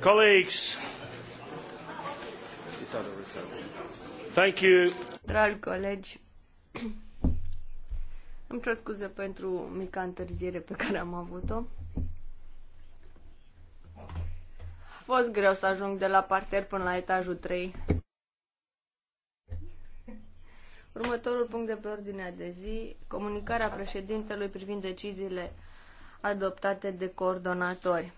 Colleagues, thank you. Dragi colegi, îmi cer scuze pentru mica întârziere pe care am avut-o. A fost greu să ajung de la parter până la etajul 3. Următorul punct de pe ordinea de zi, comunicarea președintelui privind deciziile adoptate de coordonatori.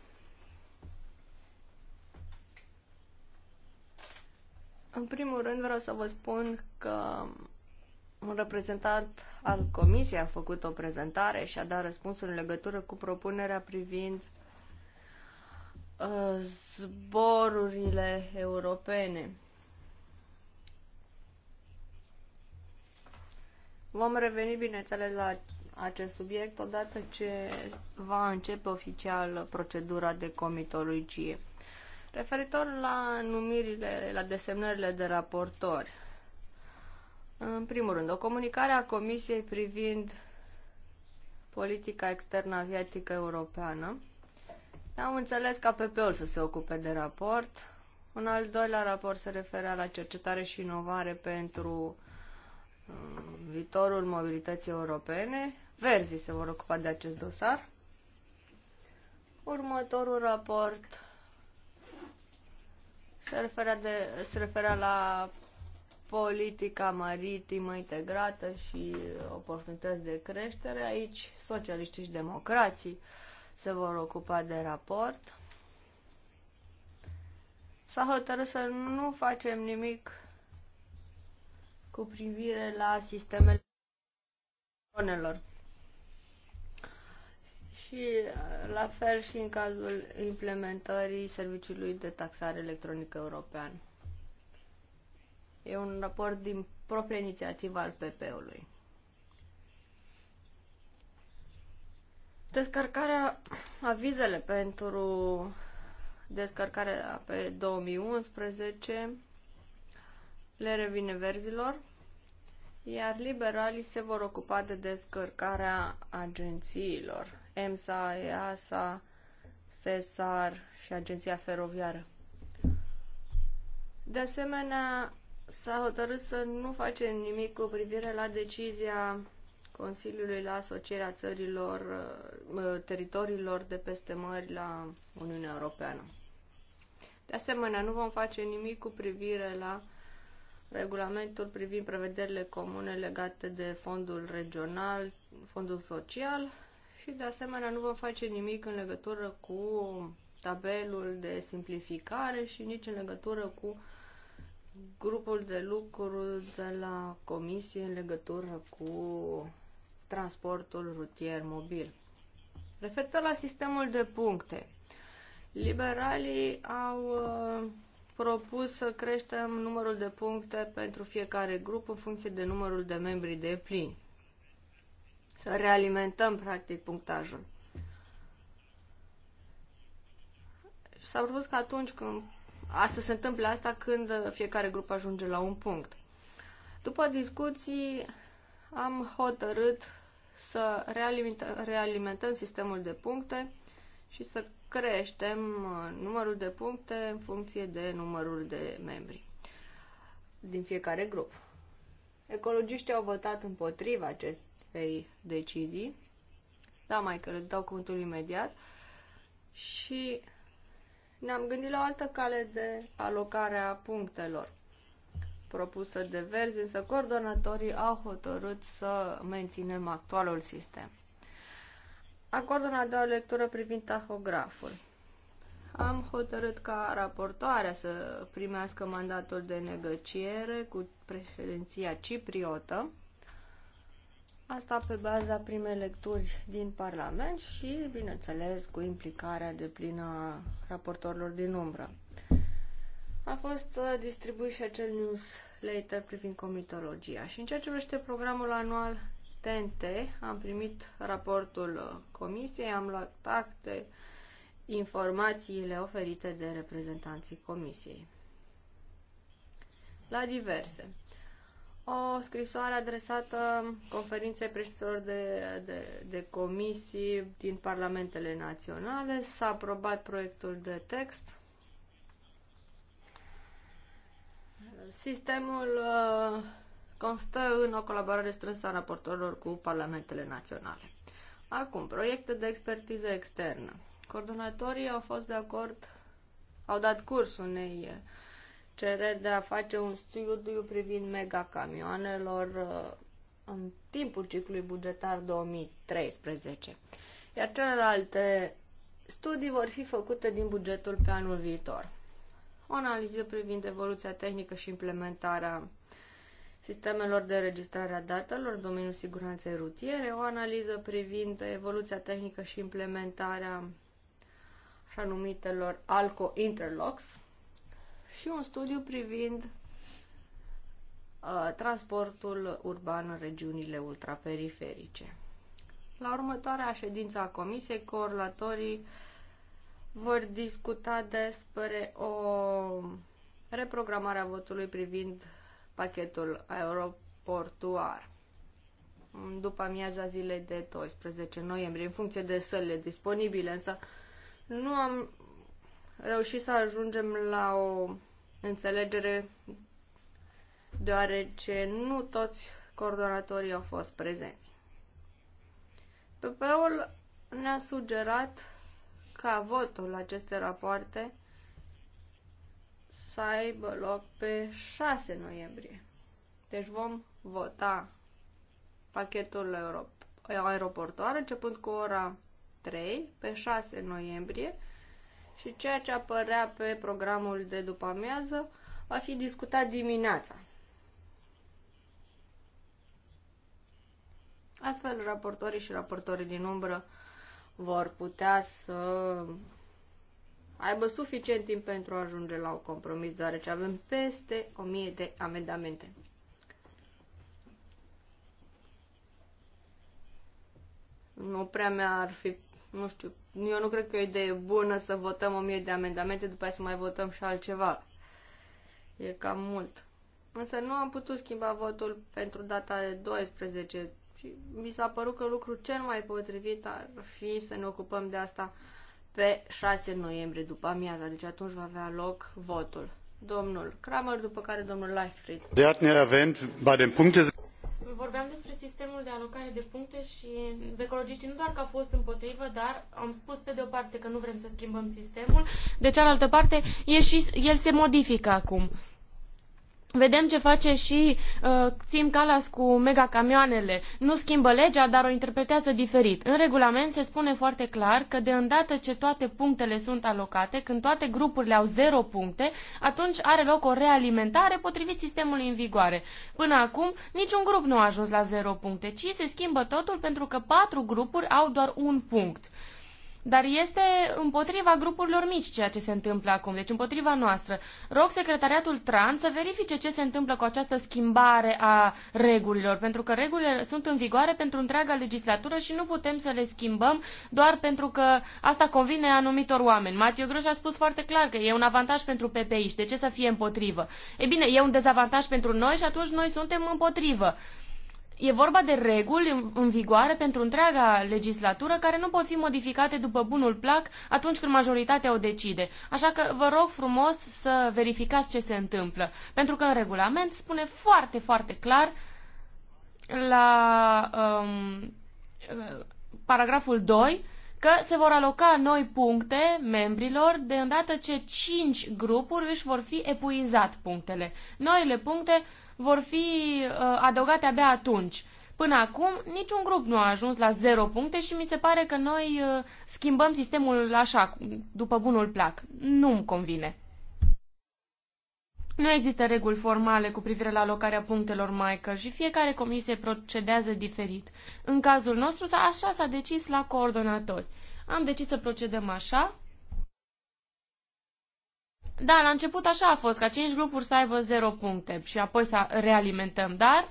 În primul rând vreau să vă spun că un reprezentant al comisiei a făcut o prezentare și a dat răspunsul în legătură cu propunerea privind uh, zborurile europene. Vom reveni, bineînțeles, la acest subiect odată ce va începe oficial procedura de comitologie. Referitor la numirile, la desemnările de raportori, în primul rând, o comunicare a Comisiei privind politica externă aviatică europeană. Am înțeles ca PP-ul să se ocupe de raport. Un al doilea raport se referea la cercetare și inovare pentru uh, viitorul mobilității europene. Verzii se vor ocupa de acest dosar. Următorul raport se referea, de, se referea la politica maritimă integrată și oportunități de creștere. Aici socialiștii și democrații se vor ocupa de raport. S-a hotărât să nu facem nimic cu privire la sistemele și uh, la fel și în cazul implementării Serviciului de Taxare Electronică European. E un raport din propria inițiativă al PP-ului. Descărcarea, avizele pentru descărcarea pe 2011 le revine verzilor, iar liberalii se vor ocupa de descărcarea agențiilor. EMSA, EASA, SESAR și Agenția Feroviară. De asemenea, s-a hotărât să nu facem nimic cu privire la decizia Consiliului la asocierea țărilor, teritoriilor de peste mări la Uniunea Europeană. De asemenea, nu vom face nimic cu privire la regulamentul privind prevederile comune legate de fondul regional, fondul social și de asemenea nu vom face nimic în legătură cu tabelul de simplificare și nici în legătură cu grupul de lucru de la comisie în legătură cu transportul rutier mobil. Referitor la sistemul de puncte, liberalii au uh, propus să creștem numărul de puncte pentru fiecare grup în funcție de numărul de membri de plini să realimentăm practic punctajul. Și s-a văzut că atunci când asta se întâmplă asta când fiecare grup ajunge la un punct. După discuții am hotărât să realimentăm sistemul de puncte și să creștem uh, numărul de puncte în funcție de numărul de membri din fiecare grup. Ecologiștii au votat împotriva acest, acestei decizii. Da, mai că dau cuvântul imediat. Și ne-am gândit la o altă cale de alocare a punctelor propusă de verzi, însă coordonatorii au hotărât să menținem actualul sistem. Acordul în a doua lectură privind tahograful. Am hotărât ca raportoarea să primească mandatul de negociere cu președinția cipriotă Asta pe baza primei lecturi din Parlament și, bineînțeles, cu implicarea de plină a raportorilor din umbră. A fost uh, distribuit și acel newsletter privind comitologia. Și în ceea ce privește programul anual TNT, am primit raportul uh, comisiei, am luat acte informațiile oferite de reprezentanții comisiei. La diverse o scrisoare adresată conferinței președinților de, de, de comisii din parlamentele naționale. S-a aprobat proiectul de text. Sistemul uh, constă în o colaborare strânsă a raportorilor cu parlamentele naționale. Acum, proiecte de expertiză externă. Coordonatorii au fost de acord, au dat curs unei uh, cereri de a face un studiu privind megacamioanelor uh, în timpul ciclului bugetar 2013. Iar celelalte studii vor fi făcute din bugetul pe anul viitor. O analiză privind evoluția tehnică și implementarea sistemelor de registrare a datelor în domeniul siguranței rutiere, o analiză privind evoluția tehnică și implementarea așa numitelor ALCO Interlocks, și un studiu privind uh, transportul urban în regiunile ultraperiferice. La următoarea ședință a comisiei, corelatorii vor discuta despre o reprogramare a votului privind pachetul aeroportuar după amiaza zilei de 12 noiembrie, în funcție de sălile disponibile, însă nu am Reușit să ajungem la o înțelegere deoarece nu toți coordonatorii au fost prezenți. PP-ul ne-a sugerat ca votul aceste rapoarte să aibă loc pe 6 noiembrie. Deci vom vota pachetul aeroportoare începând cu ora 3 pe 6 noiembrie și ceea ce apărea pe programul de după amiază va fi discutat dimineața. Astfel, raportorii și raportorii din umbră vor putea să aibă suficient timp pentru a ajunge la un compromis, deoarece avem peste 1000 de amendamente. Nu prea mi-ar fi nu știu, eu nu cred că e o idee bună să votăm o mie de amendamente, după aceea să mai votăm și altceva. E cam mult. Însă nu am putut schimba votul pentru data de 12 și mi s-a părut că lucrul cel mai potrivit ar fi să ne ocupăm de asta pe 6 noiembrie după amiaza, deci atunci va avea loc votul. Domnul Kramer, după care domnul de de atunci avem puncte vorbeam despre sistemul de alocare de puncte și ecologiștii nu doar că au fost împotrivă, dar am spus pe de o parte că nu vrem să schimbăm sistemul, de cealaltă parte e și, el se modifică acum. Vedem ce face și uh, Țim Calas cu megacamioanele. Nu schimbă legea, dar o interpretează diferit. În regulament se spune foarte clar că de îndată ce toate punctele sunt alocate, când toate grupurile au zero puncte, atunci are loc o realimentare potrivit sistemului în vigoare. Până acum, niciun grup nu a ajuns la zero puncte, ci se schimbă totul pentru că patru grupuri au doar un punct. Dar este împotriva grupurilor mici ceea ce se întâmplă acum, deci împotriva noastră. Rog secretariatul Trans să verifice ce se întâmplă cu această schimbare a regulilor, pentru că regulile sunt în vigoare pentru întreaga legislatură și nu putem să le schimbăm doar pentru că asta convine anumitor oameni. Matiu Groș a spus foarte clar că e un avantaj pentru PPI și de ce să fie împotrivă? E bine, e un dezavantaj pentru noi și atunci noi suntem împotrivă. E vorba de reguli în, în vigoare pentru întreaga legislatură care nu pot fi modificate după bunul plac atunci când majoritatea o decide. Așa că vă rog frumos să verificați ce se întâmplă. Pentru că în regulament spune foarte, foarte clar la um, paragraful 2 că se vor aloca noi puncte membrilor de îndată ce 5 grupuri își vor fi epuizat punctele. Noile puncte vor fi uh, adăugate abia atunci. Până acum, niciun grup nu a ajuns la zero puncte și mi se pare că noi uh, schimbăm sistemul așa, după bunul plac. Nu-mi convine. Nu există reguli formale cu privire la alocarea punctelor, Michael, și fiecare comisie procedează diferit. În cazul nostru, așa s-a decis la coordonatori. Am decis să procedăm așa da, la început așa a fost, ca cinci grupuri să aibă zero puncte și apoi să realimentăm, dar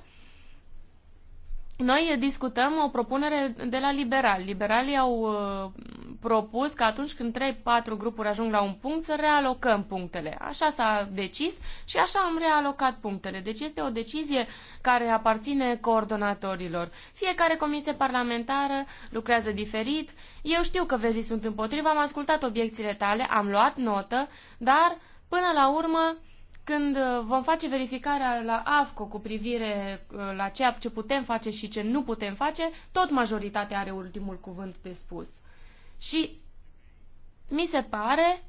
noi discutăm o propunere de la liberali. Liberalii au uh, propus că atunci când 3-4 grupuri ajung la un punct să realocăm punctele. Așa s-a decis și așa am realocat punctele. Deci este o decizie care aparține coordonatorilor. Fiecare comisie parlamentară lucrează diferit. Eu știu că vezi sunt împotriva, am ascultat obiecțiile tale, am luat notă, dar până la urmă când uh, vom face verificarea la AFCO cu privire uh, la ceea ce putem face și ce nu putem face, tot majoritatea are ultimul cuvânt de spus. Și mi se pare,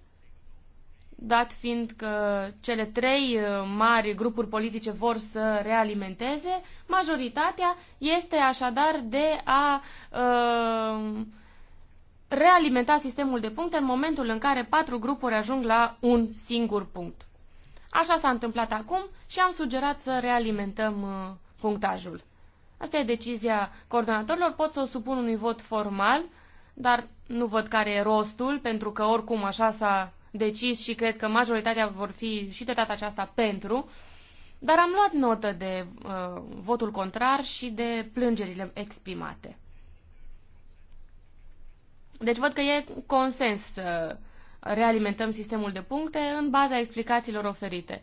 dat fiind că cele trei uh, mari grupuri politice vor să realimenteze, majoritatea este așadar de a uh, realimenta sistemul de puncte în momentul în care patru grupuri ajung la un singur punct. Așa s-a întâmplat acum și am sugerat să realimentăm uh, punctajul. Asta e decizia coordonatorilor, pot să o supun unui vot formal, dar nu văd care e rostul, pentru că oricum așa s-a decis și cred că majoritatea vor fi și de data aceasta pentru. Dar am luat notă de uh, votul contrar și de plângerile exprimate. Deci văd că e consens uh, realimentăm sistemul de puncte în baza explicațiilor oferite.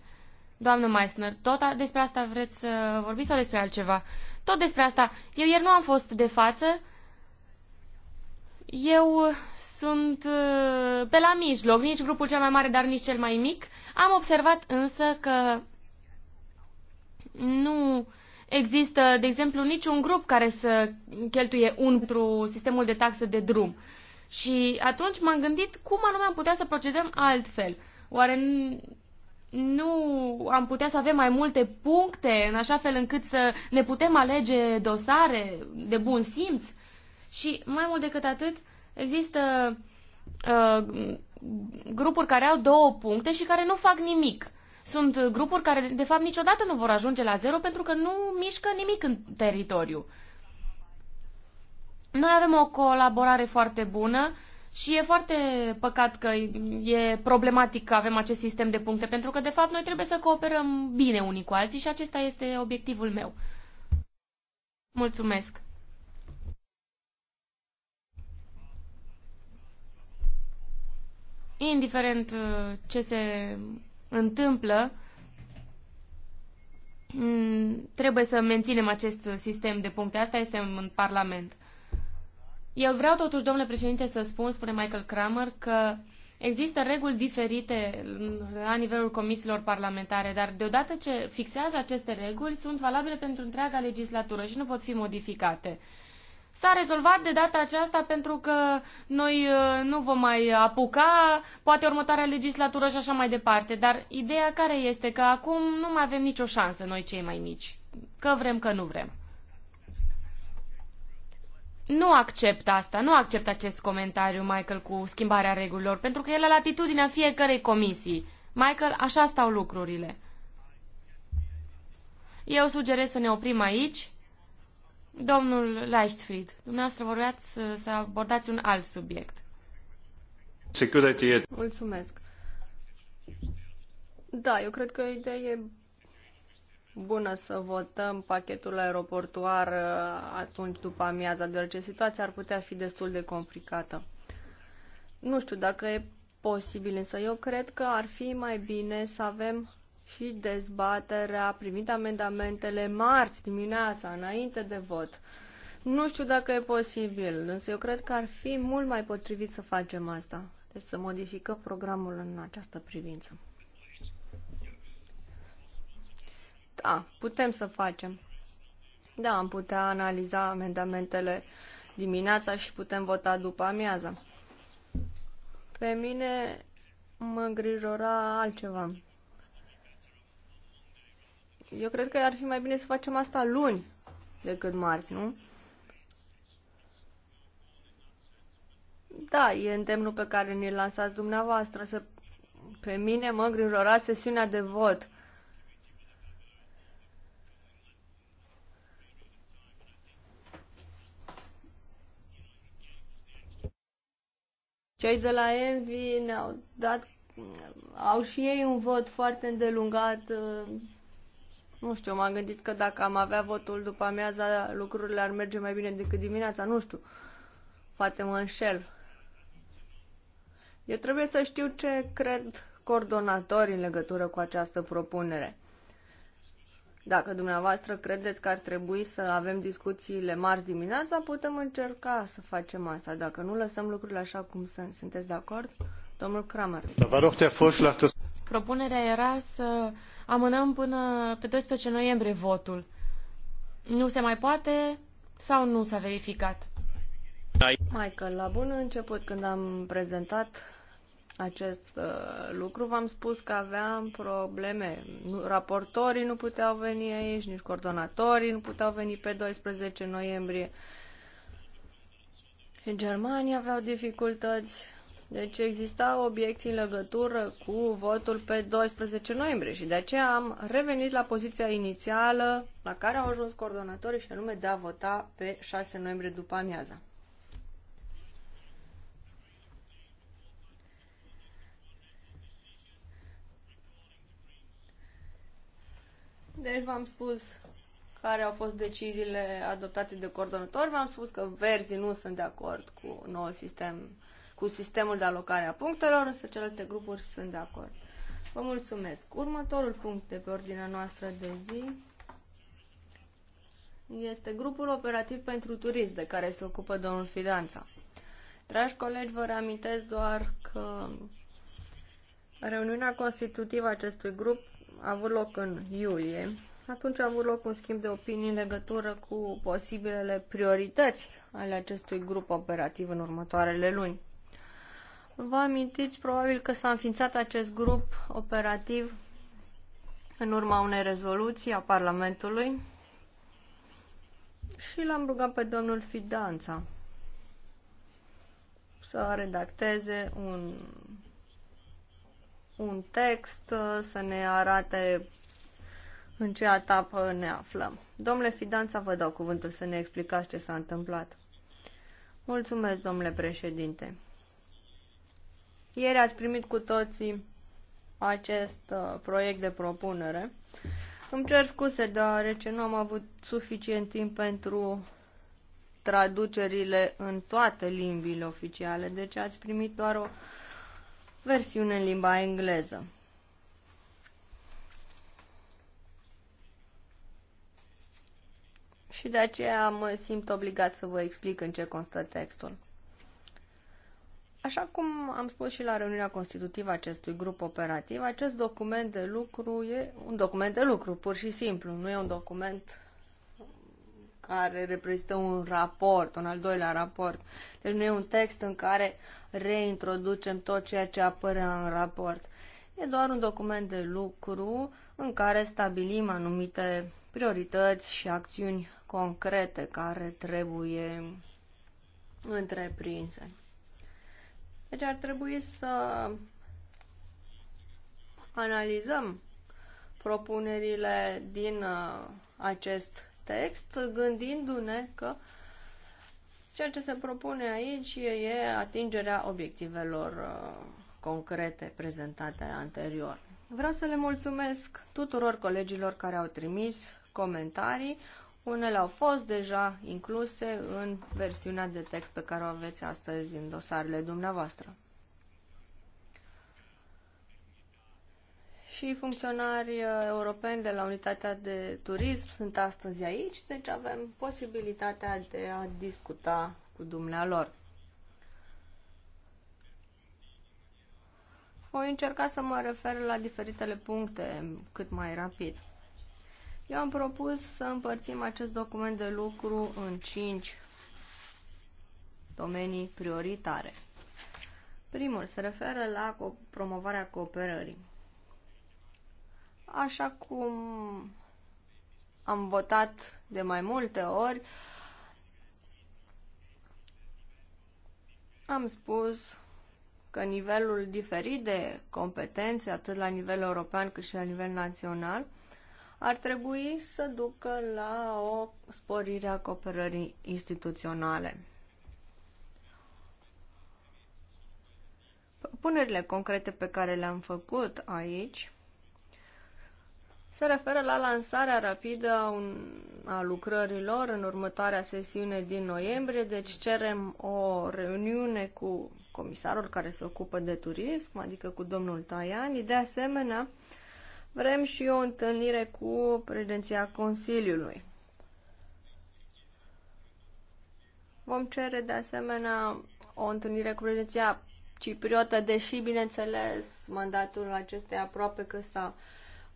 Doamnă Meissner, tot a, despre asta vreți să vorbiți sau despre altceva? Tot despre asta. Eu ieri nu am fost de față. Eu uh, sunt uh, pe la mijloc, nici grupul cel mai mare, dar nici cel mai mic. Am observat însă că nu există, de exemplu, niciun grup care să cheltuie un pentru sistemul de taxă de drum. Uh, și atunci m-am gândit cum anume am putea să procedăm altfel. Oare nu am putea să avem mai multe puncte în așa fel încât să ne putem alege dosare de bun simț? Și mai mult decât atât, există uh, grupuri care au două puncte și care nu fac nimic. Sunt grupuri care, de fapt, niciodată nu vor ajunge la zero pentru că nu mișcă nimic în teritoriu. Uh, noi avem o colaborare foarte bună și e foarte păcat că e problematic că avem acest sistem de puncte, pentru că, de fapt, noi trebuie să cooperăm bine unii cu alții și acesta este obiectivul meu. Mulțumesc! Indiferent uh, ce se întâmplă, mm, trebuie să menținem acest sistem de puncte. Asta este în Parlament. Eu vreau totuși, domnule președinte, să spun, spune Michael Kramer, că există reguli diferite la nivelul comisiilor parlamentare, dar deodată ce fixează aceste reguli, sunt valabile pentru întreaga legislatură și nu pot fi modificate. S-a rezolvat de data aceasta pentru că noi uh, nu vom mai apuca, poate următoarea legislatură și așa mai departe, dar ideea care este că acum nu mai avem nicio șansă noi cei mai mici, că vrem, că nu vrem nu accept asta, nu accept acest comentariu, Michael, cu schimbarea regulilor, pentru că el la latitudinea fiecărei comisii. Michael, așa stau lucrurile. Eu sugerez să ne oprim aici. Domnul Leichtfried, dumneavoastră vorbeați să, să abordați un alt subiect. Mulțumesc. Da, eu cred că o idee bună să votăm pachetul aeroportuar uh, atunci după amiaza, deoarece situația ar putea fi destul de complicată. Nu știu dacă e posibil, însă eu cred că ar fi mai bine să avem și dezbaterea primit amendamentele marți dimineața, înainte de vot. Nu știu dacă e posibil, însă eu cred că ar fi mult mai potrivit să facem asta. Deci să modificăm programul în această privință. Da, putem să facem. Da, am putea analiza amendamentele dimineața și putem vota după amiaza. Pe mine mă îngrijora altceva. Eu cred că ar fi mai bine să facem asta luni decât marți, nu? Da, e îndemnul pe care ne-l lansați dumneavoastră. Să... Pe mine mă îngrijora sesiunea de vot. Cei de la Envy ne-au dat, au și ei un vot foarte îndelungat. Uh, nu știu, m-am gândit că dacă am avea votul după amiaza, lucrurile ar merge mai bine decât dimineața, nu știu. Poate mă înșel. Eu trebuie să știu ce cred coordonatorii în legătură cu această propunere. Dacă dumneavoastră credeți că ar trebui să avem discuțiile marți dimineața, putem încerca să facem asta. Dacă nu, lăsăm lucrurile așa cum sunt. Sunteți de acord? Domnul Kramer. Da, Propunerea era să amânăm până pe 12 noiembrie votul. Nu se mai poate sau nu s-a verificat? Michael, la bun început când am prezentat acest uh, lucru. V-am spus că aveam probleme. Nu, raportorii nu puteau veni aici, nici coordonatorii nu puteau veni pe 12 noiembrie. Și Germania aveau dificultăți. Deci exista obiecții în legătură cu votul pe 12 noiembrie și de aceea am revenit la poziția inițială la care au ajuns coordonatorii și anume de a vota pe 6 noiembrie după amiaza. Deci v-am spus care au fost deciziile adoptate de coordonator. V-am spus că verzii nu sunt de acord cu nou sistem, cu sistemul de alocare a punctelor, însă celelalte grupuri sunt de acord. Vă mulțumesc. Următorul punct de pe ordinea noastră de zi este grupul operativ pentru turism de care se ocupă domnul Fidanța. Dragi colegi, vă reamintesc doar că reuniunea constitutivă a acestui grup a avut loc în iulie, atunci a avut loc un schimb de opinii în legătură cu posibilele priorități ale acestui grup operativ în următoarele luni. Vă amintiți probabil că s-a înființat acest grup operativ în urma unei rezoluții a Parlamentului și l-am rugat pe domnul Fidanța să redacteze un un text uh, să ne arate în ce etapă ne aflăm. Domnule Fidanța, vă dau cuvântul să ne explicați ce s-a întâmplat. Mulțumesc, domnule președinte. Ieri ați primit cu toții acest uh, proiect de propunere. Îmi cer scuse, deoarece nu am avut suficient timp pentru traducerile în toate limbile oficiale, deci ați primit doar o versiune în limba engleză. Și de aceea mă simt obligat să vă explic în ce constă textul. Așa cum am spus și la reuniunea constitutivă acestui grup operativ, acest document de lucru e un document de lucru, pur și simplu, nu e un document care reprezintă un raport, un al doilea raport. Deci nu e un text în care reintroducem tot ceea ce apărea în raport. E doar un document de lucru în care stabilim anumite priorități și acțiuni concrete care trebuie întreprinse. Deci ar trebui să analizăm propunerile din uh, acest text gândindu-ne că ceea ce se propune aici e atingerea obiectivelor uh, concrete prezentate anterior. Vreau să le mulțumesc tuturor colegilor care au trimis comentarii. Unele au fost deja incluse în versiunea de text pe care o aveți astăzi în dosarele dumneavoastră. și funcționari uh, europeni de la Unitatea de Turism sunt astăzi aici, deci avem posibilitatea de a discuta cu dumnealor. Voi încerca să mă refer la diferitele puncte cât mai rapid. Eu am propus să împărțim acest document de lucru în 5 domenii prioritare. Primul se referă la promovarea cooperării. Așa cum am votat de mai multe ori, am spus că nivelul diferit de competențe, atât la nivel european cât și la nivel național, ar trebui să ducă la o sporire a cooperării instituționale. Punerile concrete pe care le-am făcut aici se referă la lansarea rapidă a lucrărilor în următoarea sesiune din noiembrie, deci cerem o reuniune cu comisarul care se ocupă de turism, adică cu domnul Taiani. De asemenea, vrem și o întâlnire cu președinția Consiliului. Vom cere de asemenea o întâlnire cu președinția cipriotă, deși, bineînțeles, mandatul acestei aproape că s-a uh,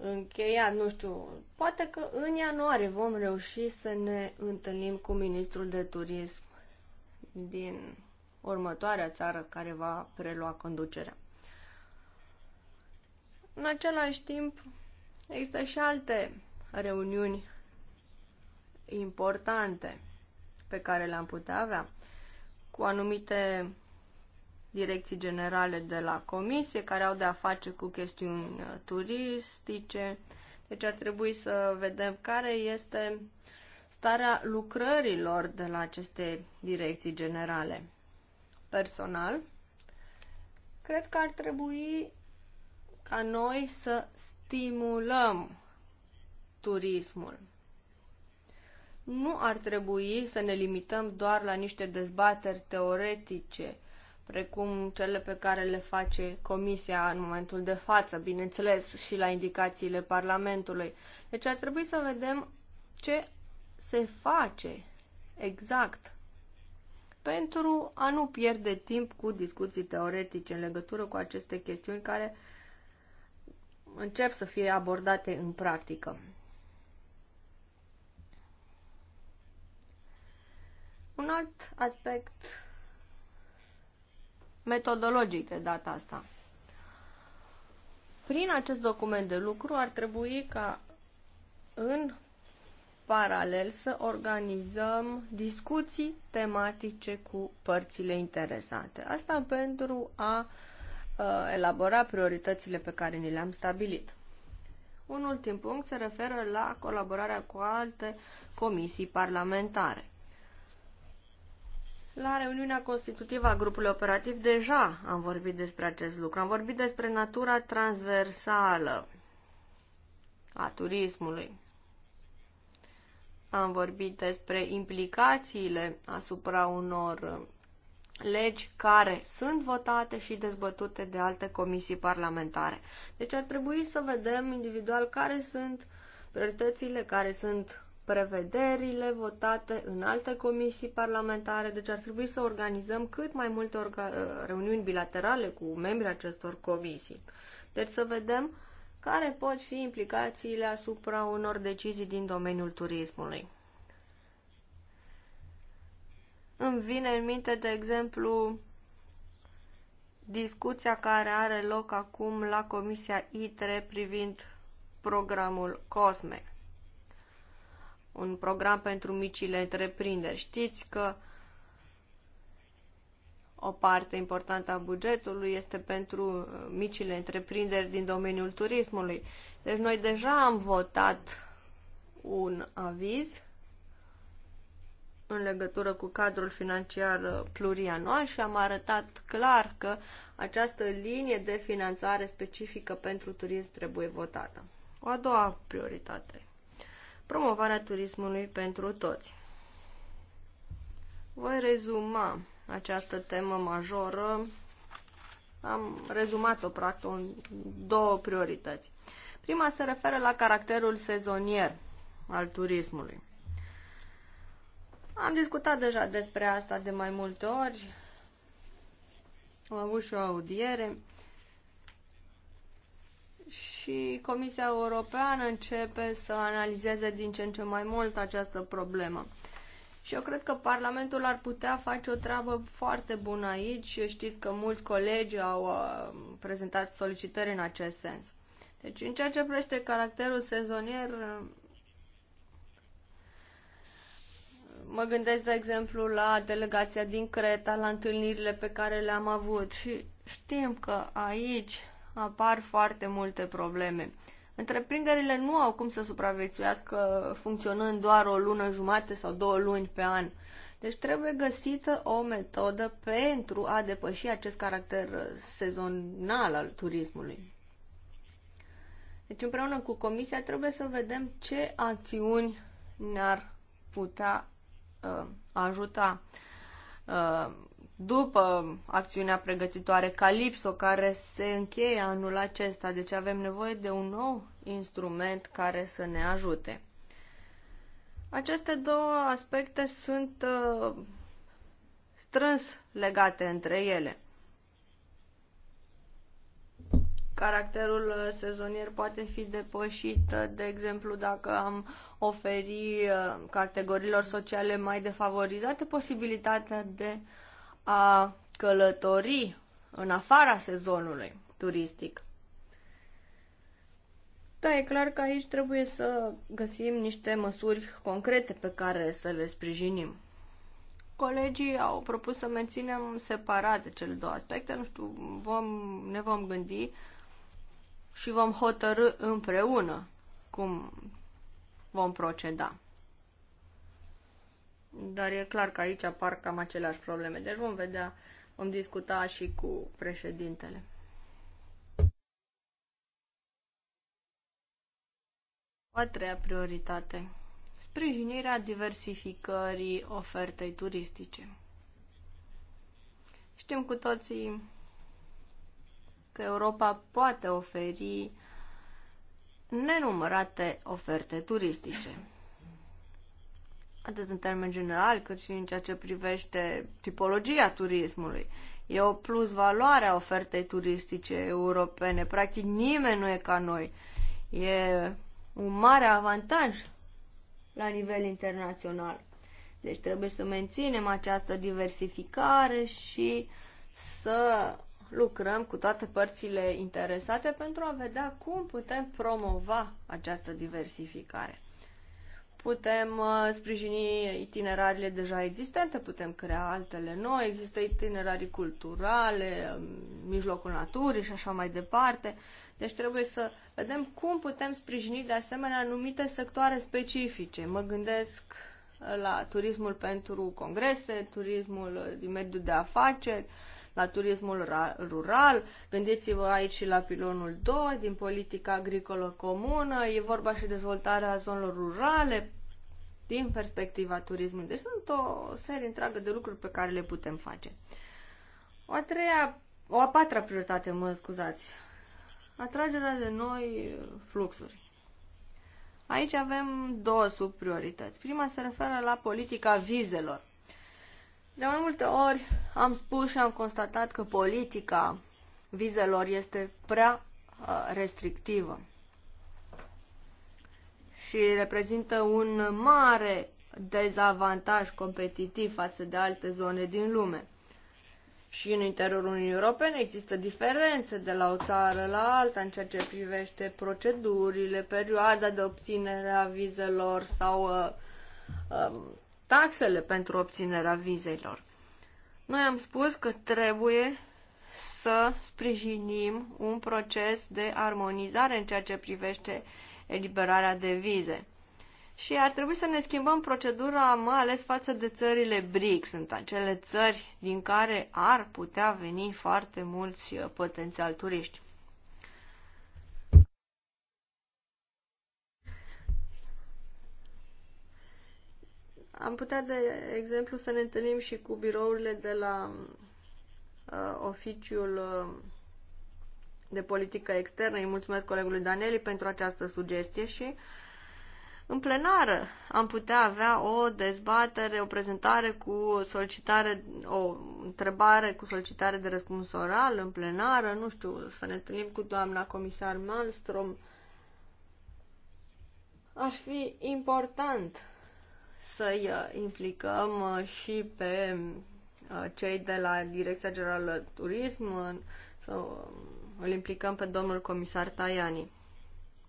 încheiat, nu știu, poate că în ianuarie vom reuși să ne întâlnim cu ministrul de turism din următoarea țară care va prelua conducerea. În același timp, există și alte reuniuni importante pe care le-am putea avea cu anumite direcții generale de la comisie care au de-a face cu chestiuni uh, turistice. Deci ar trebui să vedem care este starea lucrărilor de la aceste direcții generale. Personal, cred că ar trebui ca noi să stimulăm turismul. Nu ar trebui să ne limităm doar la niște dezbateri teoretice precum cele pe care le face Comisia în momentul de față, bineînțeles, și la indicațiile Parlamentului. Deci ar trebui să vedem ce se face exact pentru a nu pierde timp cu discuții teoretice în legătură cu aceste chestiuni care încep să fie abordate în practică. Un alt aspect metodologic de data asta. Prin acest document de lucru ar trebui ca în paralel să organizăm discuții tematice cu părțile interesate. Asta pentru a uh, elabora prioritățile pe care ni le-am stabilit. Un ultim punct se referă la colaborarea cu alte comisii parlamentare. La reuniunea constitutivă a grupului operativ deja am vorbit despre acest lucru. Am vorbit despre natura transversală a turismului. Am vorbit despre implicațiile asupra unor legi care sunt votate și dezbătute de alte comisii parlamentare. Deci ar trebui să vedem individual care sunt prioritățile, care sunt prevederile votate în alte comisii parlamentare, deci ar trebui să organizăm cât mai multe uh, reuniuni bilaterale cu membrii acestor comisii. Deci să vedem care pot fi implicațiile asupra unor decizii din domeniul turismului. Îmi vine în minte, de exemplu, discuția care are loc acum la Comisia ITRE privind programul COSME un program pentru micile întreprinderi. Știți că o parte importantă a bugetului este pentru uh, micile întreprinderi din domeniul turismului. Deci noi deja am votat un aviz în legătură cu cadrul financiar uh, plurianual și am arătat clar că această linie de finanțare specifică pentru turism trebuie votată. O a doua prioritate promovarea turismului pentru toți. Voi rezuma această temă majoră. Am rezumat-o, practic, în două priorități. Prima se referă la caracterul sezonier al turismului. Am discutat deja despre asta de mai multe ori. Am avut și o audiere și Comisia Europeană începe să analizeze din ce în ce mai mult această problemă. Și eu cred că Parlamentul ar putea face o treabă foarte bună aici. Știți că mulți colegi au uh, prezentat solicitări în acest sens. Deci, în ceea ce privește caracterul sezonier, uh, mă gândesc, de exemplu, la delegația din Creta, la întâlnirile pe care le-am avut și știm că aici apar foarte multe probleme. Întreprinderile nu au cum să supraviețuiască funcționând doar o lună jumate sau două luni pe an. Deci trebuie găsită o metodă pentru a depăși acest caracter sezonal al turismului. Deci împreună cu comisia trebuie să vedem ce acțiuni ne-ar putea uh, ajuta. Uh, după acțiunea pregătitoare Calipso, care se încheie anul acesta, deci avem nevoie de un nou instrument care să ne ajute. Aceste două aspecte sunt uh, strâns legate între ele. Caracterul uh, sezonier poate fi depășit, uh, de exemplu, dacă am oferi uh, categoriilor sociale mai defavorizate posibilitatea de uh, a călători în afara sezonului turistic. Da, e clar că aici trebuie să găsim niște măsuri concrete pe care să le sprijinim. Colegii au propus să menținem separate cele două aspecte, nu știu, vom, ne vom gândi și vom hotărâ împreună cum vom proceda. Dar e clar că aici apar cam aceleași probleme. Deci vom vedea, vom discuta și cu președintele. a treia prioritate. Sprijinirea diversificării ofertei turistice. Știm cu toții că Europa poate oferi nenumărate oferte turistice atât în termen general, cât și în ceea ce privește tipologia turismului. E o plus valoare a ofertei turistice europene. Practic nimeni nu e ca noi. E un mare avantaj la nivel internațional. Deci trebuie să menținem această diversificare și să lucrăm cu toate părțile interesate pentru a vedea cum putem promova această diversificare. Putem uh, sprijini itinerariile deja existente, putem crea altele noi, există itinerarii culturale, um, mijlocul naturii și așa mai departe. Deci trebuie să vedem cum putem sprijini de asemenea anumite sectoare specifice. Mă gândesc uh, la turismul pentru congrese, turismul uh, din mediul de afaceri, uh, la turismul rural, gândiți-vă aici și la pilonul 2 din politica agricolă comună, e vorba și dezvoltarea zonelor rurale din perspectiva turismului. Deci sunt o serie întreagă de lucruri pe care le putem face. O a treia, o a patra prioritate, mă scuzați, atragerea de noi fluxuri. Aici avem două subpriorități. Prima se referă la politica vizelor. De mai multe ori am spus și am constatat că politica vizelor este prea uh, restrictivă și reprezintă un mare dezavantaj competitiv față de alte zone din lume. Și în interiorul Uniunii Europene există diferențe de la o țară la alta în ceea ce privește procedurile, perioada de obținere a vizelor sau uh, um, taxele pentru obținerea vizelor. Noi am spus că trebuie să sprijinim un proces de armonizare în ceea ce privește eliberarea de vize. Și ar trebui să ne schimbăm procedura, mai ales față de țările BRICS, Sunt acele țări din care ar putea veni foarte mulți uh, potențial turiști. Am putea, de exemplu, să ne întâlnim și cu birourile de la uh, oficiul uh, de politică externă. Îi mulțumesc colegului Daneli pentru această sugestie și în plenară am putea avea o dezbatere, o prezentare cu solicitare, o întrebare cu solicitare de răspuns oral în plenară, nu știu, să ne întâlnim cu doamna comisar Malmström. Ar fi important să-i uh, implicăm uh, și pe uh, cei de la Direcția Generală Turism, să um, îl implicăm pe domnul comisar Tajani.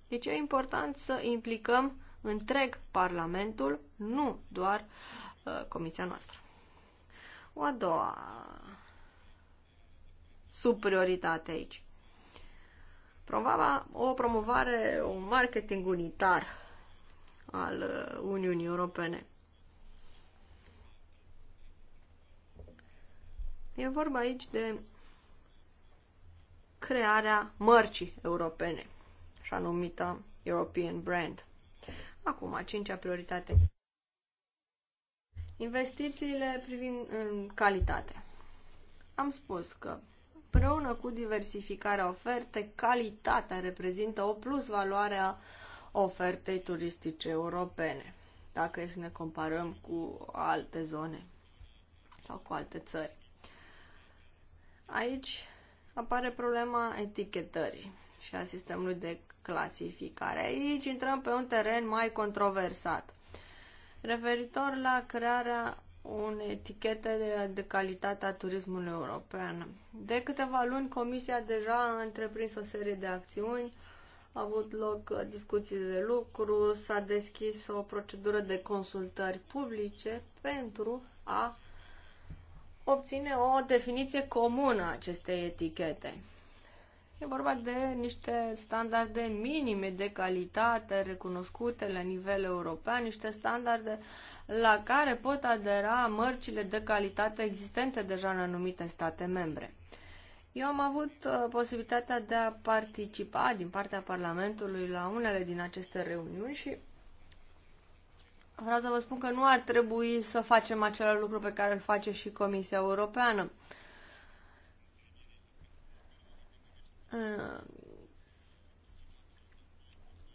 Deci e important să implicăm întreg Parlamentul, nu doar comisia noastră. O a doua subprioritate aici. Promova o promovare, un marketing unitar al Uniunii Europene. E vorba aici de crearea mărcii europene, așa numită European Brand. Acum, a cincea prioritate. Investițiile privind în calitate. Am spus că împreună cu diversificarea ofertei, calitatea reprezintă o plus valoare a ofertei turistice europene, dacă e să ne comparăm cu alte zone sau cu alte țări. Aici apare problema etichetării și a sistemului de clasificare. Aici intrăm pe un teren mai controversat. Referitor la crearea unei etichete de, de calitate a turismului european. De câteva luni, Comisia deja a întreprins o serie de acțiuni, a avut loc discuții de lucru, s-a deschis o procedură de consultări publice pentru a obține o definiție comună a acestei etichete. E vorba de niște standarde minime de calitate recunoscute la nivel european, niște standarde la care pot adera mărcile de calitate existente deja în anumite state membre. Eu am avut uh, posibilitatea de a participa din partea Parlamentului la unele din aceste reuniuni și Vreau să vă spun că nu ar trebui să facem același lucru pe care îl face și Comisia Europeană.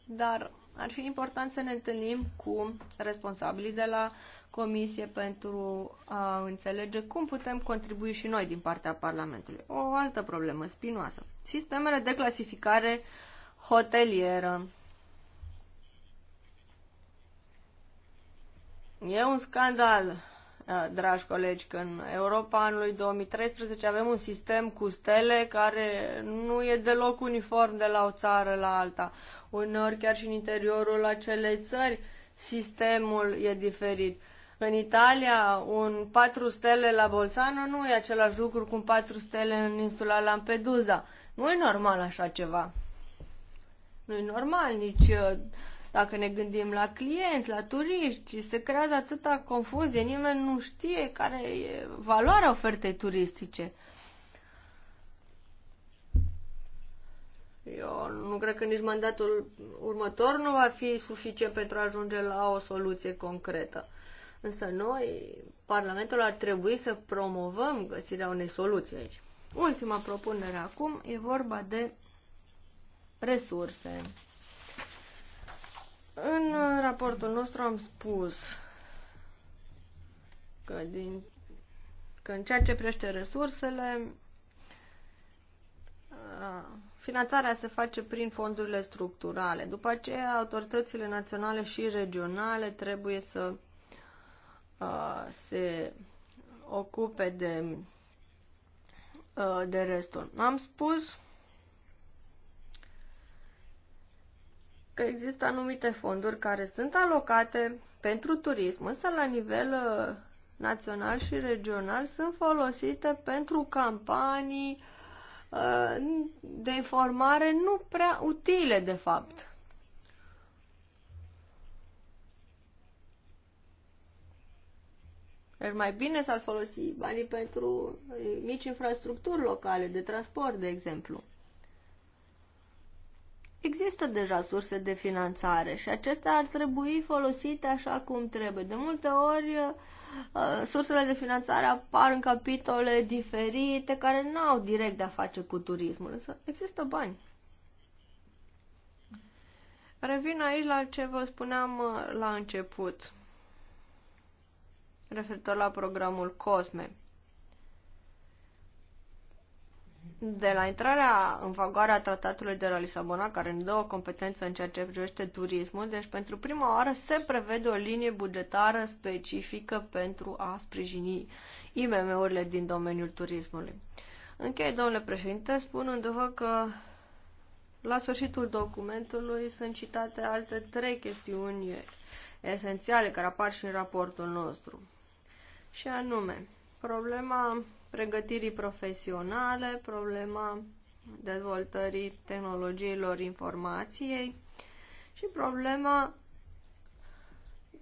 Dar ar fi important să ne întâlnim cu responsabilii de la Comisie pentru a înțelege cum putem contribui și noi din partea Parlamentului. O altă problemă spinoasă. Sistemele de clasificare hotelieră E un scandal, dragi colegi, că în Europa anului 2013 avem un sistem cu stele care nu e deloc uniform de la o țară la alta. Uneori chiar și în interiorul acelei țări sistemul e diferit. În Italia, un 4 stele la Bolzano nu e același lucru cu un 4 stele în insula Lampedusa. Nu e normal așa ceva. Nu e normal nici dacă ne gândim la clienți, la turiști, se creează atâta confuzie, nimeni nu știe care e valoarea ofertei turistice. Eu nu cred că nici mandatul următor nu va fi suficient pentru a ajunge la o soluție concretă. Însă noi, Parlamentul, ar trebui să promovăm găsirea unei soluții aici. Ultima propunere acum e vorba de resurse. În raportul nostru am spus că, din, că în ceea ce prește resursele, finanțarea se face prin fondurile structurale. După aceea, autoritățile naționale și regionale trebuie să se ocupe de, de restul. Am spus că există anumite fonduri care sunt alocate pentru turism, însă la nivel uh, național și regional sunt folosite pentru campanii uh, de informare nu prea utile, de fapt. Deci mai bine s-ar folosi banii pentru uh, mici infrastructuri locale, de transport, de exemplu. Există deja surse de finanțare și acestea ar trebui folosite așa cum trebuie. De multe ori, uh, sursele de finanțare apar în capitole diferite care nu au direct de-a face cu turismul, însă există bani. Revin aici la ce vă spuneam uh, la început, referitor la programul COSME. De la intrarea în vagoare a tratatului de la Lisabona, care ne dă o competență în ceea ce privește turismul, deci pentru prima oară se prevede o linie bugetară specifică pentru a sprijini IMM-urile din domeniul turismului. Închei, domnule președinte, spunându-vă că la sfârșitul documentului sunt citate alte trei chestiuni esențiale care apar și în raportul nostru. Și anume, problema pregătirii profesionale, problema dezvoltării tehnologiilor informației și problema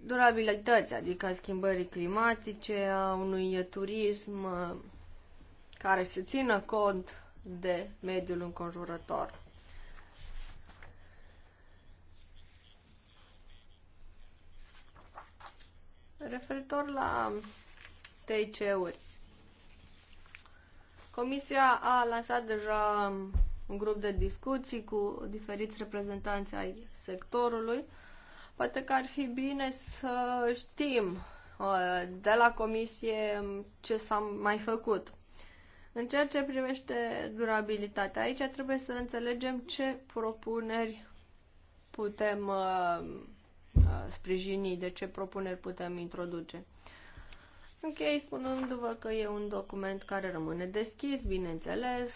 durabilității, adică a schimbării climatice, a unui turism uh, care se țină cont de mediul înconjurător. Referitor la TIC-uri, Comisia a lansat deja un grup de discuții cu diferiți reprezentanți ai sectorului. Poate că ar fi bine să știm uh, de la comisie ce s-a mai făcut. În ceea ce privește durabilitatea, aici trebuie să înțelegem ce propuneri putem uh, uh, sprijini, de ce propuneri putem introduce. Închei spunându-vă că e un document care rămâne deschis, bineînțeles.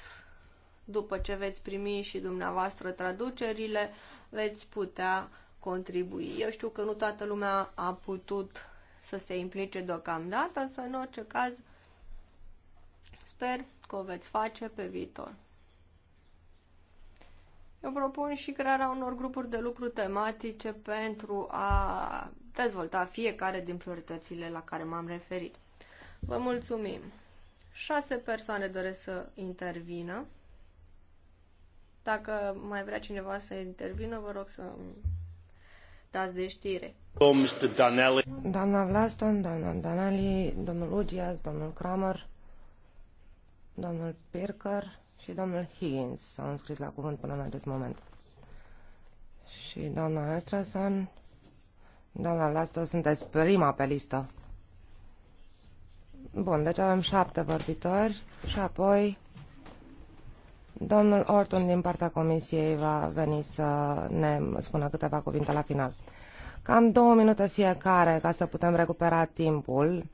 După ce veți primi și dumneavoastră traducerile, veți putea contribui. Eu știu că nu toată lumea a putut să se implice deocamdată, să în orice caz sper că o veți face pe viitor. Eu propun și crearea unor grupuri de lucru tematice pentru a dezvolta fiecare din prioritățile la care m-am referit. Vă mulțumim! Șase persoane doresc să intervină. Dacă mai vrea cineva să intervină, vă rog să dați de știre. Doamna Vlaston, doamna Danali, domnul Ugias, domnul Kramer, domnul Pirker și domnul Higgins s-au înscris la cuvânt până în acest moment. Și doamna Astrasan Doamna Vlasto, sunteți prima pe listă. Bun, deci avem șapte vorbitori și apoi domnul Orton din partea comisiei va veni să ne spună câteva cuvinte la final. Cam două minute fiecare ca să putem recupera timpul.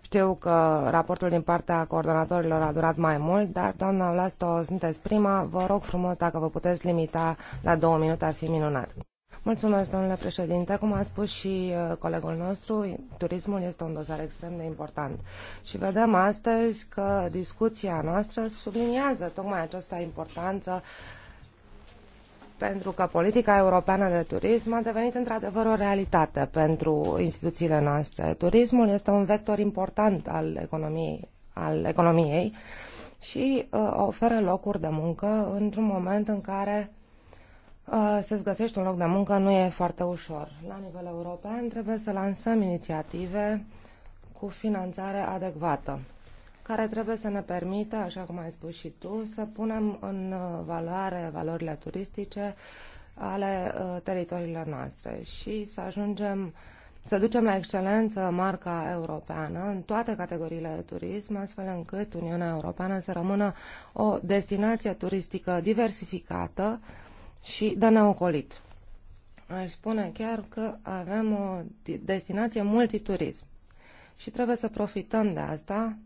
Știu că raportul din partea coordonatorilor a durat mai mult, dar, doamna Vlasto, sunteți prima. Vă rog frumos, dacă vă puteți limita la două minute, ar fi minunat. Mulțumesc, domnule președinte. Cum a spus și uh, colegul nostru, turismul este un dosar extrem de important. Și vedem astăzi că discuția noastră subliniază tocmai această importanță pentru că politica europeană de turism a devenit într-adevăr o realitate pentru instituțiile noastre. Turismul este un vector important al economiei, al economiei și uh, oferă locuri de muncă într-un moment în care Uh, să-ți găsești un loc de muncă nu e foarte ușor. La nivel european trebuie să lansăm inițiative cu finanțare adecvată, care trebuie să ne permită, așa cum ai spus și tu, să punem în uh, valoare valorile turistice ale uh, teritoriilor noastre și să ajungem să ducem la excelență marca europeană în toate categoriile de turism, astfel încât Uniunea Europeană să rămână o destinație turistică diversificată, și de neocolit. Aș spune chiar că avem o destinație multiturism și trebuie să profităm de asta,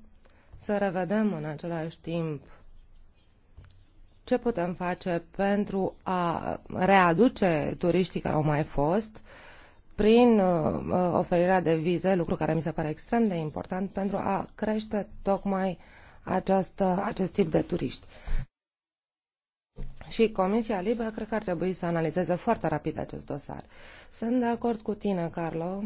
să revedem în același timp ce putem face pentru a readuce turiștii care au mai fost prin uh, uh, oferirea de vize, lucru care mi se pare extrem de important pentru a crește tocmai această, acest tip de turiști. Și Comisia Libă cred că ar trebui să analizeze foarte rapid acest dosar. Sunt de acord cu tine, Carlo,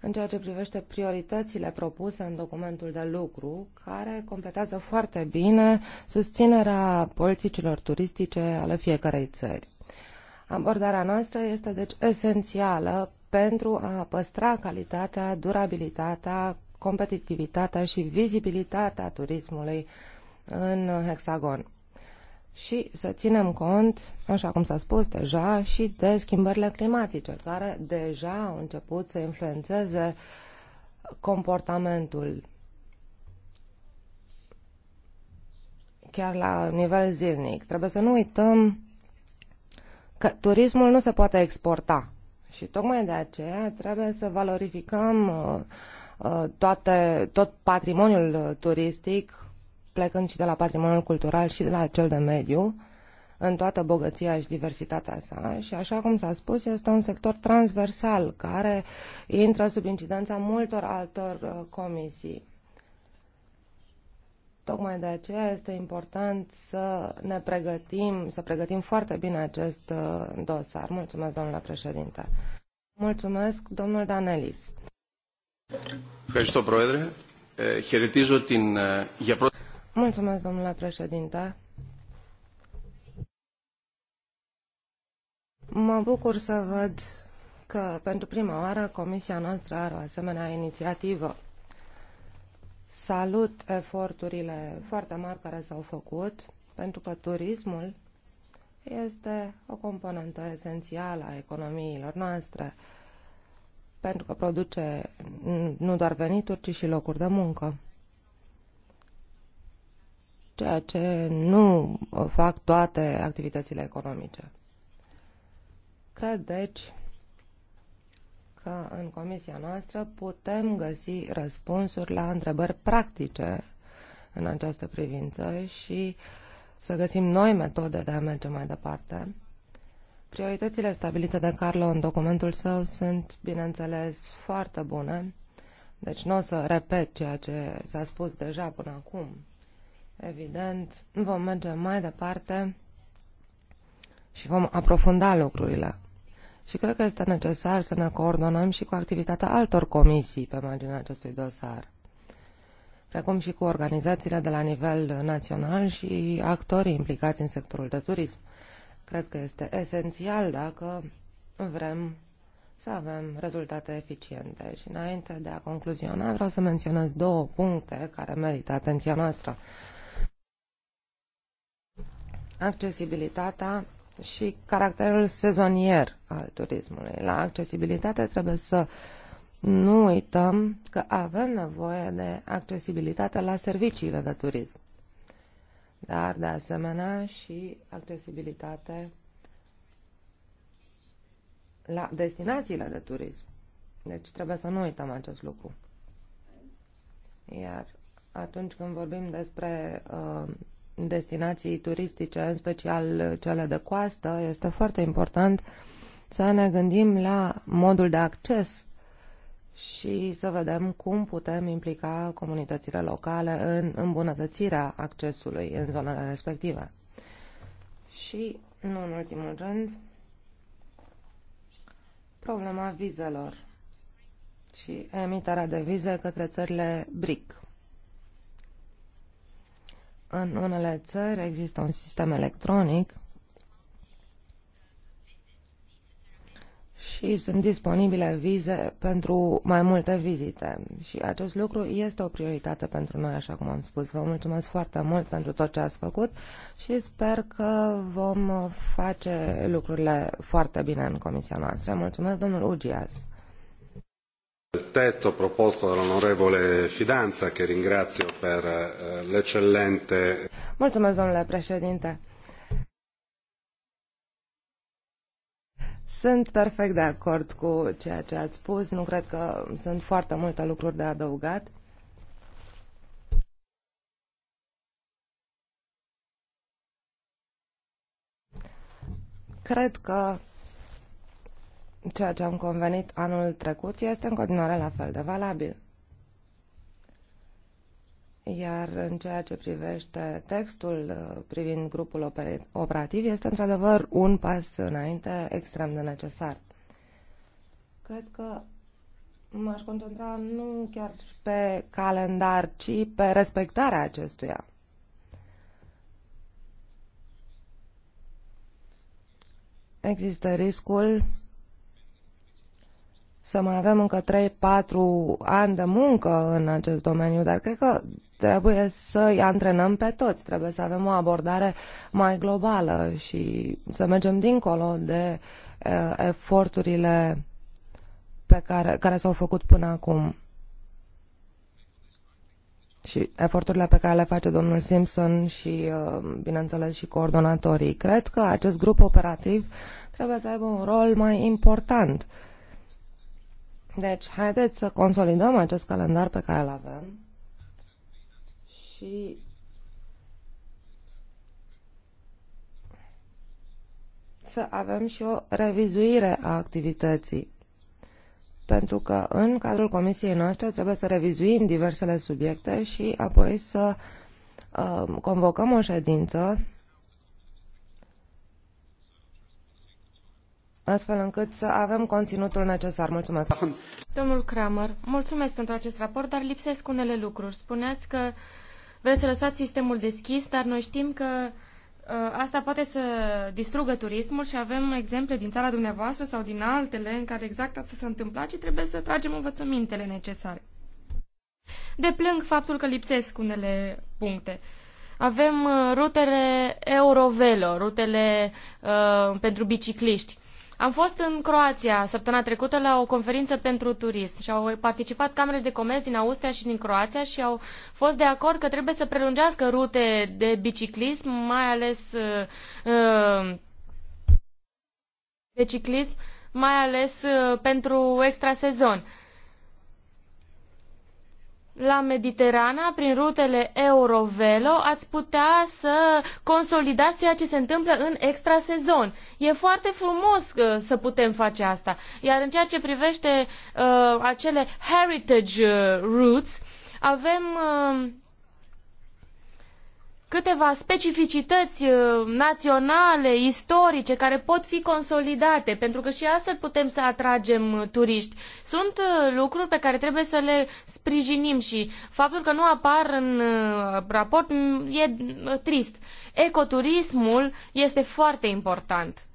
în ceea ce privește prioritățile propuse în documentul de lucru, care completează foarte bine susținerea politicilor turistice ale fiecarei țări. Abordarea noastră este deci esențială pentru a păstra calitatea, durabilitatea, competitivitatea și vizibilitatea turismului în hexagon și să ținem cont, așa cum s-a spus deja, și de schimbările climatice, care deja au început să influențeze comportamentul chiar la nivel zilnic. Trebuie să nu uităm că turismul nu se poate exporta și tocmai de aceea trebuie să valorificăm uh, uh, toate, tot patrimoniul turistic plecând și de la patrimoniul cultural și de la cel de mediu, în toată bogăția și diversitatea sa și, așa cum s-a spus, este un sector transversal care intră sub incidența multor altor uh, comisii. Tocmai de aceea este important să ne pregătim, să pregătim foarte bine acest uh, dosar. Mulțumesc, domnule președinte. Mulțumesc, domnul Danelis. Mulțumesc, Πρόεδρε. Ε, χαιρετίζω την, για πρώτη... Mulțumesc, domnule președinte. Mă bucur să văd că pentru prima oară Comisia noastră are o asemenea inițiativă. Salut eforturile foarte mari care s-au făcut, pentru că turismul este o componentă esențială a economiilor noastre, pentru că produce nu doar venituri, ci și locuri de muncă ceea ce nu uh, fac toate activitățile economice. Cred, deci, că în comisia noastră putem găsi răspunsuri la întrebări practice în această privință și să găsim noi metode de a merge mai departe. Prioritățile stabilite de Carlo în documentul său sunt, bineînțeles, foarte bune, deci nu o să repet ceea ce s-a spus deja până acum. Evident, vom merge mai departe și vom aprofunda lucrurile. Și cred că este necesar să ne coordonăm și cu activitatea altor comisii pe marginea acestui dosar, precum și cu organizațiile de la nivel național și actorii implicați în sectorul de turism. Cred că este esențial dacă vrem să avem rezultate eficiente. Și înainte de a concluziona, vreau să menționez două puncte care merită atenția noastră accesibilitatea și caracterul sezonier al turismului. La accesibilitate trebuie să nu uităm că avem nevoie de accesibilitate la serviciile de turism, dar de asemenea și accesibilitate la destinațiile de turism. Deci trebuie să nu uităm acest lucru. Iar atunci când vorbim despre uh, destinații turistice, în special cele de coastă, este foarte important să ne gândim la modul de acces și să vedem cum putem implica comunitățile locale în îmbunătățirea accesului în zonele respective. Și, nu în ultimul rând, problema vizelor și emiterea de vize către țările BRIC. În unele țări există un sistem electronic și sunt disponibile vize pentru mai multe vizite. Și acest lucru este o prioritate pentru noi, așa cum am spus. Vă mulțumesc foarte mult pentru tot ce ați făcut și sper că vom face lucrurile foarte bine în comisia noastră. Mulțumesc, domnul Ugias. Il testo proposto dall'onorevole Fidanza, che ringrazio per eh, l'eccellente... Mulțumesc, domnule președinte. Sunt perfect de acord cu ceea ce ați spus. Nu cred că sunt foarte multe lucruri de adăugat. Cred că ceea ce am convenit anul trecut este în continuare la fel de valabil. Iar în ceea ce privește textul uh, privind grupul operativ, este într-adevăr un pas înainte extrem de necesar. Cred că m-aș concentra nu chiar pe calendar, ci pe respectarea acestuia. Există riscul să mai avem încă 3-4 ani de muncă în acest domeniu, dar cred că trebuie să îi antrenăm pe toți, trebuie să avem o abordare mai globală și să mergem dincolo de uh, eforturile pe care, care s-au făcut până acum și eforturile pe care le face domnul Simpson și, bineînțeles, și coordonatorii. Cred că acest grup operativ trebuie să aibă un rol mai important uh, deci, haideți să consolidăm acest calendar pe care îl avem și să avem și o revizuire a activității. Pentru că în cadrul comisiei noastre trebuie să revizuim diversele subiecte și apoi să uh, convocăm o ședință astfel încât să avem conținutul necesar. Mulțumesc. Domnul Kramer, mulțumesc pentru acest raport, dar lipsesc unele lucruri. Spuneați că vreți să lăsați sistemul deschis, dar noi știm că uh, asta poate să distrugă turismul și avem exemple din țara dumneavoastră sau din altele în care exact asta s-a întâmplat și trebuie să tragem învățămintele necesare. Deplâng faptul că lipsesc unele puncte. Avem uh, rutele Eurovelo, rutele uh, pentru bicicliști. Am fost în Croația săptămâna trecută la o conferință pentru turism și au participat camere de comerț din Austria și din Croația și au fost de acord că trebuie să prelungească rute de biciclism, mai ales uh, de uh, ciclism, mai ales uh, pentru extrasezon la Mediterana, prin rutele Eurovelo, ați putea să consolidați ceea ce se întâmplă în extrasezon. E foarte frumos uh, să putem face asta. Iar în ceea ce privește uh, acele heritage uh, routes, avem uh, câteva specificități uh, naționale, istorice, care pot fi consolidate, pentru că și astfel putem să atragem uh, turiști. Sunt uh, lucruri pe care trebuie să le sprijinim și faptul că nu apar în raport mm, e trist. Ecoturismul este foarte important.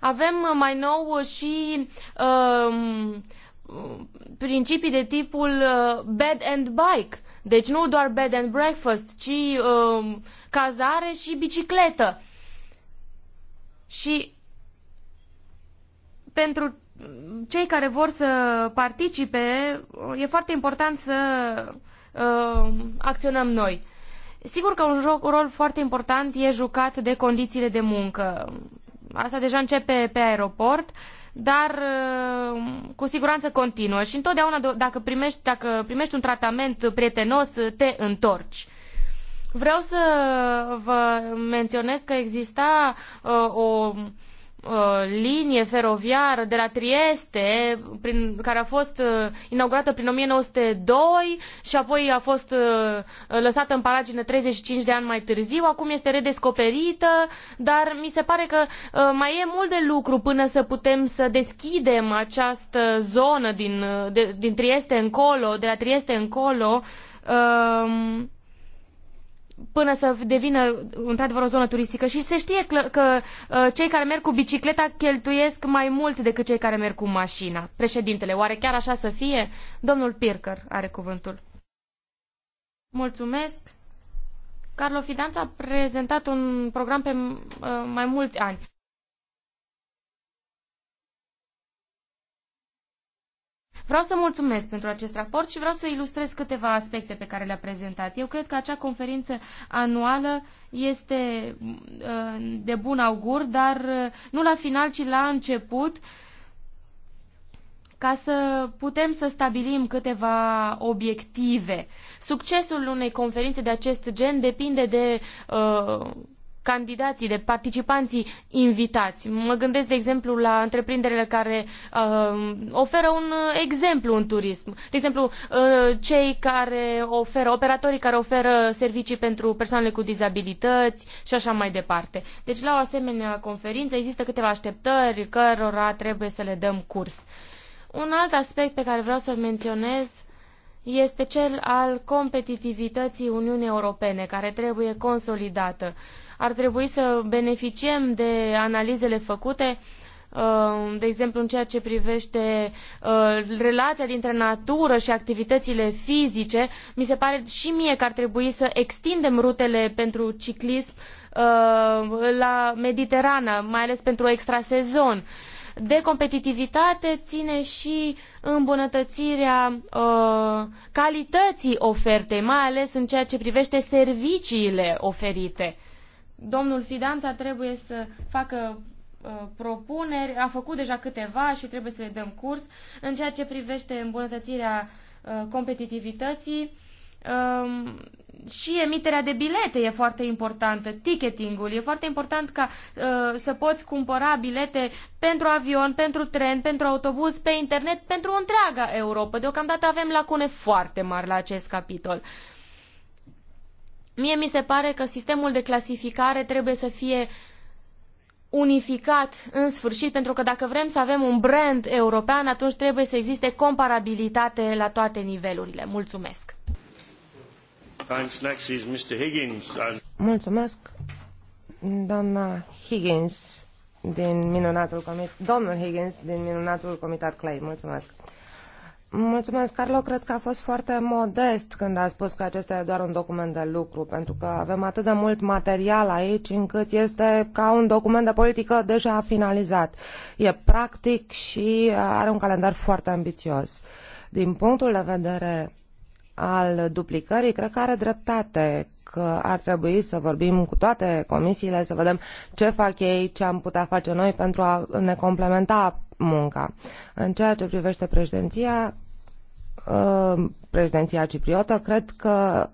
Avem mai nou și uh, principii de tipul uh, bed and bike. Deci nu doar bed and breakfast, ci uh, cazare și bicicletă. Și pentru cei care vor să participe, e foarte important să uh, acționăm noi. Sigur că un, joc, un rol foarte important e jucat de condițiile de muncă. Asta deja începe pe aeroport. Uh, dar uh, cu siguranță continuă și întotdeauna dacă primești, dacă primești un tratament prietenos, te întorci. Vreau să vă menționez că exista uh, o Uh, linie feroviară de la Trieste, prin, care a fost uh, inaugurată prin 1902 și apoi a fost uh, lăsată în paragină 35 de ani mai târziu, acum este redescoperită, dar mi se pare că mai e mult de lucru până să putem să deschidem această zonă din, de, din Trieste încolo, de la Trieste încolo, Uh, până să devină într-adevăr o zonă turistică și se știe că uh, cei care merg cu bicicleta cheltuiesc mai mult decât cei care merg cu mașina. Președintele, oare chiar așa să fie? Domnul Pircăr are cuvântul. Mulțumesc. Carlo Fidanța a prezentat un program pe uh, mai mulți ani. Vreau să mulțumesc pentru acest raport și vreau să ilustrez câteva aspecte pe care le-a prezentat. Eu cred că acea conferință anuală este uh, de bun augur, dar uh, nu la final, ci la început, ca să putem să stabilim câteva obiective. Succesul unei conferințe de acest gen depinde de uh, candidații, de participanții invitați. Mă gândesc, de exemplu, la întreprinderile care uh, oferă un exemplu în turism. De exemplu, uh, cei care oferă, operatorii care oferă servicii pentru persoanele cu dizabilități și așa mai departe. Deci, la o asemenea conferință există câteva așteptări cărora trebuie să le dăm curs. Un alt aspect pe care vreau să-l menționez este cel al competitivității Uniunii Europene, care trebuie consolidată. Ar trebui să beneficiem de analizele făcute uh, de exemplu în ceea ce privește uh, relația dintre natură și activitățile fizice, mi se pare și mie că ar trebui să extindem rutele pentru ciclism uh, la Mediterana, mai ales pentru extrasezon. De competitivitate ține și îmbunătățirea uh, calității ofertei, mai ales în ceea ce privește serviciile oferite. Uh, Domnul Fidanța trebuie să facă uh, propuneri, a făcut deja câteva și trebuie să le dăm curs. În ceea ce privește îmbunătățirea uh, competitivității, um, și emiterea de bilete e foarte importantă, ticketingul. E foarte important ca uh, să poți cumpăra bilete pentru avion, pentru tren, pentru autobuz, pe internet, pentru întreaga Europa. Deocamdată avem lacune foarte mari la acest capitol. Uh, Mie mi se pare că sistemul de clasificare trebuie să fie unificat în sfârșit, pentru că dacă vrem să avem un brand european, atunci trebuie să existe comparabilitate la toate nivelurile. Mulțumesc! Mulțumesc, doamna Higgins din minunatul comit, domnul Higgins din minunatul comitat Clay. Mulțumesc! Mulțumesc, Carlo. Cred că a fost foarte modest când a spus că acesta e doar un document de lucru, pentru că avem atât de mult material aici încât este ca un document de politică deja finalizat. E practic și are un calendar foarte ambițios. Din punctul de vedere al duplicării, cred că are dreptate că ar trebui să vorbim cu toate comisiile, să vedem ce fac ei, ce am putea face noi pentru a ne complementa munca. În ceea ce privește președinția, uh, președinția cipriotă, cred că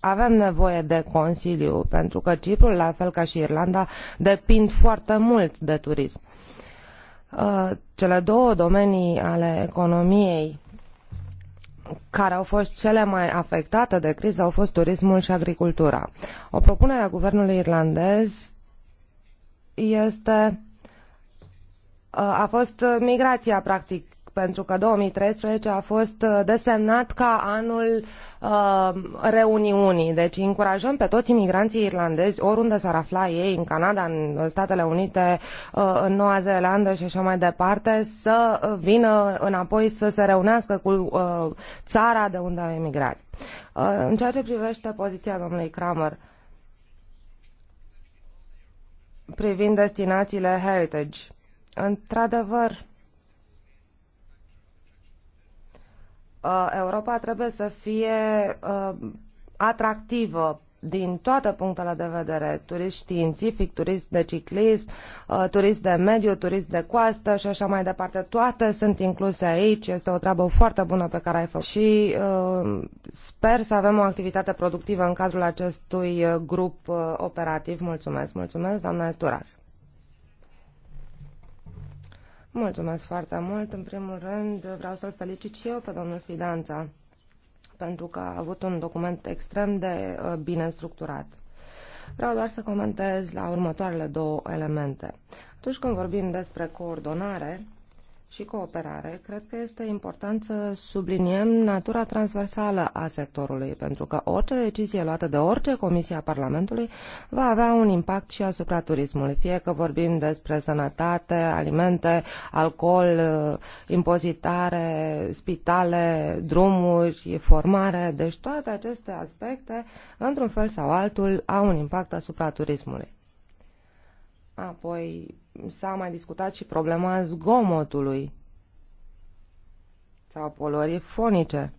avem nevoie de Consiliu, pentru că Cipru, la fel ca și Irlanda, depind foarte mult de turism. Uh, cele două domenii ale economiei care au fost cele mai afectate de criză au fost turismul și agricultura. O propunere a guvernului irlandez este a fost migrația practic pentru că 2013 a fost uh, desemnat ca anul uh, reuniunii. Deci încurajăm pe toți imigranții irlandezi, oriunde s-ar afla ei, în Canada, în Statele Unite, uh, în Noua Zeelandă și așa mai departe, să uh, vină înapoi să se reunească cu uh, țara de unde au emigrat. Uh, în ceea ce privește poziția domnului Kramer, privind destinațiile Heritage. Într-adevăr, Uh, Europa trebuie să fie uh, atractivă din toate punctele de vedere, turist științific, turist de ciclism, uh, turist de mediu, turist de coastă și așa mai departe. Toate sunt incluse aici, este o treabă foarte bună pe care ai făcut și uh, sper să avem o activitate productivă în cadrul acestui grup operativ. Mulțumesc, mulțumesc, doamna Esturas. Mulțumesc foarte mult. În primul rând vreau să-l felicit și eu pe domnul Fidanța pentru că a avut un document extrem de uh, bine structurat. Vreau doar să comentez la următoarele două elemente. Atunci când vorbim despre coordonare, și cooperare, cred că este important să subliniem natura transversală a sectorului, pentru că orice decizie luată de orice comisie a Parlamentului va avea un impact și asupra turismului, fie că vorbim despre sănătate, alimente, alcool, uh, impozitare, spitale, drumuri, formare, deci toate aceste aspecte, într-un fel sau altul, au un impact asupra turismului. Apoi s-a mai discutat și problema zgomotului sau poluării fonice.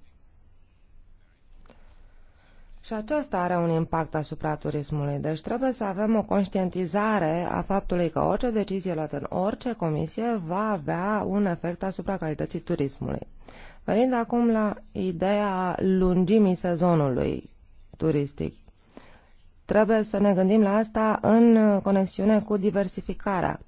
Și aceasta are un impact asupra turismului, deci trebuie să avem o conștientizare a faptului că orice decizie luată în orice comisie va avea un efect asupra calității turismului. Venind acum la ideea lungimii sezonului turistic. Trebuie să ne gândim la asta în conexiune cu diversificarea.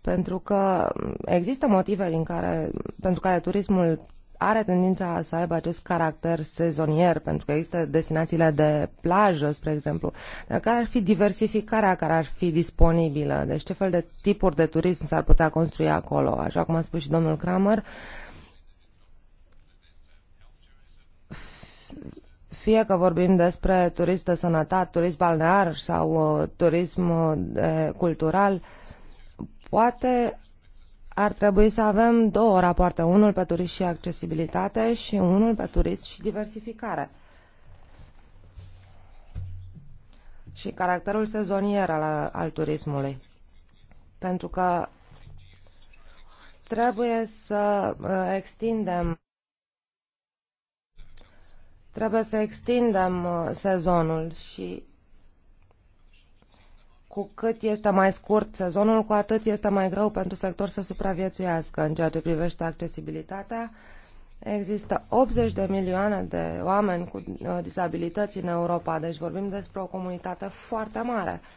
Pentru că există motive din care, pentru care turismul are tendința să aibă acest caracter sezonier, pentru că există destinațiile de plajă, spre exemplu. Dar care ar fi diversificarea care ar fi disponibilă? Deci ce fel de tipuri de turism s-ar putea construi acolo? Așa cum a spus și domnul Kramer, uh, fie că vorbim despre turism de sănătate, turism balnear sau uh, turism uh, cultural, poate ar trebui să avem două rapoarte, unul pe turism și accesibilitate și unul pe turism și diversificare. Și caracterul sezonier al, al turismului. Pentru că trebuie să uh, extindem Trebuie să extindem uh, sezonul și cu cât este mai scurt sezonul, cu atât este mai greu pentru sector să supraviețuiască. În ceea ce privește accesibilitatea, există 80 de milioane de oameni cu uh, disabilități în Europa, deci vorbim despre o comunitate foarte mare. Uh,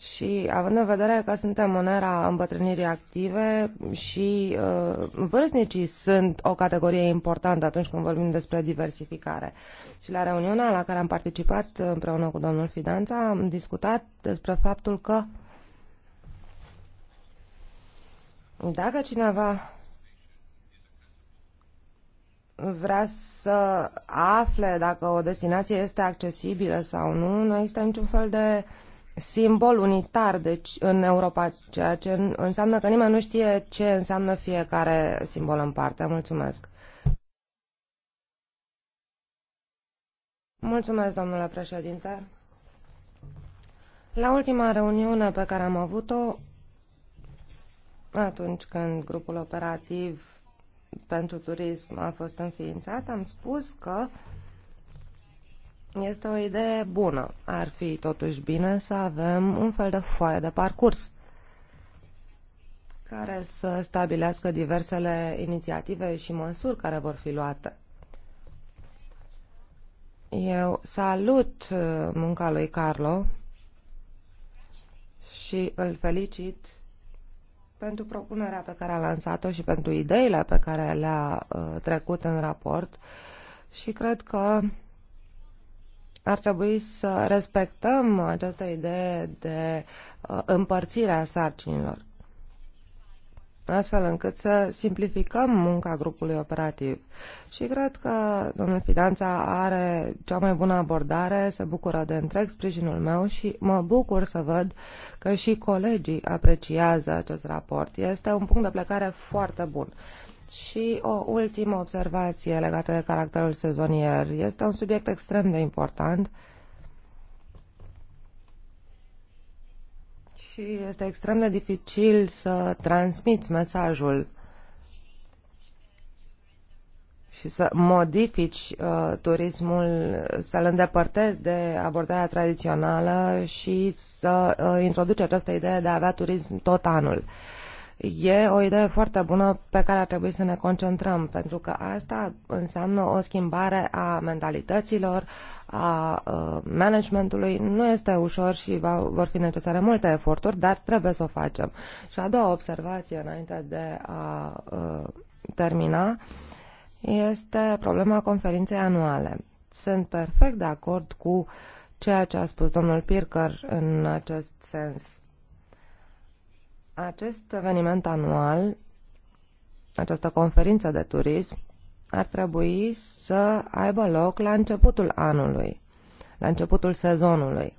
și având în vedere că suntem în era îmbătrânirii active și uh, vârstnicii sunt o categorie importantă atunci când vorbim despre diversificare. Și la reuniunea la care am participat împreună cu domnul Fidanța am discutat despre faptul că dacă cineva vrea să afle dacă o destinație este accesibilă sau nu, nu există niciun fel de uh, simbol unitar deci, în Europa, ceea ce înseamnă că nimeni nu știe ce înseamnă fiecare simbol în parte. Mulțumesc. Mulțumesc, domnule președinte. La ultima reuniune pe care am avut-o, atunci când grupul operativ pentru turism a fost înființat, am spus că este o idee bună. Ar fi totuși bine să avem un fel de foaie de parcurs care să stabilească diversele inițiative și măsuri care vor fi luate. Eu salut uh, munca lui Carlo și îl felicit pentru propunerea pe care a lansat-o și pentru ideile pe care le-a uh, trecut în raport și cred că ar trebui să respectăm această idee de uh, împărțire a sarcinilor, astfel încât să simplificăm munca grupului operativ. Și cred că domnul Fidanța are cea mai bună abordare, se bucură de întreg sprijinul meu și mă bucur să văd că și colegii apreciază acest raport. Este un punct de plecare foarte bun. Și o ultimă observație legată de caracterul sezonier. Este un subiect extrem de important și este extrem de dificil să transmiți mesajul și să modifici uh, turismul, să-l îndepărtezi de abordarea tradițională și să uh, introduci această idee de a avea turism tot anul. Uh, E o idee foarte bună pe care ar trebui să ne concentrăm, pentru că asta înseamnă o schimbare a mentalităților, a ă, managementului. Nu este ușor și va, vor fi necesare multe eforturi, dar trebuie să o facem. Și a doua observație înainte de a ă, termina este problema conferinței anuale. Sunt perfect de acord cu ceea ce a spus domnul Pircăr în acest sens acest eveniment anual, această conferință de turism, ar trebui să aibă loc la începutul anului, la începutul sezonului.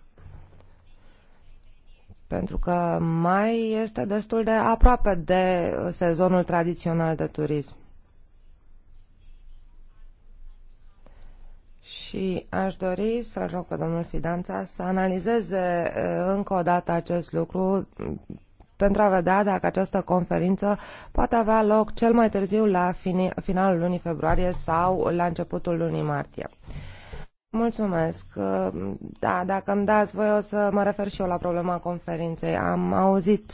Pentru că mai este destul de aproape de sezonul tradițional de turism. Și aș dori să-l rog pe domnul Fidanța să analizeze eh, încă o dată acest lucru pentru a vedea dacă această conferință poate avea loc cel mai târziu la finalul lunii februarie sau la începutul lunii martie. Mulțumesc. Da, dacă îmi dați voi, o să mă refer și eu la problema conferinței. Am auzit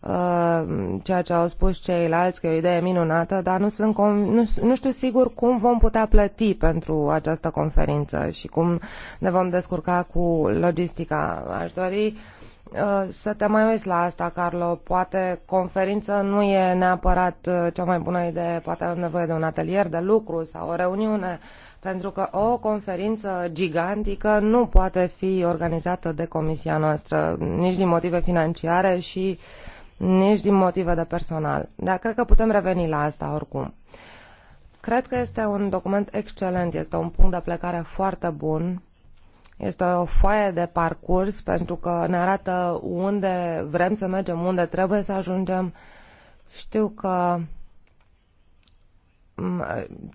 uh, ceea ce au spus ceilalți, că e o idee minunată, dar nu, sunt nu, nu știu sigur cum vom putea plăti pentru această conferință și cum ne vom descurca cu logistica. Aș dori uh, Uh, să te mai uiți la asta, Carlo. Poate conferință nu e neapărat uh, cea mai bună idee, poate avem nevoie de un atelier de lucru sau o reuniune, pentru că o conferință gigantică nu poate fi organizată de comisia noastră, nici din motive financiare și nici din motive de personal. Dar cred că putem reveni la asta oricum. Cred că este un document excelent, este un punct de plecare foarte bun este o foaie de parcurs pentru că ne arată unde vrem să mergem, unde trebuie să ajungem. Știu că Mm,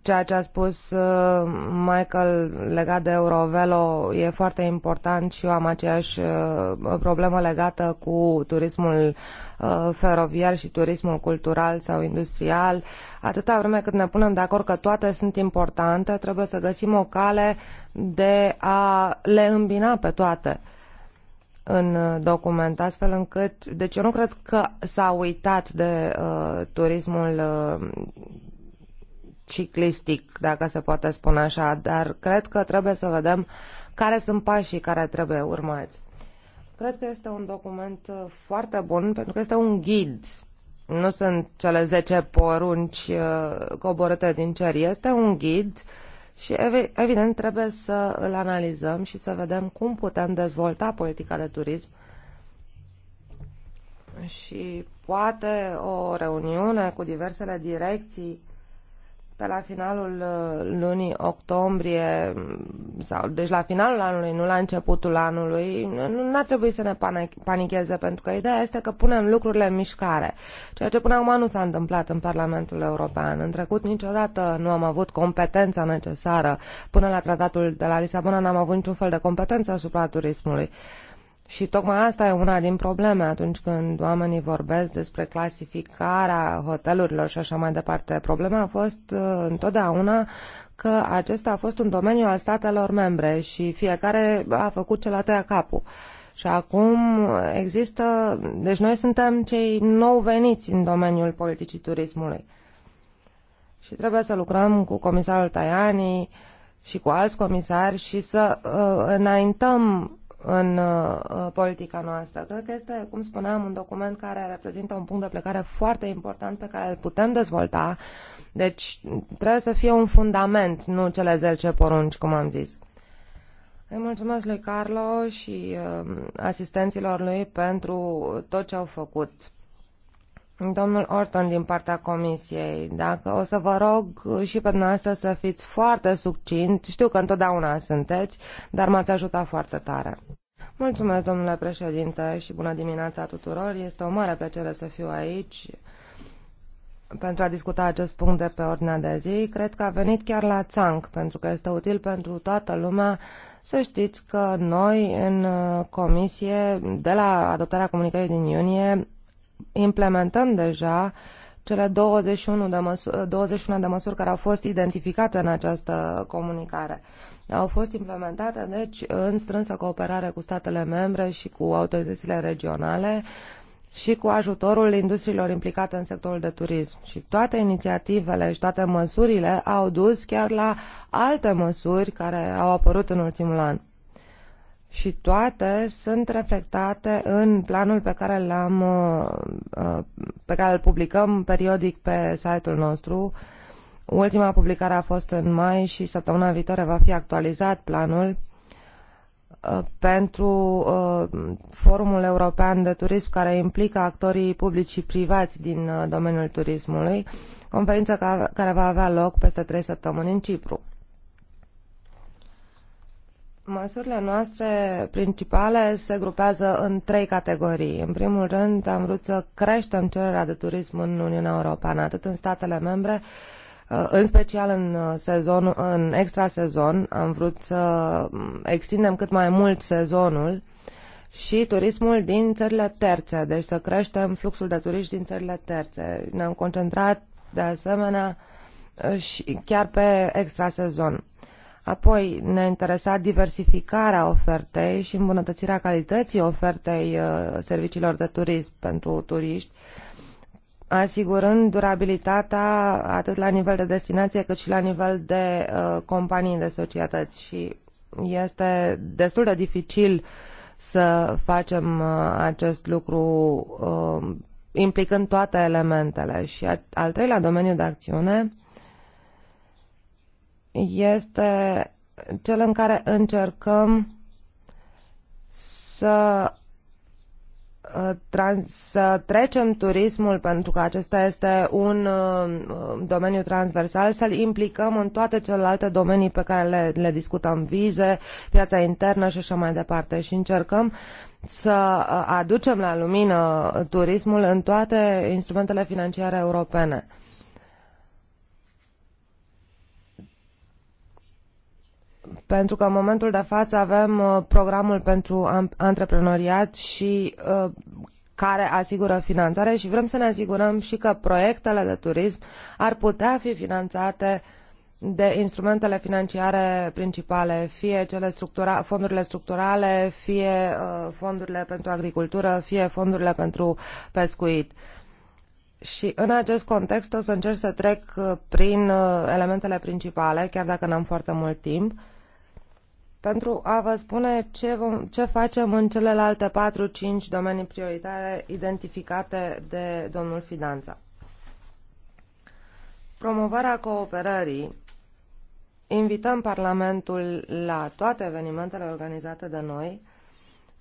ceea ce a spus uh, Michael legat de Eurovelo e foarte important și eu am aceeași uh, problemă legată cu turismul uh, feroviar și turismul cultural sau industrial. Atâta vreme cât ne punem de acord că toate sunt importante, trebuie să găsim o cale de a le îmbina pe toate în document, astfel încât... Deci eu nu cred că s-a uitat de uh, turismul uh, ciclistic, dacă se poate spune așa, dar cred că trebuie să vedem care sunt pașii care trebuie urmați. Cred că este un document uh, foarte bun pentru că este un ghid. Nu sunt cele 10 porunci uh, coborâte din cer. Este un ghid și evident trebuie să îl analizăm și să vedem cum putem dezvolta politica de turism și poate o reuniune cu diversele direcții pe la finalul uh, lunii octombrie, mm, sau deci la finalul anului, nu la începutul anului, nu ar trebui să ne panicheze, pentru că ideea este că punem lucrurile în mișcare, ceea ce până acum nu s-a întâmplat în Parlamentul European. În trecut niciodată nu am avut competența necesară. Până la tratatul de la Lisabona n-am avut niciun fel de competență asupra turismului. Uh, și tocmai asta e una din probleme atunci când oamenii vorbesc despre clasificarea hotelurilor și așa mai departe. Problema a fost uh, întotdeauna că acesta a fost un domeniu al statelor membre și fiecare a făcut ce l-a tăiat capul. Și acum există, deci noi suntem cei nou veniți în domeniul politicii turismului. Și trebuie să lucrăm cu comisarul Tajani și cu alți comisari și să uh, înaintăm în uh, uh, politica noastră. Cred că este, cum spuneam, un document care reprezintă un punct de plecare foarte important pe care îl putem dezvolta. Deci trebuie să fie un fundament, nu cele 10 porunci, cum am zis. Îi mulțumesc lui Carlo și uh, asistenților lui pentru tot ce au făcut Domnul Orton din partea comisiei, dacă o să vă rog și pe dumneavoastră să fiți foarte succint, știu că întotdeauna sunteți, dar m-ați ajutat foarte tare. Mulțumesc, domnule președinte, și bună dimineața tuturor. Este o mare plăcere să fiu aici pentru a discuta acest punct de pe ordinea de zi. Cred că a venit chiar la țanc, pentru că este util pentru toată lumea să știți că noi în comisie, de la adoptarea comunicării din iunie, implementăm deja cele 21 de, măsuri, 21 de măsuri care au fost identificate în această comunicare. Au fost implementate, deci, în strânsă cooperare cu statele membre și cu autoritățile regionale și cu ajutorul industriilor implicate în sectorul de turism. Și toate inițiativele și toate măsurile au dus chiar la alte măsuri care au apărut în ultimul an și toate sunt reflectate în planul pe care l-am uh, uh, pe care îl publicăm periodic pe site-ul nostru. Ultima publicare a fost în mai și săptămâna viitoare va fi actualizat planul uh, pentru Forumul European de Turism care implică actorii publici și privați din domeniul turismului, conferință care va avea loc peste trei săptămâni în Cipru. Măsurile noastre principale se grupează în trei categorii. În primul rând, am vrut să creștem cererea de turism în Uniunea Europeană, atât în statele membre, uh, în special în, uh, sezon, în extra sezon. Am vrut să mm, extindem cât mai mult sezonul și turismul din țările terțe, deci să creștem fluxul de turiști din țările terțe. Ne-am concentrat de asemenea uh, și chiar pe sezon. Apoi ne interesa diversificarea ofertei și îmbunătățirea calității ofertei uh, serviciilor de turism pentru turiști, asigurând durabilitatea atât la nivel de destinație cât și la nivel de uh, companii, de societăți. Și este destul de dificil să facem uh, acest lucru implicând toate elementele. Și al treilea domeniu de acțiune este cel în care încercăm să uh, să trecem turismul, pentru că acesta este un uh, domeniu transversal, să-l implicăm în toate celelalte domenii pe care le, le discutăm, vize, piața internă și așa mai departe. Și încercăm să uh, aducem la lumină turismul în toate instrumentele financiare europene. pentru că în momentul de față avem uh, programul pentru antreprenoriat și uh, care asigură finanțare și vrem să ne asigurăm și că proiectele de turism ar putea fi finanțate de instrumentele financiare principale, fie cele structura, fondurile structurale, fie uh, fondurile pentru agricultură, fie fondurile pentru pescuit. Și în acest context o să încerc să trec prin elementele principale, chiar dacă n-am foarte mult timp. Uh, pentru a vă spune ce, vom, ce facem în celelalte 4-5 domenii prioritare identificate de domnul Fidanța. Promovarea cooperării. Invităm Parlamentul la toate evenimentele organizate de noi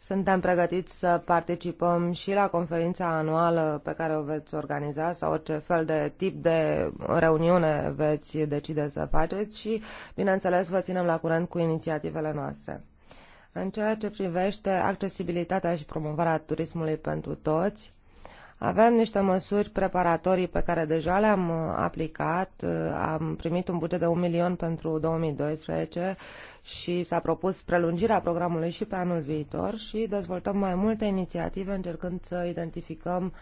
suntem pregătiți să participăm și la conferința anuală pe care o veți organiza sau orice fel de tip de reuniune veți decide să faceți și, bineînțeles, vă ținem la curent cu inițiativele noastre. În ceea ce privește accesibilitatea și promovarea turismului pentru toți, avem niște măsuri preparatorii pe care deja le-am uh, aplicat. Uh, am primit un buget de 1 milion pentru 2012 și s-a propus prelungirea programului și pe anul viitor și dezvoltăm mai multe inițiative încercând să identificăm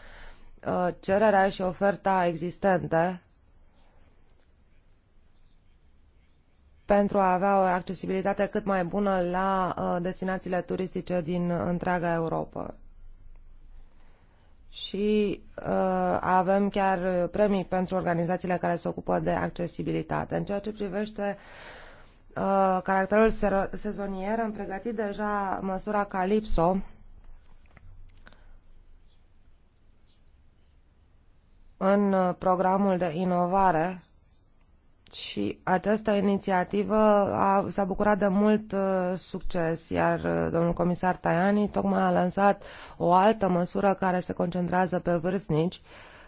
uh, cererea și oferta existente pentru a avea o accesibilitate cât mai bună la destinațiile turistice din întreaga Europa și uh, avem chiar premii pentru organizațiile care se ocupă de accesibilitate. În ceea ce privește uh, caracterul se sezonier, am pregătit deja măsura Calypso, în programul de inovare și această inițiativă a, s-a bucurat de mult uh, succes, iar uh, domnul comisar Tajani tocmai a lansat o altă măsură care se concentrează pe vârstnici,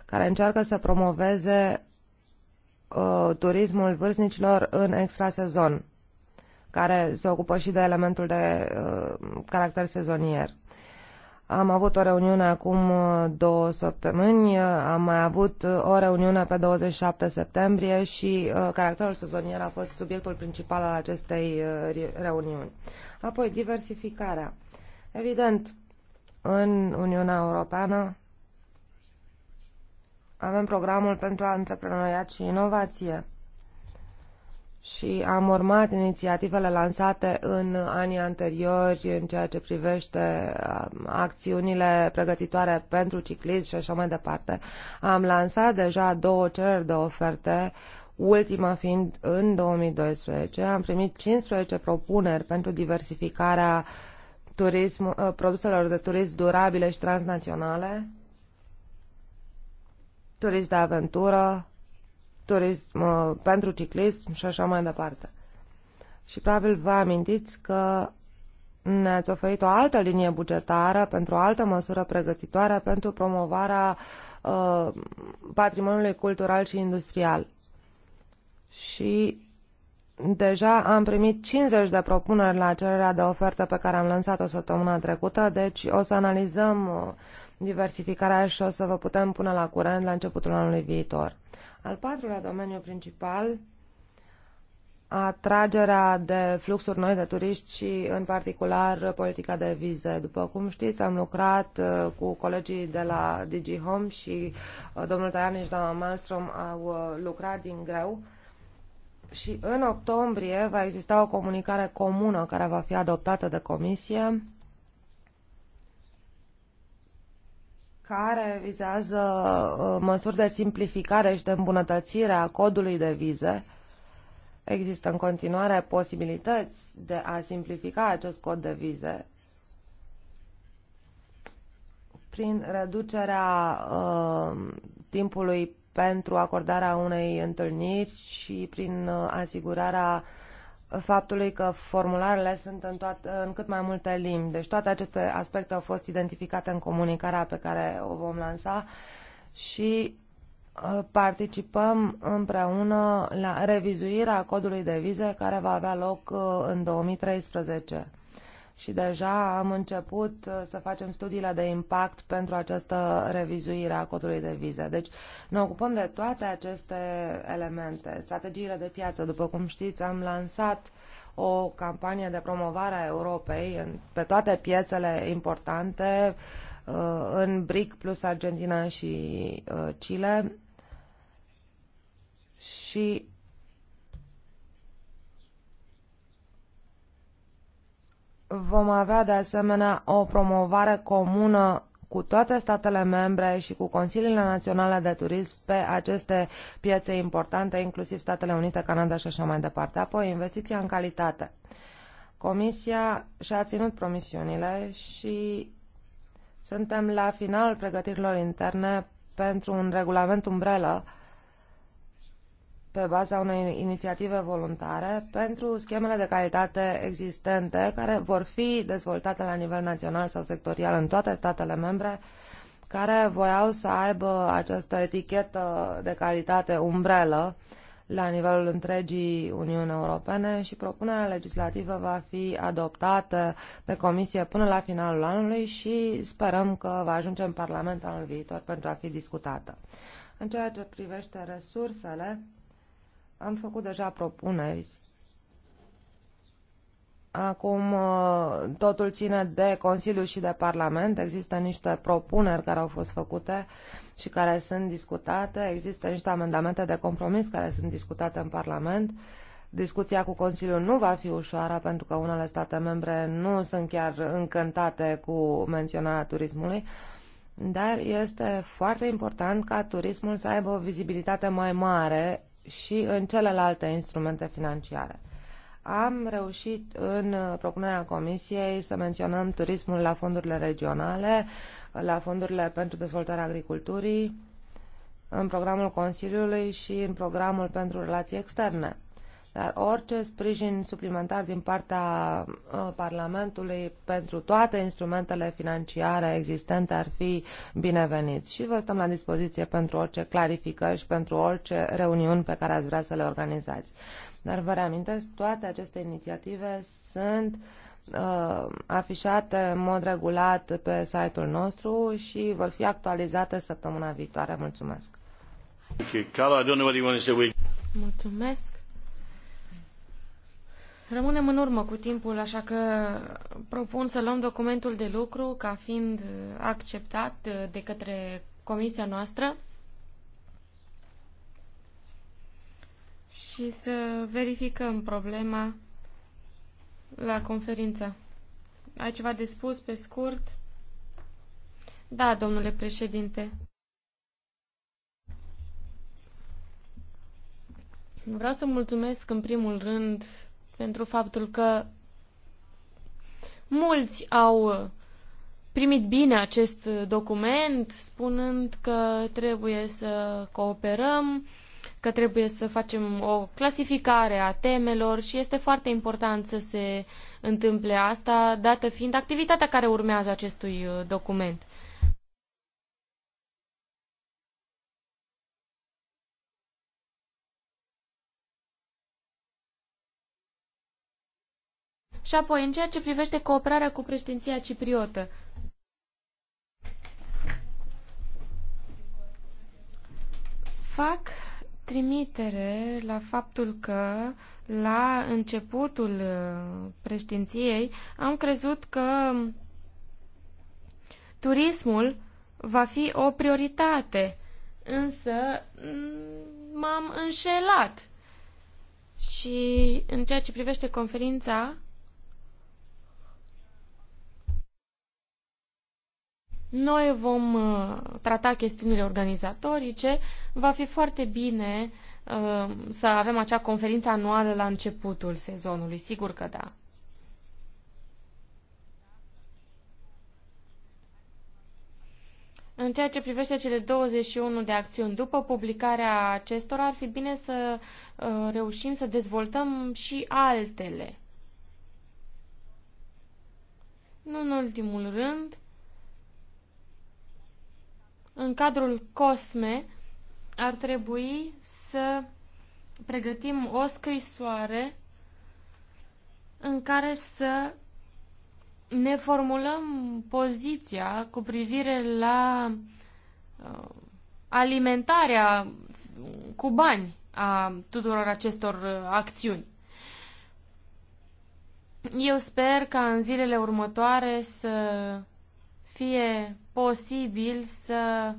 care încearcă să promoveze uh, turismul vârstnicilor în extrasezon, care se ocupă și de elementul de uh, caracter sezonier. Am avut o reuniune acum uh, două săptămâni, uh, am mai avut uh, o reuniune pe 27 septembrie și caracterul sezonier a fost subiectul principal al acestei reuniuni. Apoi, diversificarea. Evident, în Uniunea Europeană avem programul pentru antreprenoriat și inovație și am urmat inițiativele lansate în anii anteriori în ceea ce privește um, acțiunile pregătitoare pentru ciclism și așa mai departe. Am lansat deja două cereri de oferte, ultima fiind în 2012. Am primit 15 propuneri pentru diversificarea turism, uh, produselor de turism durabile și transnaționale, turism de aventură, turism uh, pentru ciclism și așa mai departe. Și probabil vă amintiți că ne-ați oferit o altă linie bugetară pentru o altă măsură pregătitoare pentru promovarea uh, patrimoniului cultural și industrial. Și deja am primit 50 de propuneri la cererea de ofertă pe care am lansat-o săptămâna trecută, deci o să analizăm uh, diversificarea și o să vă putem pune la curent la începutul anului viitor. Al patrulea domeniu principal, atragerea de fluxuri noi de turiști și, în particular, politica de vize. După cum știți, am lucrat uh, cu colegii de la DG Home și uh, domnul Tajani și doamna Malmström au uh, lucrat din greu și în octombrie va exista o comunicare comună care va fi adoptată de comisie care vizează uh, măsuri de simplificare și de îmbunătățire a codului de vize. Există în continuare posibilități de a simplifica acest cod de vize prin reducerea uh, timpului pentru acordarea unei întâlniri și prin uh, asigurarea uh, faptului că formularele sunt în, toat, în cât mai multe limbi. Deci toate aceste aspecte au fost identificate în comunicarea pe care o vom lansa și uh, participăm împreună la revizuirea codului de vize care va avea loc uh, în 2013 și deja am început uh, să facem studiile de impact pentru această revizuire a codului de vize. Deci ne ocupăm de toate aceste elemente. Strategiile de piață, după cum știți, am lansat o campanie de promovare a Europei pe toate piețele importante, uh, în BRIC plus Argentina și uh, Chile și Vom avea de asemenea o promovare comună cu toate statele membre și cu Consiliile Naționale de Turism pe aceste piețe importante, inclusiv Statele Unite, Canada și așa mai departe. Apoi, investiția în calitate. Comisia și-a ținut promisiunile și suntem la finalul pregătirilor interne pentru un regulament umbrelă pe baza unei inițiative voluntare pentru schemele de calitate existente care vor fi dezvoltate la nivel național sau sectorial în toate statele membre care voiau să aibă această etichetă de calitate umbrelă la nivelul întregii Uniuni Europene și propunerea legislativă va fi adoptată de Comisie până la finalul anului și sperăm că va ajunge în Parlament anul viitor pentru a fi discutată. În ceea ce privește resursele, am făcut deja propuneri. Acum uh, totul ține de Consiliu și de Parlament. Există niște propuneri care au fost făcute și care sunt discutate. Există niște amendamente de compromis care sunt discutate în Parlament. Discuția cu Consiliul nu va fi ușoară pentru că unele state membre nu sunt chiar încântate cu menționarea turismului, dar este foarte important ca turismul să aibă o vizibilitate mai mare și în celelalte instrumente financiare. Am reușit în propunerea Comisiei să menționăm turismul la fondurile regionale, la fondurile pentru dezvoltarea agriculturii, în programul Consiliului și în programul pentru relații externe. Dar orice sprijin suplimentar din partea uh, Parlamentului pentru toate instrumentele financiare existente ar fi binevenit. Și vă stăm la dispoziție pentru orice clarificări și pentru orice reuniuni pe care ați vrea să le organizați. Dar vă reamintesc, toate aceste inițiative sunt uh, afișate în mod regulat pe site-ul nostru și vor fi actualizate săptămâna viitoare. Mulțumesc! Mulțumesc! Rămânem în urmă cu timpul, așa că propun să luăm documentul de lucru ca fiind acceptat de către comisia noastră și să verificăm problema la conferință. Ai ceva de spus pe scurt? Da, domnule președinte. Vreau să mulțumesc în primul rând pentru faptul că mulți au primit bine acest document, spunând că trebuie să cooperăm, că trebuie să facem o clasificare a temelor și este foarte important să se întâmple asta, dată fiind activitatea care urmează acestui document. Și apoi, în ceea ce privește cooperarea cu președinția cipriotă, fac trimitere la faptul că la începutul uh, președinției am crezut că turismul va fi o prioritate, însă m-am înșelat. Și în ceea ce privește conferința Noi vom uh, trata chestiunile organizatorice. Va fi foarte bine uh, să avem acea conferință anuală la începutul sezonului. Sigur că da. În ceea ce privește cele 21 de acțiuni, după publicarea acestora, ar fi bine să uh, reușim să dezvoltăm și altele. Nu în ultimul rând, în cadrul COSME ar trebui să pregătim o scrisoare în care să ne formulăm poziția cu privire la uh, alimentarea cu bani a tuturor acestor uh, acțiuni. Eu sper ca în zilele următoare să fie posibil să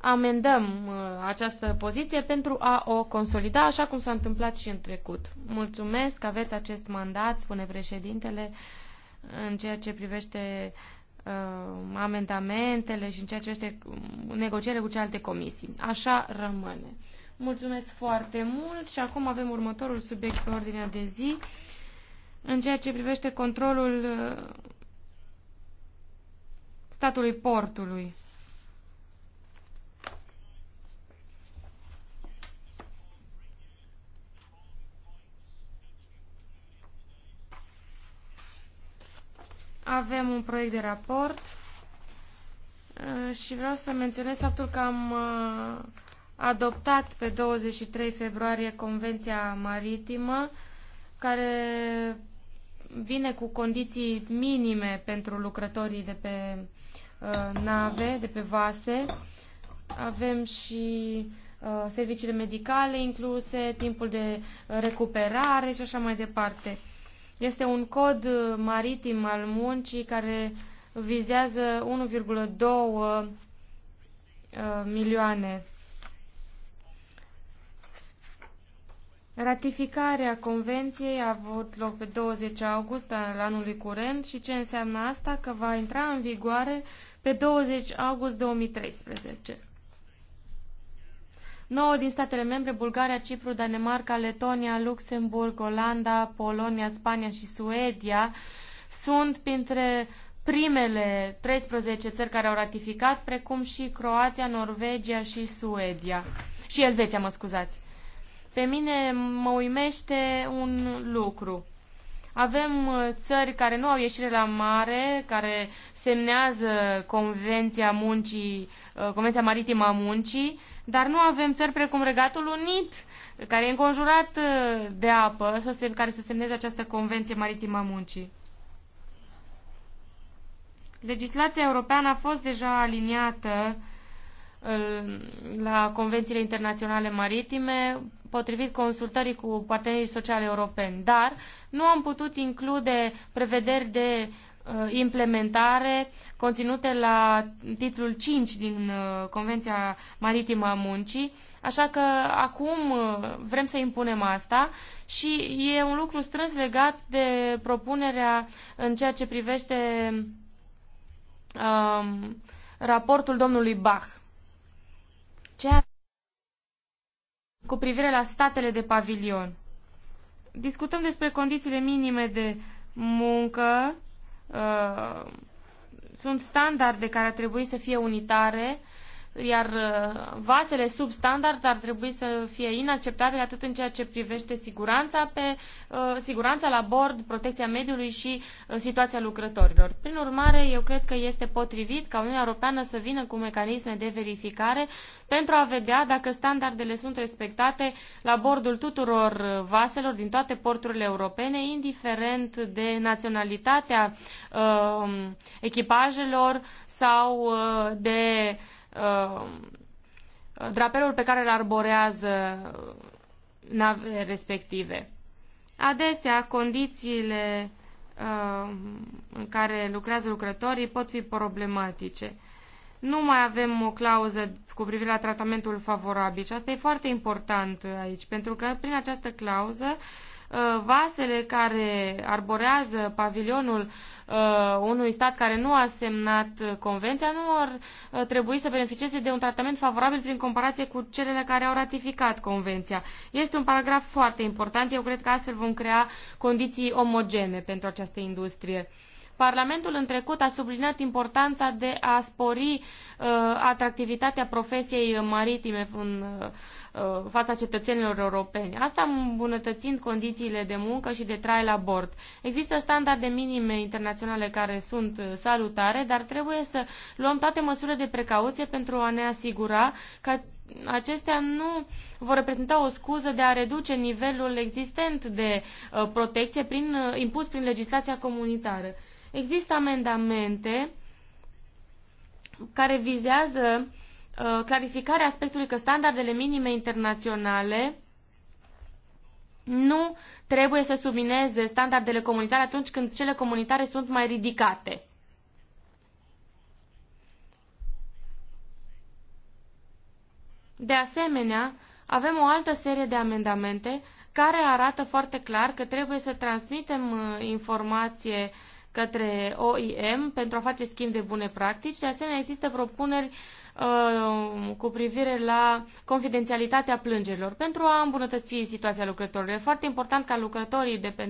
amendăm uh, această poziție pentru a o consolida, așa cum s-a întâmplat și în trecut. Mulțumesc că aveți acest mandat, spune președintele, în ceea ce privește uh, amendamentele și în ceea ce privește um, negocierile cu celelalte comisii. Așa rămâne. Mulțumesc foarte mult și acum avem următorul subiect pe ordinea de zi. În ceea ce privește controlul uh, statului portului. Avem un proiect de raport uh, și vreau să menționez faptul că am uh, adoptat pe 23 februarie Convenția Maritimă, care vine cu condiții minime pentru lucrătorii de pe Uh, nave, de pe vase. Avem și uh, serviciile medicale incluse, timpul de recuperare și așa mai departe. Este un cod maritim al muncii care vizează 1,2 uh, milioane. Ratificarea convenției a avut loc pe 20 august al anului curent și ce înseamnă asta? Că va intra în vigoare pe 20 august 2013. 9 din statele membre, Bulgaria, Cipru, Danemarca, Letonia, Luxemburg, Olanda, Polonia, Spania și Suedia, sunt printre primele 13 țări care au ratificat, precum și Croația, Norvegia și Suedia. Și Elveția, mă scuzați. Pe mine mă uimește un lucru. Avem uh, țări care nu au ieșire la mare, care semnează Convenția Muncii, uh, Convenția Maritimă a Muncii, dar nu avem țări precum Regatul Unit, care e înconjurat uh, de apă, să se, care să semneze această Convenție Maritimă a Muncii. Legislația europeană a fost deja aliniată la convențiile internaționale maritime, potrivit consultării cu partenerii sociale europeni, dar nu am putut include prevederi de uh, implementare conținute la titlul 5 din uh, Convenția Maritimă a Muncii, așa că acum uh, vrem să impunem asta și e un lucru strâns legat de propunerea în ceea ce privește um, raportul domnului Bach. Ceea cu privire la statele de pavilion. Discutăm despre condițiile minime de muncă, uh, sunt standarde care ar trebui să fie unitare iar uh, vasele sub standard ar trebui să fie inacceptabile atât în ceea ce privește siguranța, pe, uh, siguranța la bord, protecția mediului și uh, situația lucrătorilor. Prin urmare, eu cred că este potrivit ca Uniunea Europeană să vină cu mecanisme de verificare pentru a vedea dacă standardele sunt respectate la bordul tuturor vaselor din toate porturile europene, indiferent de naționalitatea echipajelor sau de Uh, drapelul pe care îl arborează navele respective. Adesea, condițiile uh, în care lucrează lucrătorii pot fi problematice. Nu mai avem o clauză cu privire la tratamentul favorabil și asta e foarte important aici, pentru că prin această clauză uh, Uh, vasele care arborează pavilionul uh, unui stat care nu a semnat convenția nu ar uh, trebui să beneficieze de un tratament favorabil prin comparație cu celele care au ratificat convenția. Este un paragraf foarte important. Eu cred că astfel vom crea condiții omogene pentru această industrie. Parlamentul în trecut a subliniat importanța de a spori uh, atractivitatea profesiei maritime în uh, uh, fața cetățenilor europeni. Asta îmbunătățind condițiile de muncă și de trai la bord. Există standarde minime internaționale care sunt uh, salutare, dar trebuie să luăm toate măsurile de precauție pentru a ne asigura că acestea nu vor reprezenta o scuză de a reduce nivelul existent de uh, protecție prin, impus prin legislația comunitară. Există amendamente care vizează uh, clarificarea aspectului că standardele minime internaționale nu trebuie să submineze standardele comunitare atunci când cele comunitare sunt mai ridicate. De asemenea, avem o altă serie de amendamente care arată foarte clar că trebuie să transmitem uh, informație către OIM pentru a face schimb de bune practici. De asemenea, există propuneri uh, cu privire la confidențialitatea plângerilor pentru a îmbunătăți situația lucrătorilor. E foarte important ca lucrătorii de pe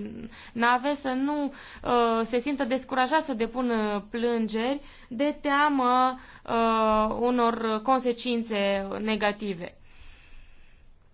nave să nu uh, se simtă descurajați să depună plângeri de teamă uh, unor consecințe negative.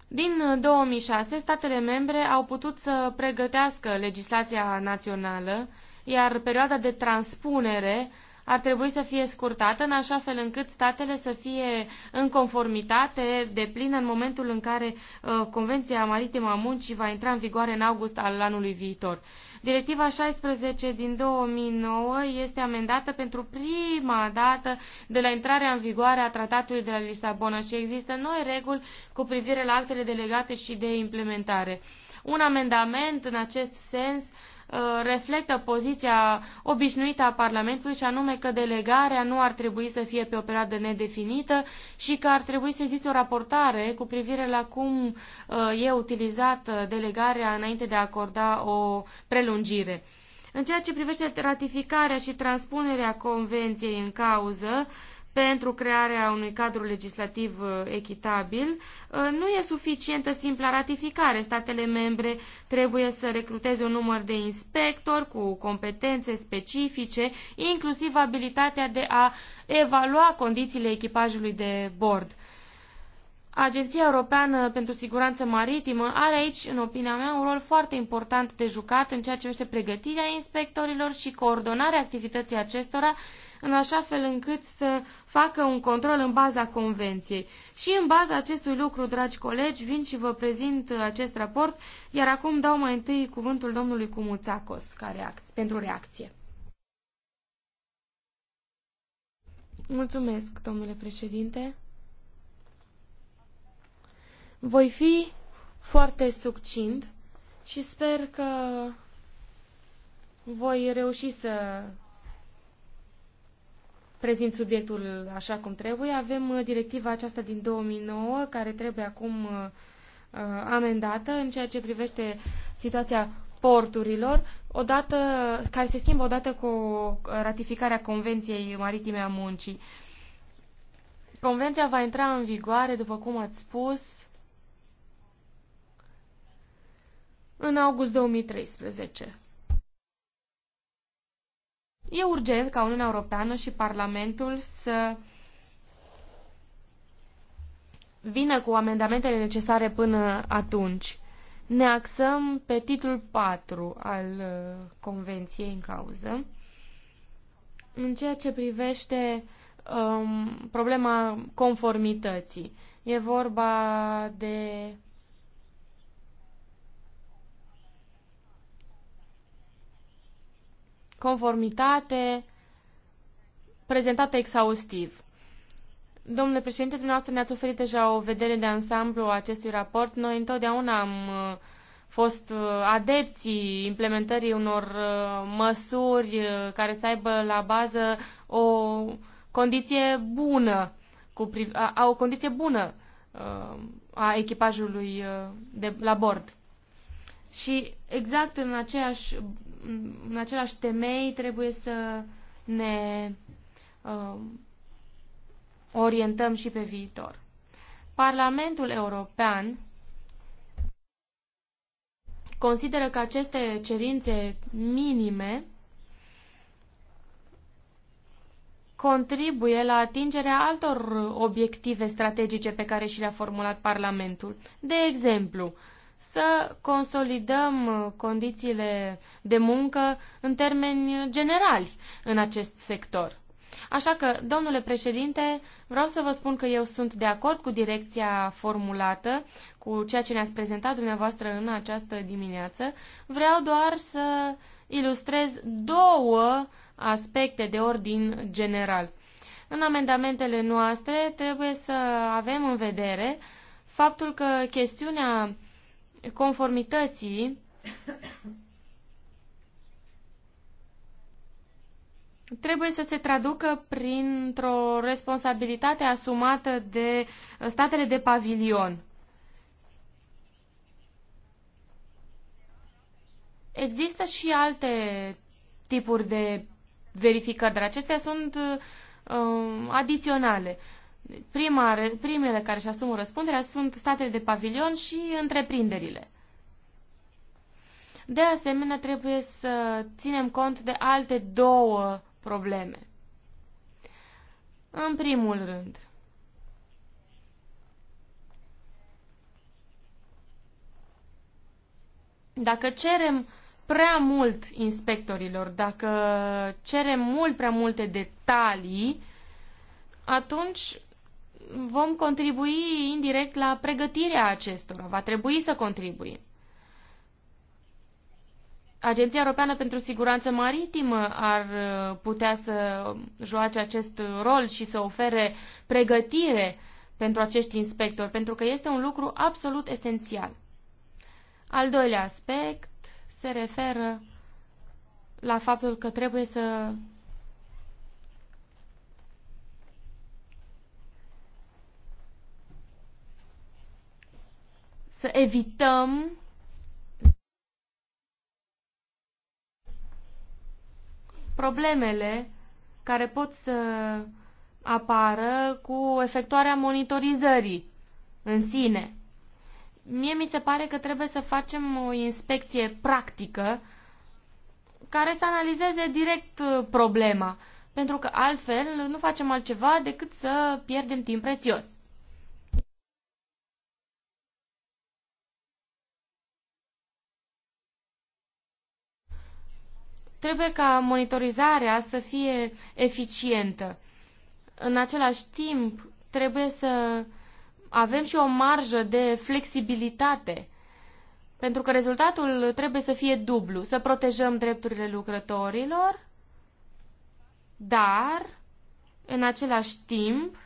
Din 2006, uh, statele membre au putut să pregătească legislația națională iar perioada de transpunere ar trebui să fie scurtată în așa fel încât statele să fie în conformitate de plină în momentul în care uh, Convenția Maritimă a Muncii va intra în vigoare în august al anului viitor. Directiva 16 din 2009 este amendată pentru prima dată de la intrarea în vigoare a Tratatului de la Lisabona și există noi reguli cu privire la actele delegate și de implementare. Un amendament în acest sens uh, Uh, reflectă poziția obișnuită a Parlamentului și anume că delegarea nu ar trebui să fie pe o perioadă nedefinită și că ar trebui să existe o raportare cu privire la cum uh, e utilizată delegarea înainte de a acorda o prelungire. În ceea ce privește ratificarea și transpunerea convenției în cauză, uh, pentru crearea unui cadru legislativ uh, echitabil, uh, nu e suficientă simpla ratificare. Statele membre trebuie să recruteze un număr de inspectori cu competențe specifice, inclusiv abilitatea de a evalua condițiile echipajului de bord. Agenția Europeană pentru Siguranță Maritimă are aici, în opinia mea, un rol foarte important de jucat în ceea ce privește pregătirea inspectorilor și coordonarea activității acestora în așa fel încât să facă un control în baza convenției. Și în baza acestui lucru, dragi colegi, vin și vă prezint acest raport, iar acum dau mai întâi cuvântul domnului Cumuțacos ca reac- pentru reacție. Mulțumesc, domnule președinte. Voi fi foarte succint și sper că voi reuși să prezint subiectul așa cum trebuie. Avem uh, directiva aceasta din 2009, care trebuie acum uh, uh, amendată în ceea ce privește situația porturilor, odată, care se schimbă odată cu ratificarea Convenției Maritime a Muncii. Convenția va intra în vigoare, după cum ați spus, în august 2013. E urgent ca Uniunea Europeană și Parlamentul să vină cu amendamentele necesare până atunci. Ne axăm pe titlul 4 al uh, convenției în cauză. În ceea ce privește um, problema conformității, e vorba de conformitate prezentată exhaustiv. Domnule președinte, dumneavoastră ne-ați oferit deja o vedere de ansamblu a acestui raport. Noi întotdeauna am uh, fost uh, adepții implementării unor uh, măsuri care să aibă la bază o condiție bună, cu, a, a, o condiție bună a echipajului de, la bord. Și exact în aceeași în același temei trebuie să ne uh, orientăm și pe viitor. Parlamentul European consideră că aceste cerințe minime contribuie la atingerea altor obiective strategice pe care și le-a formulat Parlamentul. De exemplu, să consolidăm uh, condițiile de muncă în termeni generali în acest sector. Așa că, domnule președinte, vreau să vă spun că eu sunt de acord cu direcția formulată, cu ceea ce ne-ați prezentat dumneavoastră în această dimineață. Vreau doar să ilustrez două aspecte de ordin general. În amendamentele noastre trebuie să avem în vedere faptul că chestiunea conformității trebuie să se traducă printr-o responsabilitate asumată de statele de pavilion. Există și alte tipuri de verificări, dar acestea sunt uh, adiționale. Prima, primele care își asumă răspunderea sunt statele de pavilion și întreprinderile. De asemenea, trebuie să ținem cont de alte două probleme. În primul rând, dacă cerem prea mult inspectorilor, dacă cerem mult prea multe detalii, atunci vom contribui indirect la pregătirea acestora. Va trebui să contribuim. Agenția Europeană pentru Siguranță Maritimă ar uh, putea să joace acest rol și să ofere pregătire pentru acești inspectori, pentru că este un lucru absolut esențial. Al doilea aspect se referă la faptul că trebuie să să evităm problemele care pot să apară cu efectuarea monitorizării în sine. Mie mi se pare că trebuie să facem o inspecție practică care să analizeze direct uh, problema, pentru că altfel nu facem altceva decât să pierdem timp prețios. Trebuie ca monitorizarea să fie eficientă. În același timp, trebuie să avem și o marjă de flexibilitate, pentru că rezultatul trebuie să fie dublu, să protejăm drepturile lucrătorilor, dar, în același timp,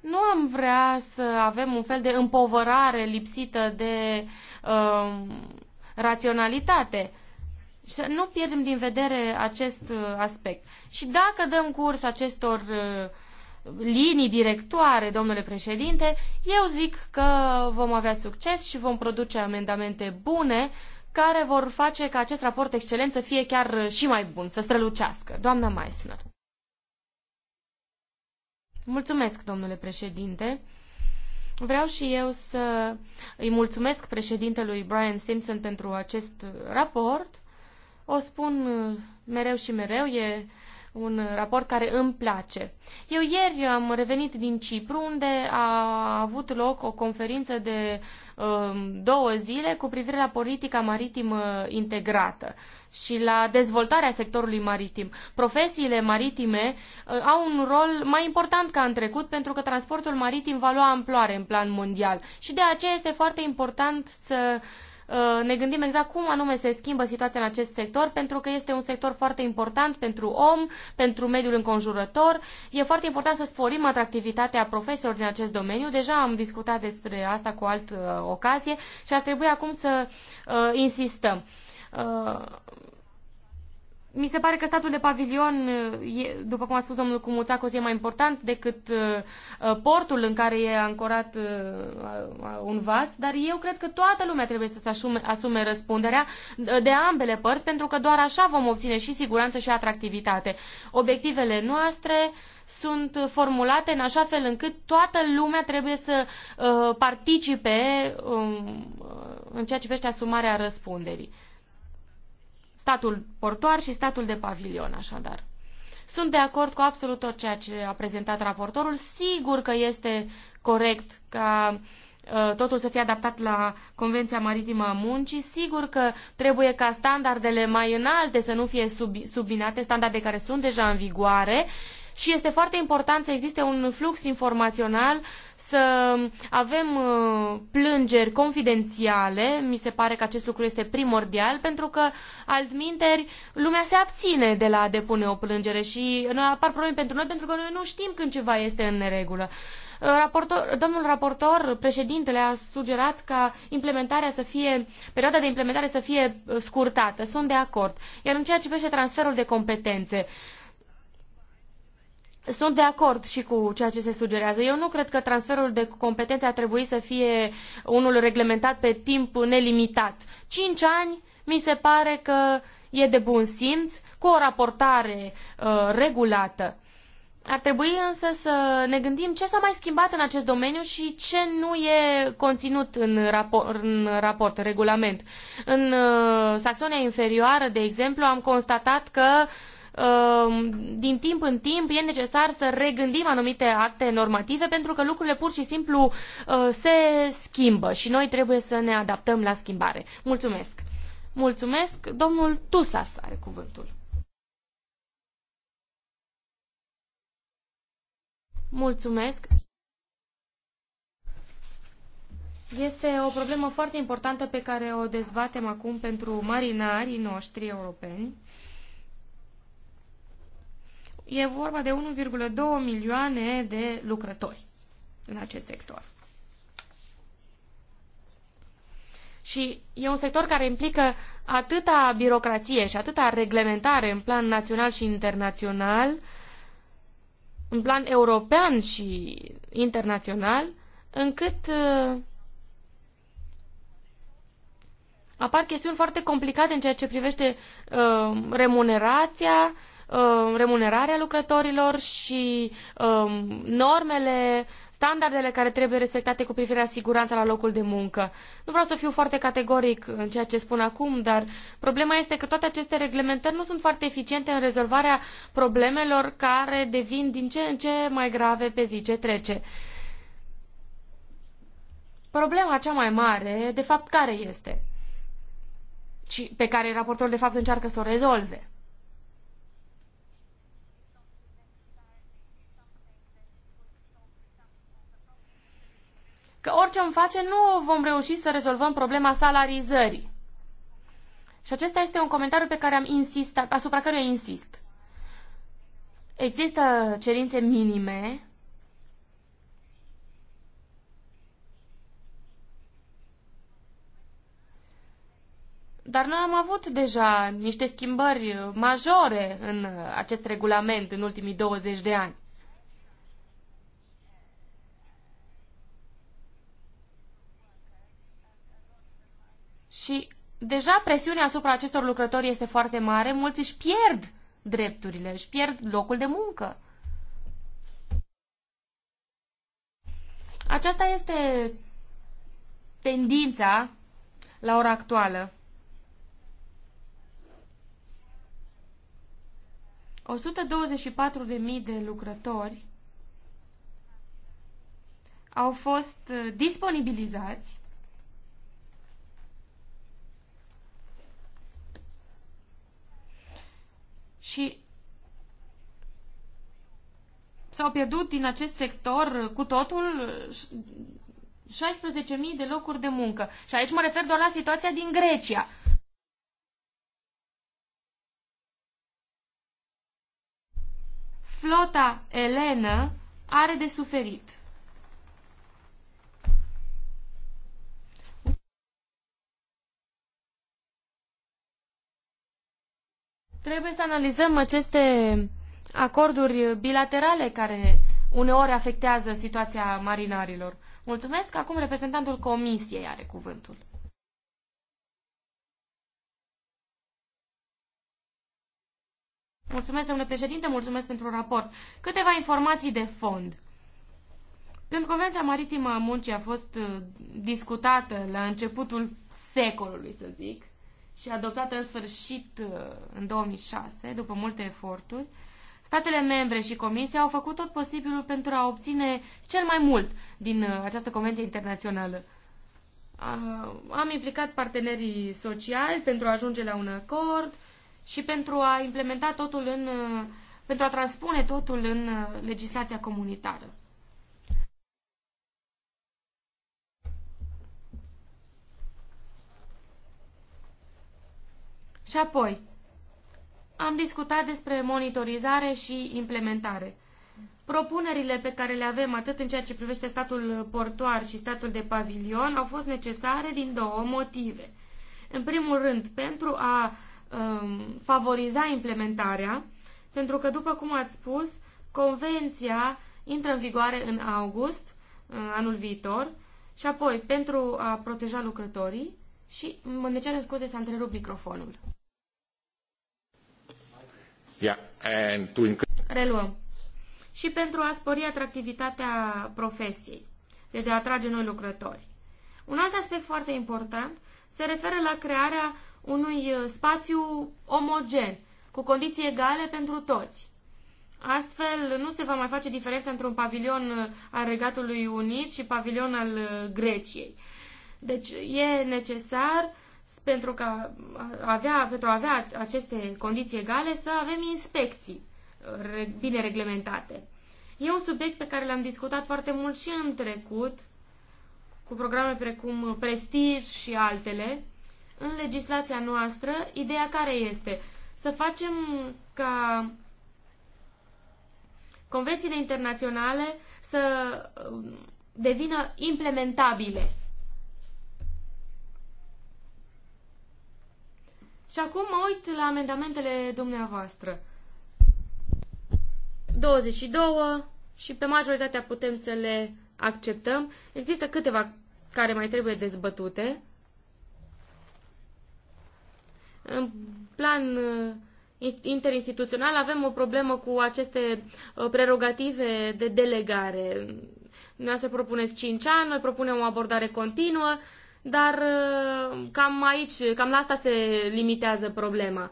nu am vrea să avem un fel de împovărare lipsită de uh, raționalitate. Să nu pierdem din vedere acest uh, aspect. Și dacă dăm curs acestor uh, linii directoare, domnule președinte, eu zic că vom avea succes și vom produce amendamente bune care vor face ca acest raport excelent să fie chiar uh, și mai bun, să strălucească. Doamna Meissner. Mulțumesc, domnule președinte. Vreau și eu să îi mulțumesc președintelui Brian Simpson pentru acest raport o spun uh, mereu și mereu, e un raport care îmi place. Eu ieri am revenit din Cipru, unde a avut loc o conferință de um, două zile cu privire la politica maritimă integrată și la dezvoltarea sectorului maritim. Profesiile maritime uh, au un rol mai important ca în trecut pentru că transportul maritim va lua amploare în plan mondial și de aceea este foarte important să uh, Uh, ne gândim exact cum anume se schimbă situația în acest sector, pentru că este un sector foarte important pentru om, pentru mediul înconjurător. E foarte important să sporim atractivitatea profesorilor din acest domeniu. Deja am discutat despre asta cu altă uh, ocazie și ar trebui acum să uh, insistăm. Uh, mi se pare că statul de pavilion, după cum a spus domnul Cumuțacos, e mai important decât uh, uh, portul în care e ancorat uh, un vas, dar eu cred că toată lumea trebuie să se asume, asume răspunderea de ambele părți, pentru că doar așa vom obține și siguranță și atractivitate. Obiectivele noastre sunt formulate în așa fel încât toată lumea trebuie să participe um, în ceea ce privește asumarea răspunderii statul portoar și statul de pavilion, așadar. Sunt de acord cu absolut tot ceea ce a prezentat raportorul. Sigur că este corect ca uh, totul să fie adaptat la Convenția Maritimă a Muncii. Sigur că trebuie ca standardele mai înalte să nu fie sub, subinate, standarde care sunt deja în vigoare și este foarte important să existe un flux informațional, să avem uh, plângeri confidențiale, mi se pare că acest lucru este primordial, pentru că altminteri lumea se abține de la a depune o plângere și noi apar probleme pentru noi pentru că noi nu știm când ceva este în neregulă. Uh, raportor, domnul raportor, președintele, a sugerat ca implementarea să fie, perioada de implementare să fie uh, scurtată. Sunt de acord. Iar în ceea ce privește transferul de competențe, uh, sunt de acord și cu ceea ce se sugerează. Eu nu cred că transferul de competențe ar trebui să fie unul reglementat pe timp nelimitat. Cinci ani mi se pare că e de bun simț, cu o raportare uh, regulată. Ar trebui însă să ne gândim ce s-a mai schimbat în acest domeniu și ce nu e conținut în raport, în, raport, regulament. În uh, Saxonia Inferioară, de exemplu, am constatat că uh, Ehm, din timp în timp e necesar să regândim anumite acte normative pentru că lucrurile pur și simplu eh, se schimbă și noi trebuie să ne adaptăm la schimbare. Mulțumesc! Mulțumesc! Domnul Tusas are cuvântul. Mulțumesc! Este o problemă foarte importantă pe care o dezbatem acum pentru marinarii noștri europeni. E vorba de 1,2 milioane de lucrători în acest sector. Și e un sector care implică atâta birocrație și atâta reglementare în plan național și internațional, în plan european și internațional, încât uh, apar chestiuni foarte complicate în ceea ce privește uh, remunerația Um, remunerarea lucrătorilor și um, normele, standardele care trebuie respectate cu privire la siguranța la locul de muncă. Nu vreau să fiu foarte categoric în ceea ce spun acum, dar problema este că toate aceste reglementări nu sunt foarte eficiente în rezolvarea problemelor care devin din ce în ce mai grave pe zi ce trece. Problema cea mai mare, de fapt, care este? Și pe care raportorul, de fapt, încearcă să o rezolve. că orice îmi face nu vom reuși să rezolvăm problema salarizării. Și acesta este un comentariu pe care am insistat, asupra căruia insist. Există cerințe minime Dar noi am avut deja niște schimbări majore în acest regulament în ultimii 20 de ani. Și deja presiunea asupra acestor lucrători este foarte mare, mulți își pierd drepturile, își pierd locul de muncă. Aceasta este tendința la ora actuală. 124.000 de lucrători au fost uh, disponibilizați și s-au pierdut din acest sector cu totul 16.000 de locuri de muncă. Și aici mă refer doar la situația din Grecia. Flota elenă are de suferit. Trebuie să analizăm aceste acorduri bilaterale care uneori afectează situația marinarilor. Mulțumesc. Acum reprezentantul Comisiei are cuvântul. Mulțumesc, domnule președinte, mulțumesc pentru raport. Câteva informații de fond. Când Convenția Maritimă a Muncii a fost uh, discutată la începutul secolului, să zic, și adoptată în sfârșit uh, în 2006, după multe eforturi, statele membre și Comisia au făcut tot posibilul pentru a obține cel mai mult din uh, această convenție internațională. Uh, am implicat partenerii sociali pentru a ajunge la un acord și pentru a implementa totul în, pentru a transpune totul în legislația comunitară. Și apoi, am discutat despre monitorizare și implementare. Propunerile pe care le avem atât în ceea ce privește statul portuar și statul de pavilion au fost necesare din două motive. În primul rând, pentru a um, favoriza implementarea, pentru că, după cum ați spus, convenția intră în vigoare în august, în anul viitor, și apoi pentru a proteja lucrătorii și, mă ne cerem scuze să întrerup microfonul. Yeah, and to Reluăm. Și pentru a spori atractivitatea profesiei, deci de a atrage noi lucrători. Un alt aspect foarte important se referă la crearea unui uh, spațiu omogen, cu condiții egale pentru toți. Astfel, nu se va mai face diferența între un pavilion uh, al Regatului Unit și pavilion al uh, Greciei. Deci, e necesar pentru, ca avea, pentru a avea aceste condiții egale să avem inspecții uh, bine reglementate. E un subiect pe care l-am discutat foarte mult și în trecut, cu programe precum Prestige și altele. În legislația noastră, ideea care este? Să facem ca convențiile internaționale să uh, devină implementabile Și acum mă uit la amendamentele dumneavoastră. 22 și pe majoritatea putem să le acceptăm. Există câteva care mai trebuie dezbătute. În plan uh, interinstituțional avem o problemă cu aceste uh, prerogative de delegare. Noi să propuneți 5 ani, noi propunem o abordare continuă dar uh, cam aici, cam la asta se limitează problema.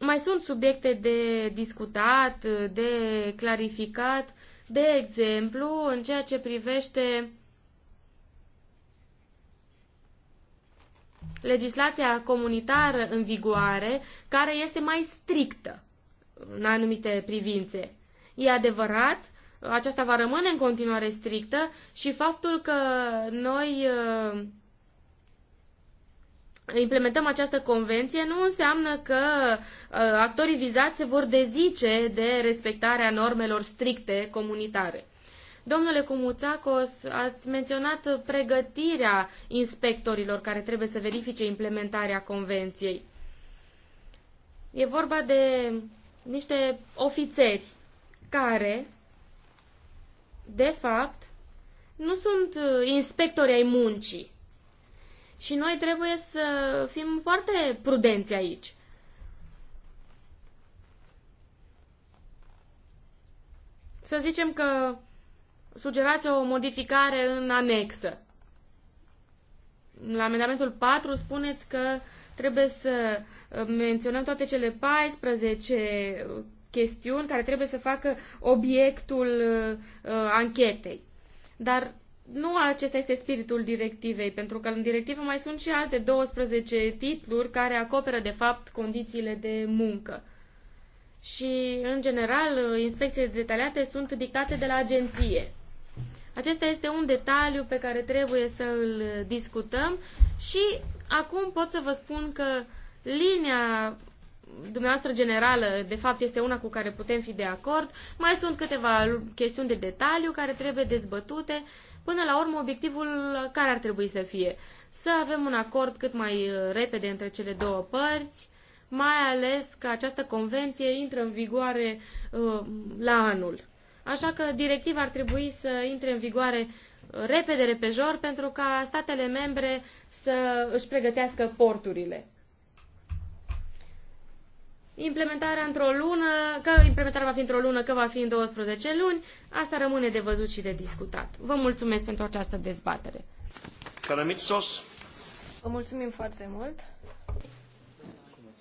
Mai sunt subiecte de discutat, de clarificat, de exemplu, în ceea ce privește legislația comunitară în vigoare, care este mai strictă în anumite privințe. E adevărat aceasta va rămâne în continuare strictă și faptul că noi uh, implementăm această convenție nu înseamnă că uh, actorii vizați se vor dezice de respectarea normelor stricte comunitare. Domnule Cumuțacos, ați menționat pregătirea inspectorilor care trebuie să verifice implementarea convenției. E vorba de niște ofițeri care de fapt, nu sunt uh, inspectori ai muncii. Și noi trebuie să fim foarte prudenți aici. Să zicem că sugerați o modificare în anexă. La amendamentul 4 spuneți că trebuie să uh, menționăm toate cele 14 chestiuni care trebuie să facă obiectul uh, anchetei. Dar nu acesta este spiritul directivei, pentru că în directivă mai sunt și alte 12 titluri care acoperă, de fapt, condițiile de muncă. Și, în general, uh, inspecțiile detaliate sunt dictate de la agenție. Acesta este un detaliu pe care trebuie să îl discutăm și acum pot să vă spun că linia dumneavoastră generală, de fapt, este una cu care putem fi de acord. Mai sunt câteva chestiuni de detaliu care trebuie dezbătute. Până la urmă, obiectivul care ar trebui să fie? Să avem un acord cât mai uh, repede între cele două părți, mai ales că această convenție intră în vigoare uh, la anul. Așa că directiva ar trebui să intre în vigoare uh, repede, repejor, pentru ca statele membre să își pregătească porturile implementarea într-o lună, că implementarea va fi într-o lună, că va fi în 12 luni, asta rămâne de văzut și de discutat. Vă mulțumesc pentru această dezbatere. Karamitsos. Vă mulțumim foarte mult.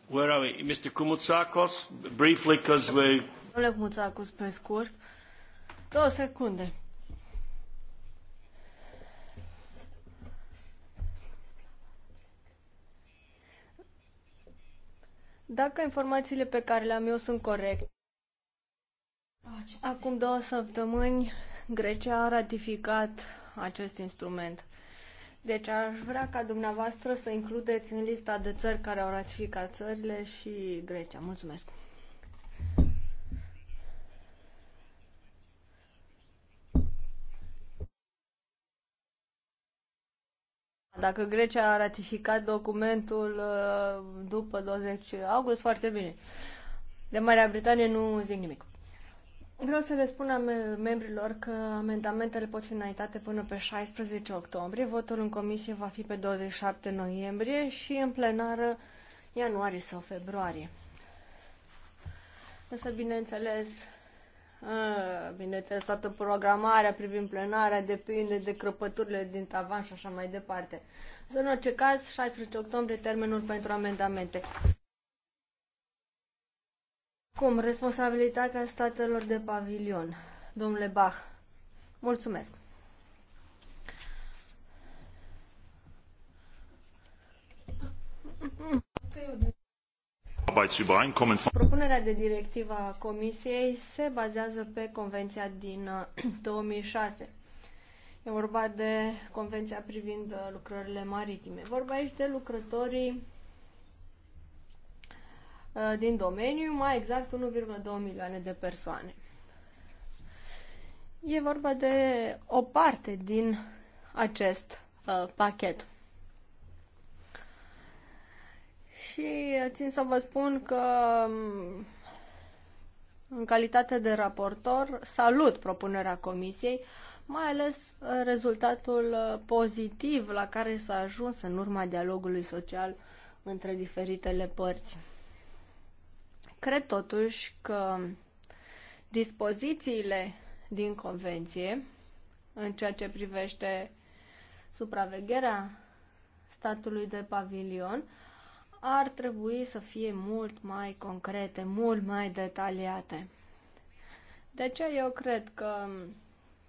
Where are we? Mr. Kumutsakos, briefly, because we... Domnule Kumutsakos, pe scurt, două secunde. Dacă informațiile pe care le-am eu sunt corecte, acum două săptămâni Grecia a ratificat acest instrument. Deci aș vrea ca dumneavoastră să includeți în lista de țări care au ratificat țările și Grecia. Mulțumesc! Dacă Grecia a ratificat documentul uh, după 20 august, foarte bine. De Marea Britanie nu zic nimic. Vreau să le spun membrilor că amendamentele pot fi înaintate până pe 16 octombrie. Votul în comisie va fi pe 27 noiembrie și în plenară ianuarie sau februarie. Însă, bineînțeles, Bineînțeles, toată programarea privind plenarea depinde de crăpăturile din tavan și așa mai departe. Însă, în orice caz, 16 octombrie termenul pentru amendamente. Cum? Responsabilitatea statelor de pavilion. Domnule Bach, mulțumesc. Arbeitsübereinkommen Propunerea de directivă a Comisiei se bazează pe Convenția din 2006. Uh, e vorba de Convenția privind uh, lucrările maritime. Vorba aici de lucrătorii uh, din domeniu, mai exact 1,2 milioane de persoane. E vorba de o parte din acest uh, pachet. și uh, țin să vă spun că um, în calitate de raportor salut propunerea comisiei, mai ales uh, rezultatul uh, pozitiv la care s-a ajuns în urma dialogului social între diferitele părți. Cred totuși că dispozițiile din convenție în ceea ce privește supravegherea statului de pavilion ar trebui să fie mult mai concrete, mult mai detaliate. De aceea eu cred că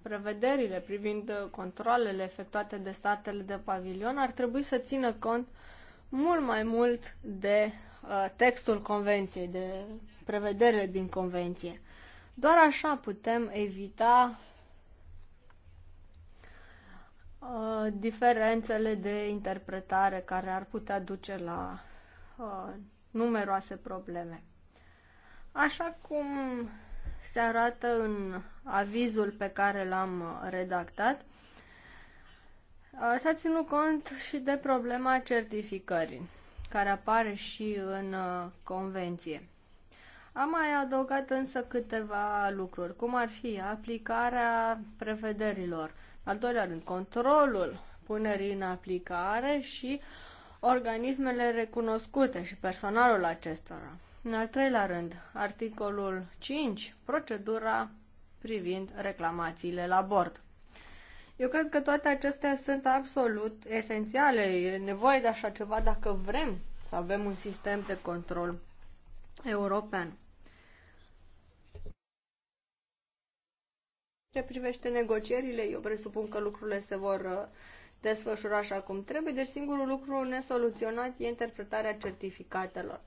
prevederile privind controlele efectuate de statele de pavilion ar trebui să țină cont mult mai mult de uh, textul convenției, de prevederile din convenție. Doar așa putem evita uh, diferențele de interpretare care ar putea duce la Uh, numeroase probleme. Așa cum se arată în avizul pe care l-am redactat, uh, s-a ținut cont și de problema certificării, care apare și în uh, convenție. Am mai adăugat însă câteva lucruri, cum ar fi aplicarea prevederilor, al doilea rând controlul punerii în aplicare și organismele recunoscute și personalul acestora. În al treilea rând, articolul 5, procedura privind reclamațiile la bord. Eu cred că toate acestea sunt absolut esențiale. E nevoie de așa ceva dacă vrem să avem un sistem de control european. Ce privește negocierile, eu presupun că lucrurile se vor uh, desfășura așa cum trebuie, deci singurul lucru nesoluționat e interpretarea certificatelor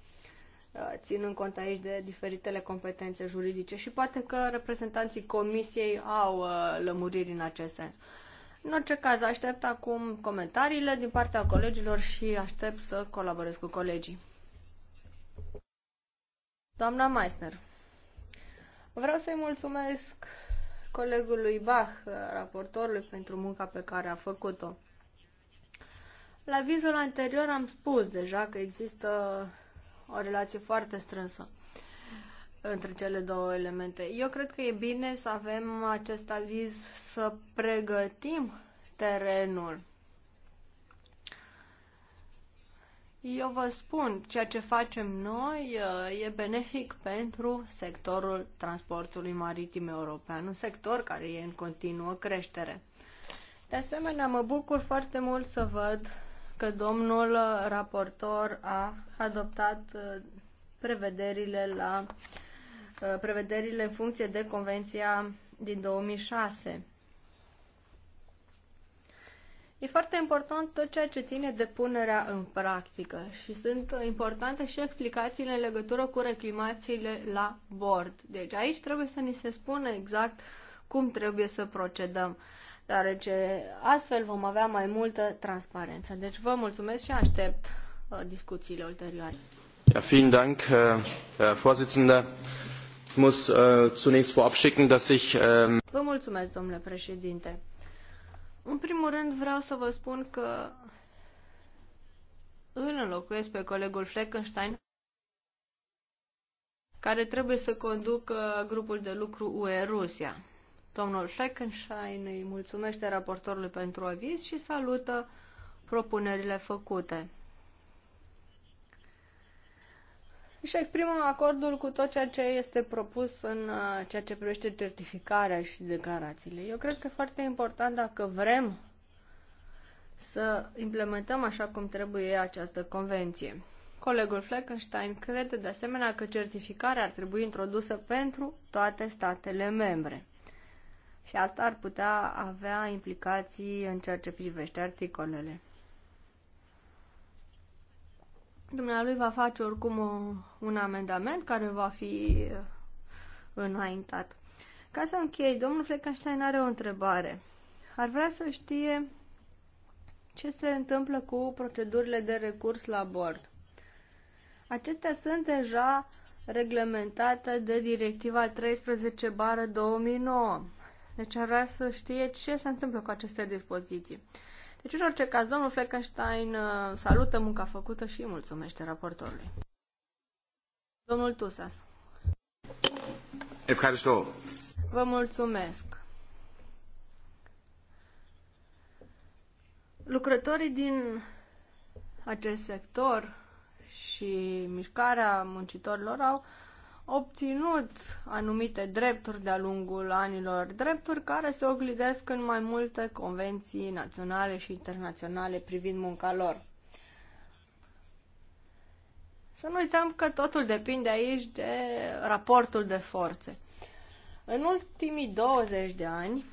uh, ținând cont aici de diferitele competențe juridice și poate că reprezentanții comisiei au uh, lămuriri în acest sens. În orice caz, aștept acum comentariile din partea colegilor și aștept să colaborez cu colegii. Doamna Meissner, vreau să-i mulțumesc colegului Bach, raportorului, pentru munca pe care a făcut-o. La vizul anterior am spus deja că există o relație foarte strânsă între cele două elemente. Eu cred că e bine să avem acest aviz, să pregătim terenul Eu vă spun, ceea ce facem noi uh, e benefic pentru sectorul transportului maritim european, un sector care e în continuă creștere. De asemenea, mă bucur foarte mult să văd că domnul raportor a adoptat uh, prevederile la uh, prevederile în funcție de convenția din 2006. E foarte important tot ceea ce ține de punerea în practică și sunt importante și explicațiile în legătură cu reclamațiile la bord. Deci aici trebuie să ni se spună exact cum trebuie să procedăm, deoarece astfel vom avea mai multă transparență. Deci vă mulțumesc și aștept uh, discuțiile ulterioare. Ja, vielen Dank, Herr Vorsitzender. Ich muss äh, zunächst vorab schicken, dass ich... Ähm Vă mulțumesc, domnule președinte. În primul rând vreau să vă spun că îl înlocuiesc pe colegul Fleckenstein, care trebuie să conducă grupul de lucru UE Rusia. Domnul Fleckenstein îi mulțumește raportorului pentru aviz și salută propunerile făcute. își exprimă acordul cu tot ceea ce este propus în uh, ceea ce privește certificarea și declarațiile. Eu cred că e foarte important dacă vrem să implementăm așa cum trebuie această convenție. Colegul Fleckenstein crede de asemenea că certificarea ar trebui introdusă pentru toate statele membre. Și asta ar putea avea implicații în ceea ce privește articolele. Dumnealui va face oricum o, un amendament care va fi uh, înaintat. Ca să închei, domnul Fleckenstein are o întrebare. Ar vrea să știe ce se întâmplă cu procedurile de recurs la bord. Acestea sunt deja reglementate de directiva 13 bară 2009. Deci ar vrea să știe ce se întâmplă cu aceste dispoziții. Deci, în orice caz, domnul Fleckenstein uh, salută munca făcută și mulțumește raportorului. Domnul Tusas. Ευχαριστώ. Vă mulțumesc. Lucrătorii din acest sector și mișcarea muncitorilor au obținut anumite drepturi de-a lungul anilor, drepturi care se oglidesc în mai multe convenții naționale și internaționale privind munca lor. Să nu uităm că totul depinde aici de raportul de forțe. În ultimii 20 de ani,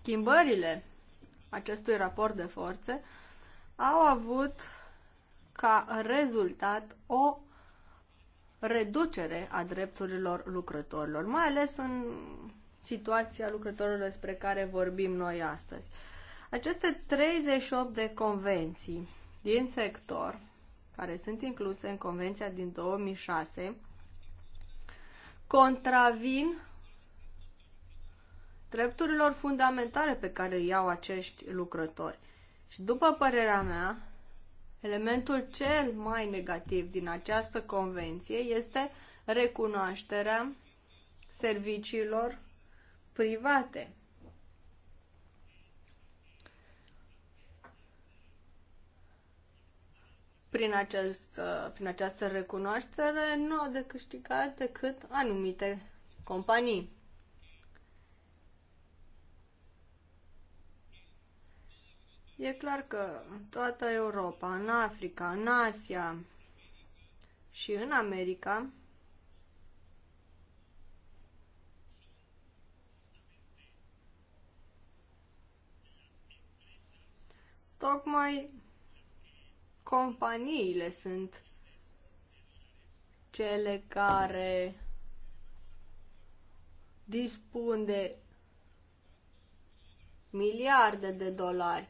schimbările acestui raport de forțe au avut ca rezultat o reducere a drepturilor lucrătorilor, mai ales în situația lucrătorilor despre care vorbim noi astăzi. Aceste 38 de convenții din sector, care sunt incluse în convenția din 2006, contravin drepturilor fundamentale pe care îi au acești lucrători. Și după părerea mea, Elementul cel mai negativ din această convenție este recunoașterea serviciilor private. Prin, acest, prin această recunoaștere nu au de câștigat decât anumite companii. E clar că în toată Europa, în Africa, în Asia și în America, tocmai companiile sunt cele care dispun de miliarde de dolari.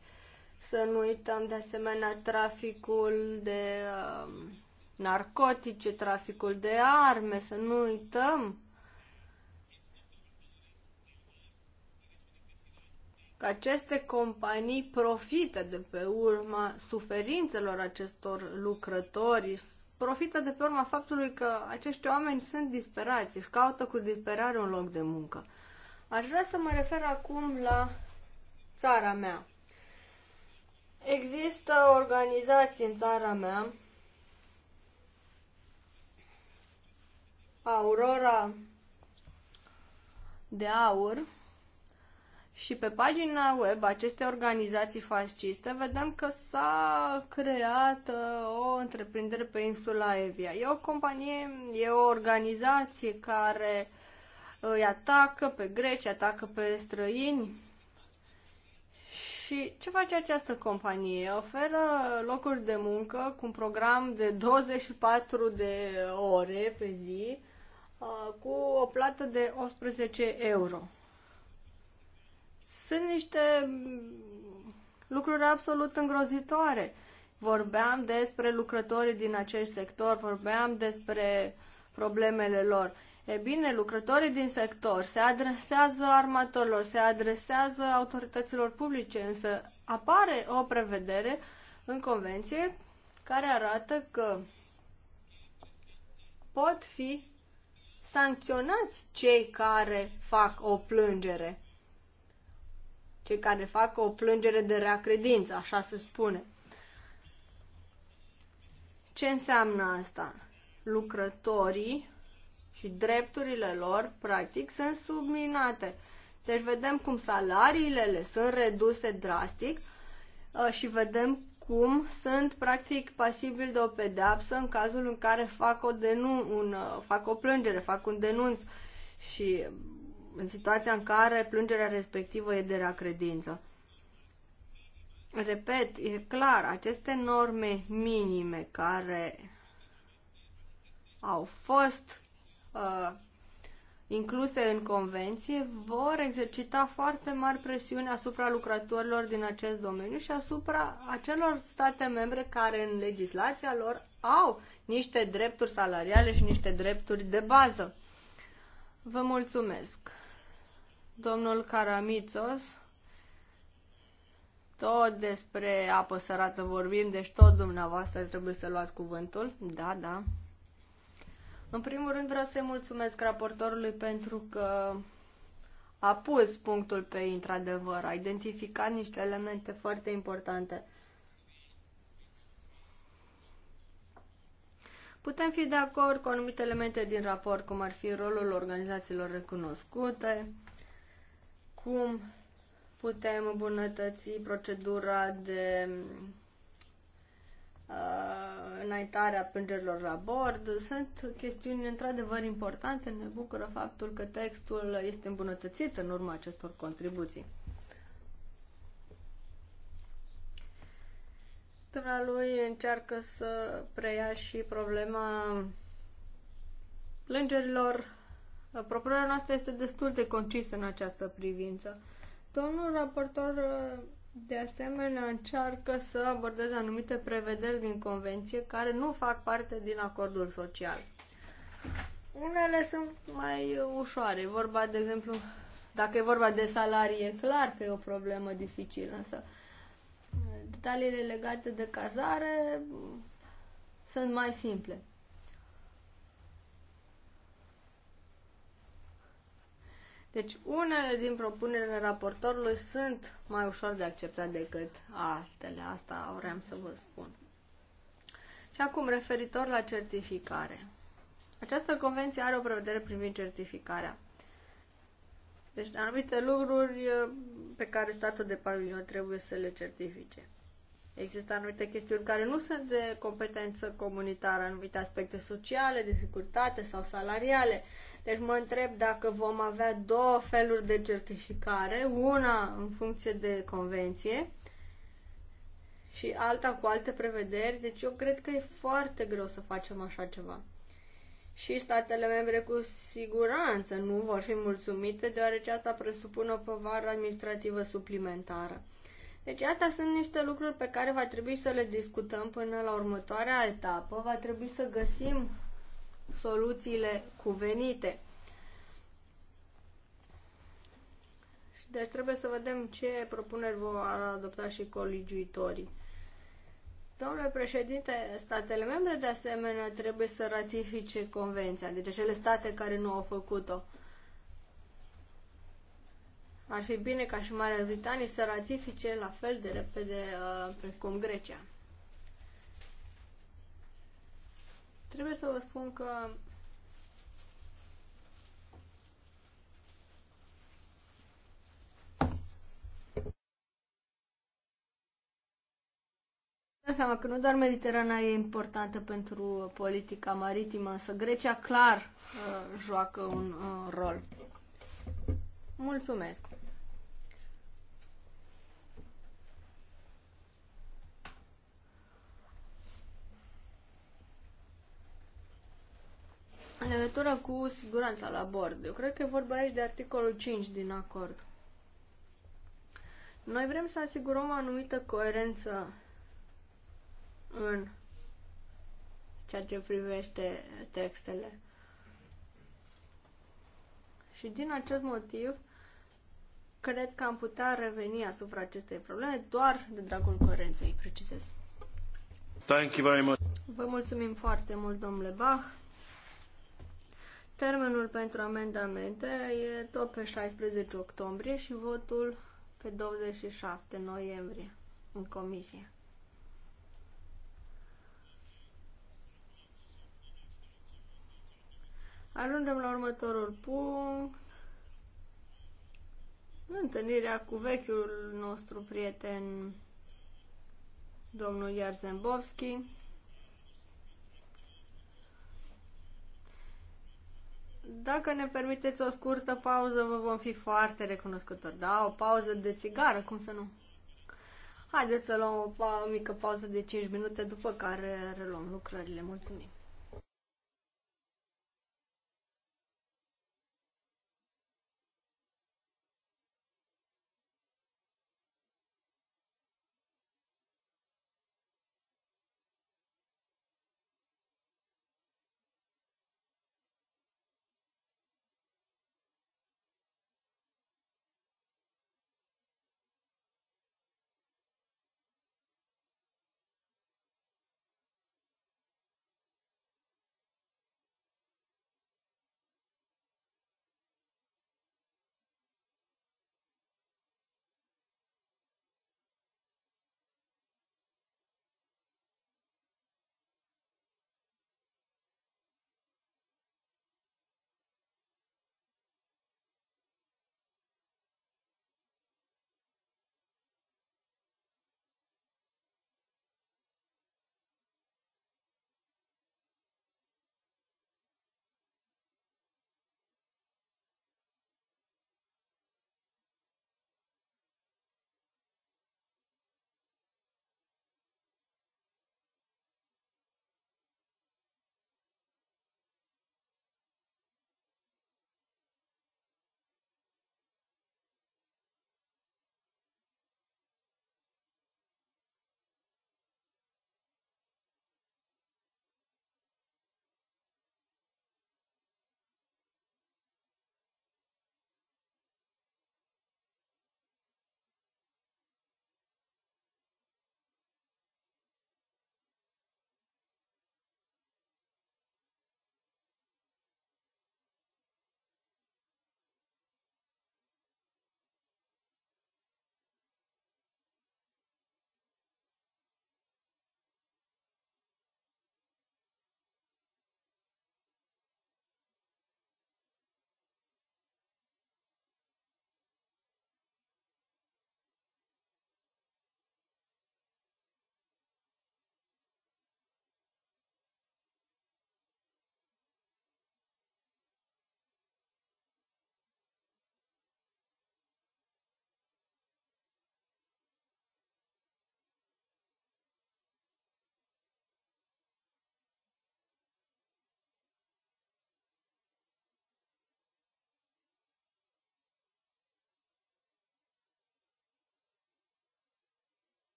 Să nu uităm de asemenea traficul de uh, narcotice, traficul de arme, să nu uităm că aceste companii profită de pe urma suferințelor acestor lucrători, profită de pe urma faptului că acești oameni sunt disperați, își caută cu disperare un loc de muncă. Aș vrea să mă refer acum la țara mea, Există organizații în țara mea, Aurora de Aur, și pe pagina web acestei organizații fasciste vedem că s-a creat uh, o întreprindere pe insula Evia. E o companie, e o organizație care uh, îi atacă pe greci, atacă pe străini, și ce face această companie? Oferă locuri de muncă cu un program de 24 de ore pe zi, uh, cu o plată de 18 euro. Sunt niște lucruri absolut îngrozitoare. Vorbeam despre lucrătorii din acest sector, vorbeam despre problemele lor. E bine, lucrătorii din sector se adresează armatorilor, se adresează autorităților publice, însă apare o prevedere în convenție care arată că pot fi sancționați cei care fac o plângere. Cei care fac o plângere de rea credință, așa se spune. Ce înseamnă asta? Lucrătorii și drepturile lor, practic, sunt subminate. Deci vedem cum salariile le sunt reduse drastic uh, și vedem cum sunt practic pasibili de o pedeapsă în cazul în care fac o, denun- un, uh, fac o plângere, fac un denunț și în situația în care plângerea respectivă e de rea credință. Repet, e clar, aceste norme minime care au fost Uh, incluse în convenție vor exercita foarte mari presiuni asupra lucrătorilor din acest domeniu și asupra acelor state membre care în legislația lor au niște drepturi salariale și niște drepturi de bază. Vă mulțumesc. Domnul Caramitos, tot despre apă sărată vorbim, deci tot dumneavoastră trebuie să luați cuvântul. Da, da. În primul rând vreau să-i mulțumesc raportorului pentru că a pus punctul pe într-adevăr, a identificat niște elemente foarte importante. Putem fi de acord cu anumite elemente din raport, cum ar fi rolul organizațiilor recunoscute, cum putem îmbunătăți procedura de Uh, înaintarea plângerilor la bord. Sunt chestiuni într-adevăr importante. Ne bucură faptul că textul este îmbunătățit în urma acestor contribuții. Tâna lui încearcă să preia și problema plângerilor. Propunerea noastră este destul de concisă în această privință. Domnul raportor uh, de asemenea, încearcă să abordeze anumite prevederi din convenție care nu fac parte din acordul social. Unele sunt mai ușoare, vorba, de exemplu, dacă e vorba de salarii, e clar că e o problemă dificilă, însă detaliile legate de cazare sunt mai simple. Deci unele din propunerile raportorului sunt mai ușor de acceptat decât altele. Asta vreau să vă spun. Și acum, referitor la certificare. Această convenție are o prevedere privind certificarea. Deci anumite lucruri eh, pe care statul de pavilion trebuie să le certifice. Există anumite chestiuni care nu sunt de competență comunitară, anumite aspecte sociale, de securitate sau salariale. Deci mă întreb dacă vom avea două feluri de certificare, una în funcție de convenție și alta cu alte prevederi. Deci eu cred că e foarte greu să facem așa ceva. Și statele membre cu siguranță nu vor fi mulțumite, deoarece asta presupune o povară administrativă suplimentară. Deci astea sunt niște lucruri pe care va trebui să le discutăm până la următoarea etapă. Va trebui să găsim soluțiile cuvenite. Deci trebuie să vedem ce propuneri vor adopta și colegiuitorii. Domnule președinte, statele membre de asemenea trebuie să ratifice convenția, deci acele state care nu au făcut-o. Ar fi bine ca și Marea Britanie să ratifice la fel de repede uh, precum Grecia. Trebuie să vă spun că seama că nu doar Mediterana e importantă pentru politica maritimă, însă Grecia clar uh, joacă un uh, rol. Mulțumesc! În legătură cu siguranța la bord, eu cred că e vorba aici de articolul 5 din acord. Noi vrem să asigurăm o anumită coerență în ceea ce privește textele. Și din acest motiv, Cred că am putea reveni asupra acestei probleme doar de dragul coerenței, precizez. Thank you very much. Vă mulțumim foarte mult, domnule Bach. Termenul pentru amendamente e tot pe 16 octombrie și votul pe 27 noiembrie în comisie. Ajungem la următorul punct întâlnirea cu vechiul nostru prieten, domnul Iarzembovski. Dacă ne permiteți o scurtă pauză, vă vom fi foarte recunoscători. Da, o pauză de țigară, cum să nu? Haideți să luăm o, pa- o mică pauză de 5 minute, după care reluăm lucrările. Mulțumim!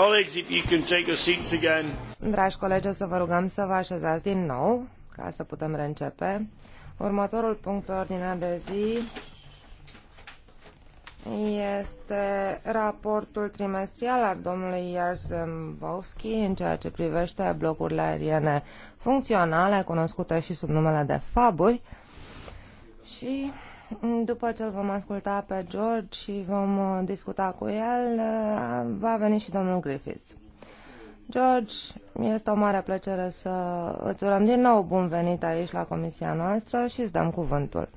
Colleagues, if you can take your seats again. Dragi colegi, o să vă rugăm să vă așezați din nou ca să putem reîncepe. Următorul punct pe ordinea de zi este raportul trimestrial al domnului Jarzembowski în ceea ce privește blocurile aeriene funcționale, cunoscute și sub numele de faburi. Și după ce îl vom asculta pe George și vom uh, discuta cu el, uh, va veni și domnul Griffiths. George, este o mare plăcere să îți urăm din nou bun venit aici la comisia noastră și îți dăm cuvântul.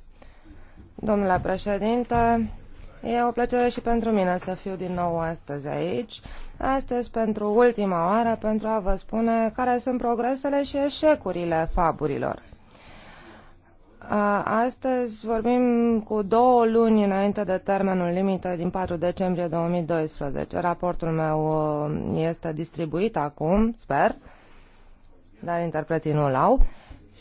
Domnule președinte, e o plăcere și pentru mine să fiu din nou astăzi aici, astăzi pentru ultima oară pentru a vă spune care sunt progresele și eșecurile faburilor. Astăzi vorbim cu două luni înainte de termenul limită din 4 decembrie 2012. Raportul meu este distribuit acum, sper, dar interpreții nu-l au.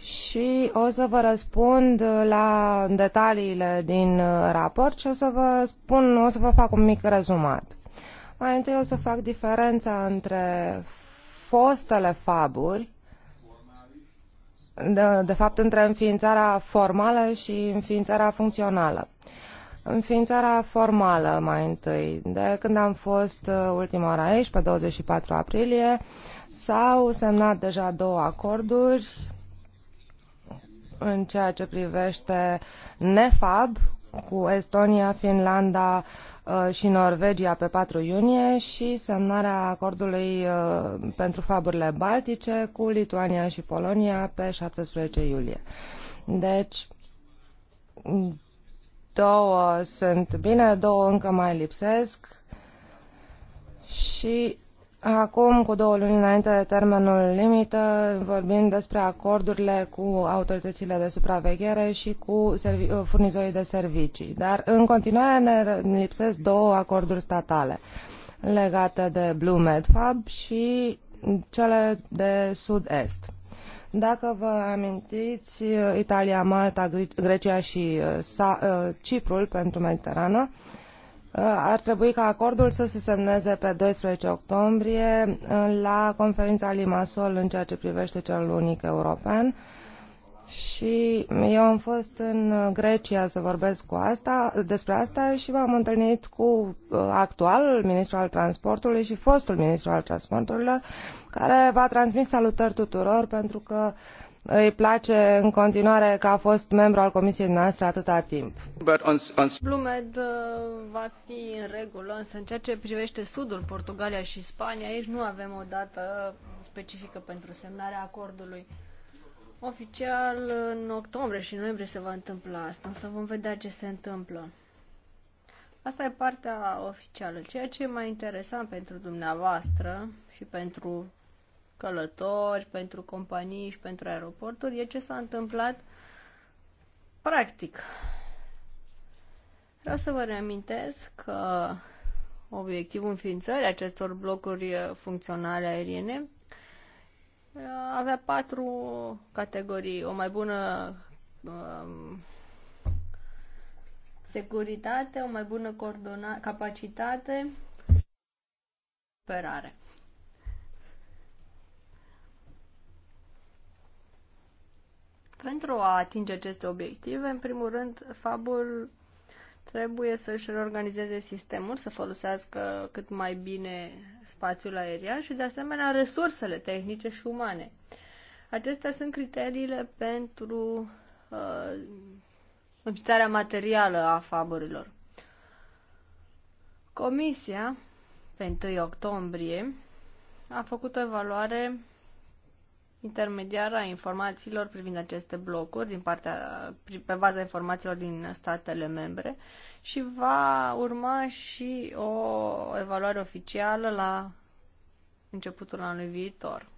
Și o să vă răspund la detaliile din raport și o să vă spun, o să vă fac un mic rezumat. Mai întâi o să fac diferența între fostele faburi de, de fapt între înființarea formală și înființarea funcțională. Înființarea formală mai întâi, de când am fost uh, ultima oară aici, pe 24 aprilie, s-au semnat deja două acorduri în ceea ce privește NEFAB cu Estonia, Finlanda, uh, Uh, și Norvegia pe 4 iunie și semnarea acordului uh, pentru faburile baltice cu Lituania și Polonia pe 17 iulie. Deci, două sunt bine, două încă mai lipsesc și Acum, cu două luni înainte de termenul limită, vorbim despre acordurile cu autoritățile de supraveghere și cu uh, furnizorii de servicii. Dar, în continuare, ne lipsesc două acorduri statale legate de Blue Medfab și cele de Sud-Est. Dacă vă amintiți, Italia, Malta, Grecia și uh, uh, Ciprul pentru Mediterană, Uh, ar trebui ca acordul să se semneze pe 12 octombrie uh, la conferința Limassol în ceea ce privește cel unic european. Și eu am fost în uh, Grecia să vorbesc cu asta, despre asta și m-am întâlnit cu actualul ministru al transportului și fostul ministru al transporturilor, care v-a transmis salutări tuturor pentru că uh, îi place în continuare că a fost membru al comisiei noastre atâta timp. Blumed uh, va fi în regulă, însă în ceea ce privește sudul, Portugalia și Spania, aici nu avem o dată specifică pentru semnarea acordului. Oficial, în octombrie și noiembrie se va întâmpla asta, însă vom vedea ce se întâmplă. Asta e partea oficială. Ceea ce e mai interesant pentru dumneavoastră și pentru călători, pentru companii și pentru aeroporturi, e ce s-a întâmplat practic. Vreau să vă reamintesc că obiectivul înființării acestor blocuri funcționale aeriene uh, avea patru categorii. O mai bună um, securitate, o mai bună coordonare, capacitate, operare. Pentru a atinge aceste obiective, în primul rând, fabul trebuie să-și reorganizeze sistemul, să folosească cât mai bine spațiul aerian și, de asemenea, resursele tehnice și umane. Acestea sunt criteriile pentru uh, înființarea materială a faburilor. Comisia, pe 1 octombrie, a făcut o evaluare intermediară a informațiilor privind aceste blocuri din partea, pe baza informațiilor din statele membre și va urma și o evaluare oficială la începutul anului viitor.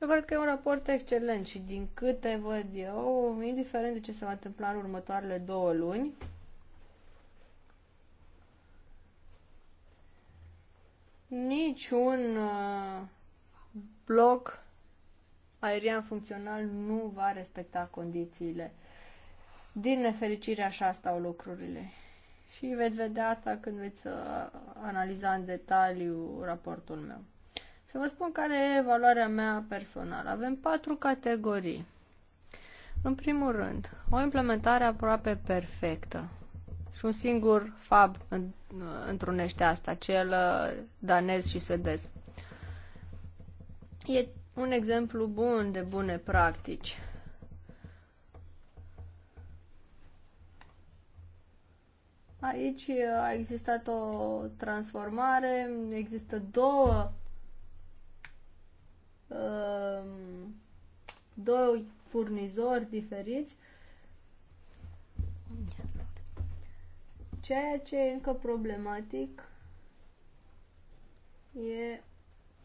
Eu cred că e un raport excelent și din câte văd eu, indiferent de ce se va întâmpla în următoarele două luni, niciun uh, bloc aerian funcțional nu va respecta condițiile. Din nefericire așa stau lucrurile. Și veți vedea asta când veți uh, analiza în detaliu raportul meu. Să vă spun care e valoarea mea personală. Avem patru categorii. În primul rând, o implementare aproape perfectă. Și un singur fab uh, întrunește asta, cel uh, danez și suedez. E un exemplu bun de bune practici. Aici a existat o transformare, există două um, doi furnizori diferiți, ceea ce e încă problematic e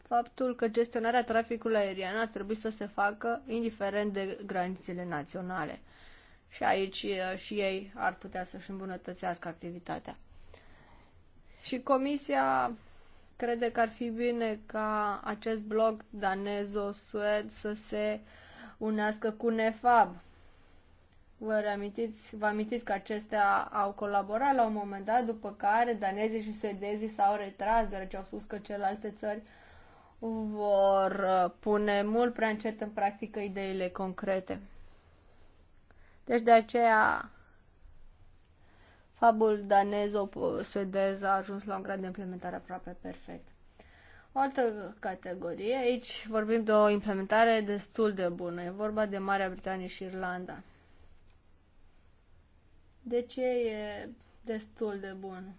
faptul că gestionarea traficului aerian ar trebui să se facă indiferent de granițele naționale. Și aici și ei ar putea să-și îmbunătățească activitatea. Și comisia crede că ar fi bine ca acest bloc danezo-sued să se unească cu NEFAB. Vă reamintiți, vă amintiți că acestea au colaborat la un moment dat, după care danezii și suedezii s-au retras, deoarece au spus că celelalte țări uh, vor uh, pune mult prea încet în practică ideile concrete. Deci de aceea fabul danez-suedez a ajuns la un grad de implementare aproape perfect. O altă categorie, aici vorbim de o implementare destul de bună, e vorba de Marea Britanie și Irlanda. De ce e destul de bun?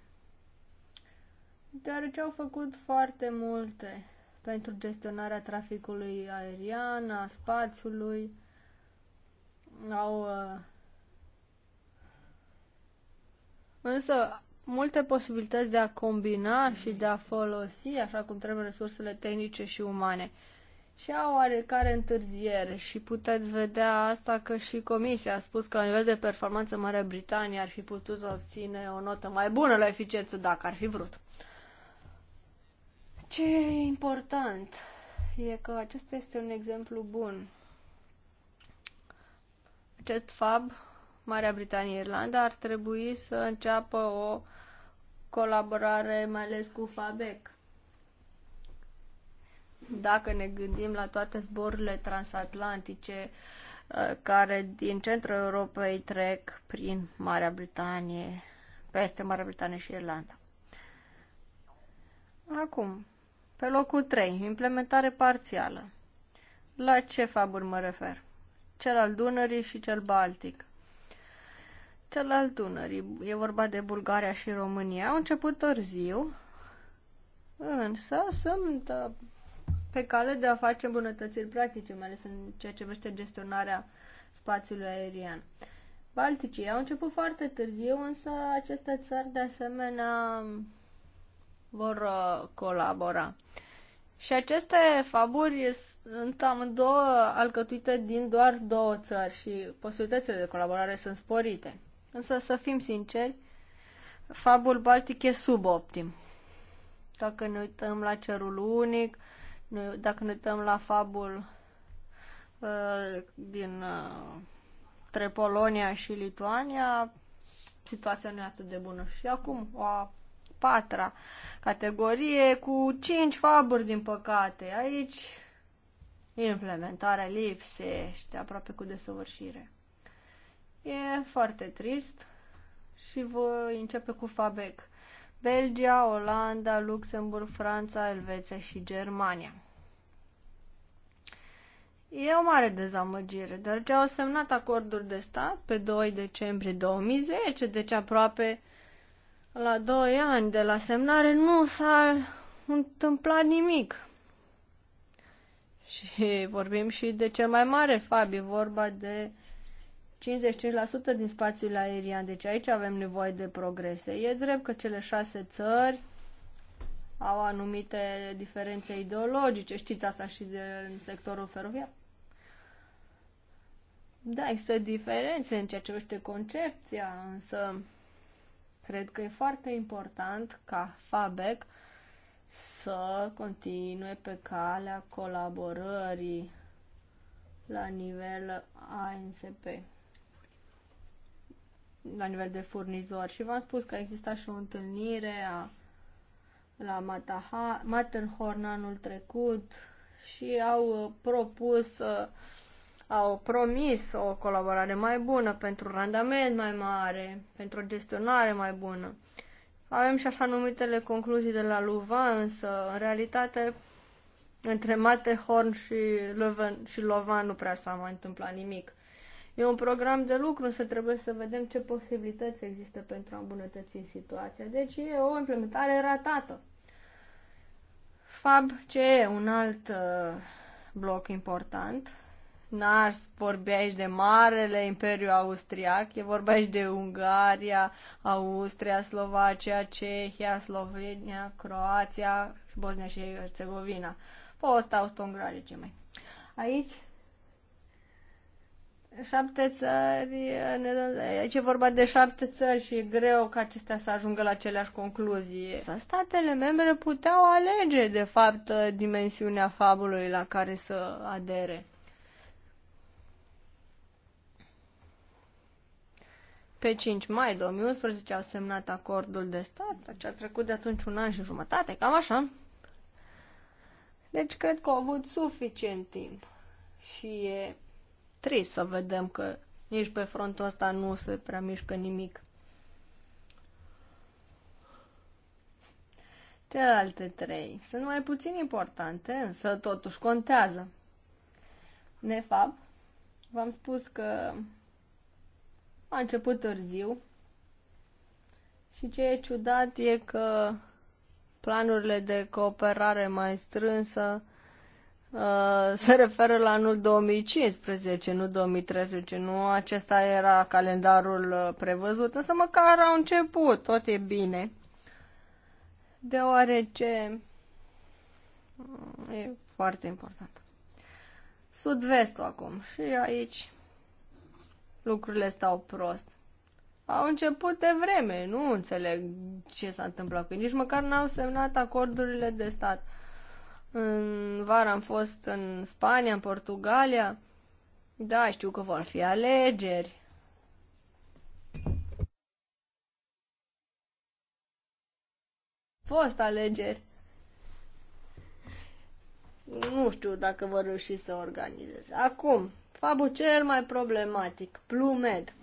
Deoarece au făcut foarte multe pentru gestionarea traficului aerian, a spațiului, au... Uh, însă, multe posibilități de a combina și de a folosi așa cum trebuie resursele tehnice și umane. Și au oarecare întârziere și puteți vedea asta că și comisia a spus că la nivel de performanță Marea Britanie ar fi putut obține o notă mai bună la eficiență dacă ar fi vrut. Ce e important e că acesta este un exemplu bun. Acest FAB, Marea Britanie-Irlanda, ar trebui să înceapă o colaborare mai ales cu FABEC. Dacă ne gândim la toate zborurile transatlantice uh, care din centrul Europei trec prin Marea Britanie, peste Marea Britanie și Irlanda. Acum, pe locul 3, implementare parțială. La ce faburi mă refer? Cel al Dunării și cel Baltic. Cel al Dunării, e vorba de Bulgaria și România, au început târziu, însă sunt uh, pe cale de a face îmbunătățiri practice, mai ales în ceea ce vește gestionarea spațiului aerian. Balticii au început foarte târziu, însă aceste țări de asemenea vor uh, colabora. Și aceste faburi sunt amândouă alcătuite din doar două țări și posibilitățile de colaborare sunt sporite. Însă, să fim sinceri, fabul baltic e suboptim. Dacă ne uităm la cerul unic, dacă ne uităm la fabul uh, din uh, între Polonia și Lituania, situația nu e atât de bună. Și acum, o patra categorie cu cinci faburi, din păcate. Aici implementarea lipsește aproape cu desăvârșire. E foarte trist și voi începe cu Fabec. Belgia, Olanda, Luxemburg, Franța, Elveția și Germania. E o mare dezamăgire, deoarece au semnat acorduri de stat pe 2 decembrie 2010, deci aproape la doi ani de la semnare nu s-a întâmplat nimic. Și vorbim și de cel mai mare, Fabi, vorba de 55% din spațiul aerian. Deci aici avem nevoie de progrese. E drept că cele șase țări au anumite diferențe ideologice, știți asta și de, sectorul feroviar. Da, există diferențe în ceea ce privește concepția, însă Cred că e foarte important ca FABEC să continue pe calea colaborării la nivel ANSP la nivel de furnizor și v-am spus că exista și o întâlnire a, la Mataha, Matterhorn anul trecut și au uh, propus uh, au promis o colaborare mai bună pentru randament mai mare, pentru o gestionare mai bună. Avem și așa numitele concluzii de la Luva, însă, în realitate, între Matterhorn și, Leuven, și Lovan nu prea s-a mai întâmplat nimic. E un program de lucru, însă trebuie să vedem ce posibilități există pentru a îmbunătăți situația. Deci e o implementare ratată. FAB, ce e un alt uh, bloc important, N-ar vorbi aici de Marele Imperiu Austriac, e vorba aici de Ungaria, Austria, Slovacia, Cehia, Slovenia, Croația și Bosnia și Herțegovina. Post austro-ungare ce mai. Aici șapte țări, aici e vorba de șapte țări și e greu ca acestea să ajungă la aceleași concluzii. Statele membre puteau alege, de fapt, dimensiunea fabului la care să adere. Pe 5 mai 2011 au semnat acordul de stat, ce deci a trecut de atunci un an și jumătate, cam așa. Deci cred că au avut suficient timp și e trist să vedem că nici pe frontul ăsta nu se prea mișcă nimic. Celelalte trei sunt mai puțin importante, însă totuși contează. Nefab, v-am spus că a început târziu. Și ce e ciudat e că planurile de cooperare mai strânsă uh, se referă la anul 2015, nu 2013. Nu acesta era calendarul uh, prevăzut, însă măcar au început, tot e bine. Deoarece mm, e foarte important. Sud-vestul acum și aici lucrurile stau prost. Au început de vreme, nu înțeleg ce s-a întâmplat cu ei, nici măcar n-au semnat acordurile de stat. În vară am fost în Spania, în Portugalia. Da, știu că vor fi alegeri. Fost alegeri. Nu știu dacă vor reuși să organizeze. Acum, fabul cel mai problematic, Plumed.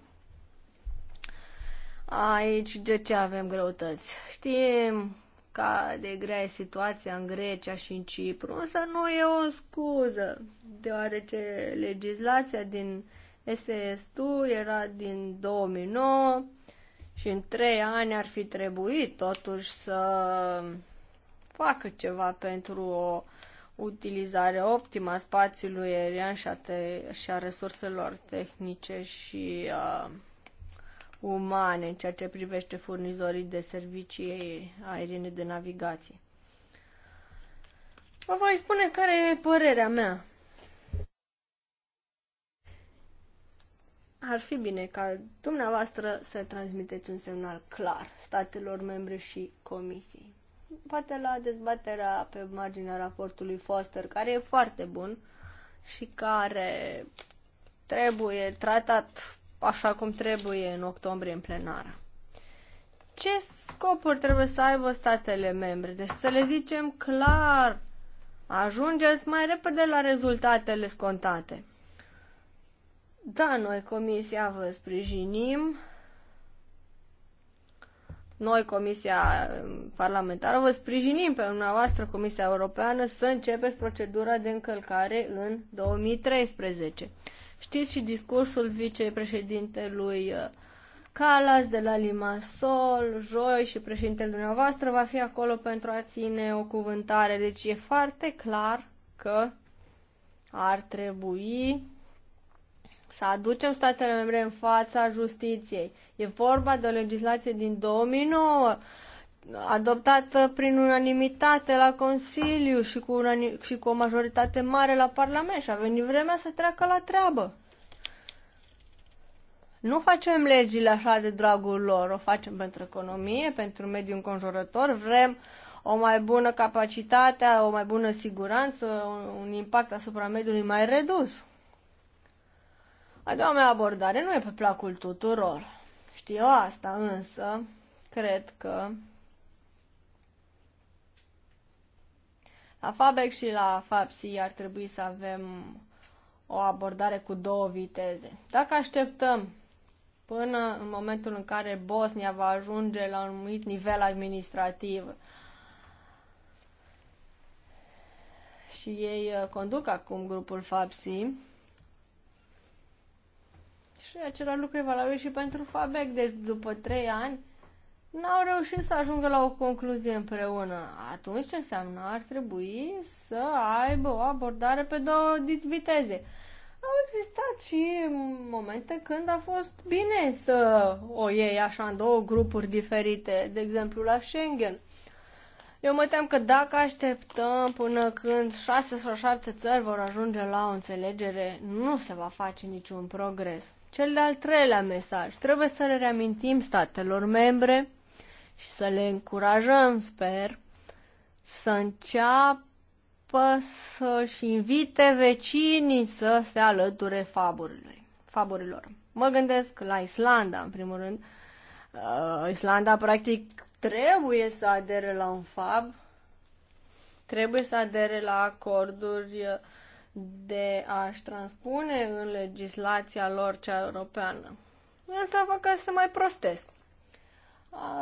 Aici de ce avem greutăți? Știm ca de grea e situația în Grecia și în Cipru, însă nu e o scuză, deoarece legislația din SES-ul era din 2009 și în trei ani ar fi trebuit totuși să facă ceva pentru o uh, utilizare optimă a spațiului aerian și a, te- și a resurselor tehnice și uh, umane în ceea ce privește furnizorii de servicii aeriene de navigație. Vă voi spune care e părerea mea. Ar fi bine ca dumneavoastră să transmiteți un semnal clar statelor membre și comisiei poate la dezbaterea pe marginea raportului Foster, care e foarte bun și care trebuie tratat așa cum trebuie în octombrie în plenară. Ce scopuri trebuie să aibă statele membre? Deci să le zicem clar, ajungeți mai repede la rezultatele scontate. Da, noi, Comisia, vă sprijinim noi, Comisia Parlamentară, vă sprijinim pe dumneavoastră, Comisia Europeană, să începeți procedura de încălcare în 2013. Știți și discursul vicepreședintelui uh, Calas de la Limassol, joi și președintele dumneavoastră va fi acolo pentru a ține o cuvântare. Deci e foarte clar că ar trebui să aducem statele membre în fața justiției. E vorba de o legislație din 2009 adoptată prin unanimitate la Consiliu și cu, unani- și cu o majoritate mare la Parlament și a venit vremea să treacă la treabă. Nu facem legile așa de dragul lor, o facem pentru economie, pentru mediul înconjurător, vrem o mai bună capacitate, o mai bună siguranță, un impact asupra mediului mai redus. A doua mea abordare nu e pe placul tuturor. Știu asta, însă cred că la FABEC și la FAPSI ar trebui să avem o abordare cu două viteze. Dacă așteptăm până în momentul în care Bosnia va ajunge la un anumit nivel administrativ și ei uh, conduc acum grupul FAPSI, și același lucru e valabil și pentru Fabec. Deci după trei ani n-au reușit să ajungă la o concluzie împreună. Atunci ce înseamnă? Ar trebui să aibă o abordare pe două viteze. Au existat și momente când a fost bine să o iei așa în două grupuri diferite, de exemplu la Schengen. Eu mă tem că dacă așteptăm până când șase sau șapte țări vor ajunge la o înțelegere, nu se va face niciun progres. Cel de-al treilea mesaj. Trebuie să le reamintim statelor membre și să le încurajăm, sper, să înceapă să-și invite vecinii să se alăture faburilor. Mă gândesc la Islanda, în primul rând. Uh, Islanda, practic, trebuie să adere la un fab, trebuie să adere la acorduri uh, de a-și transpune în legislația lor cea europeană. Asta fac ca să mai prostesc.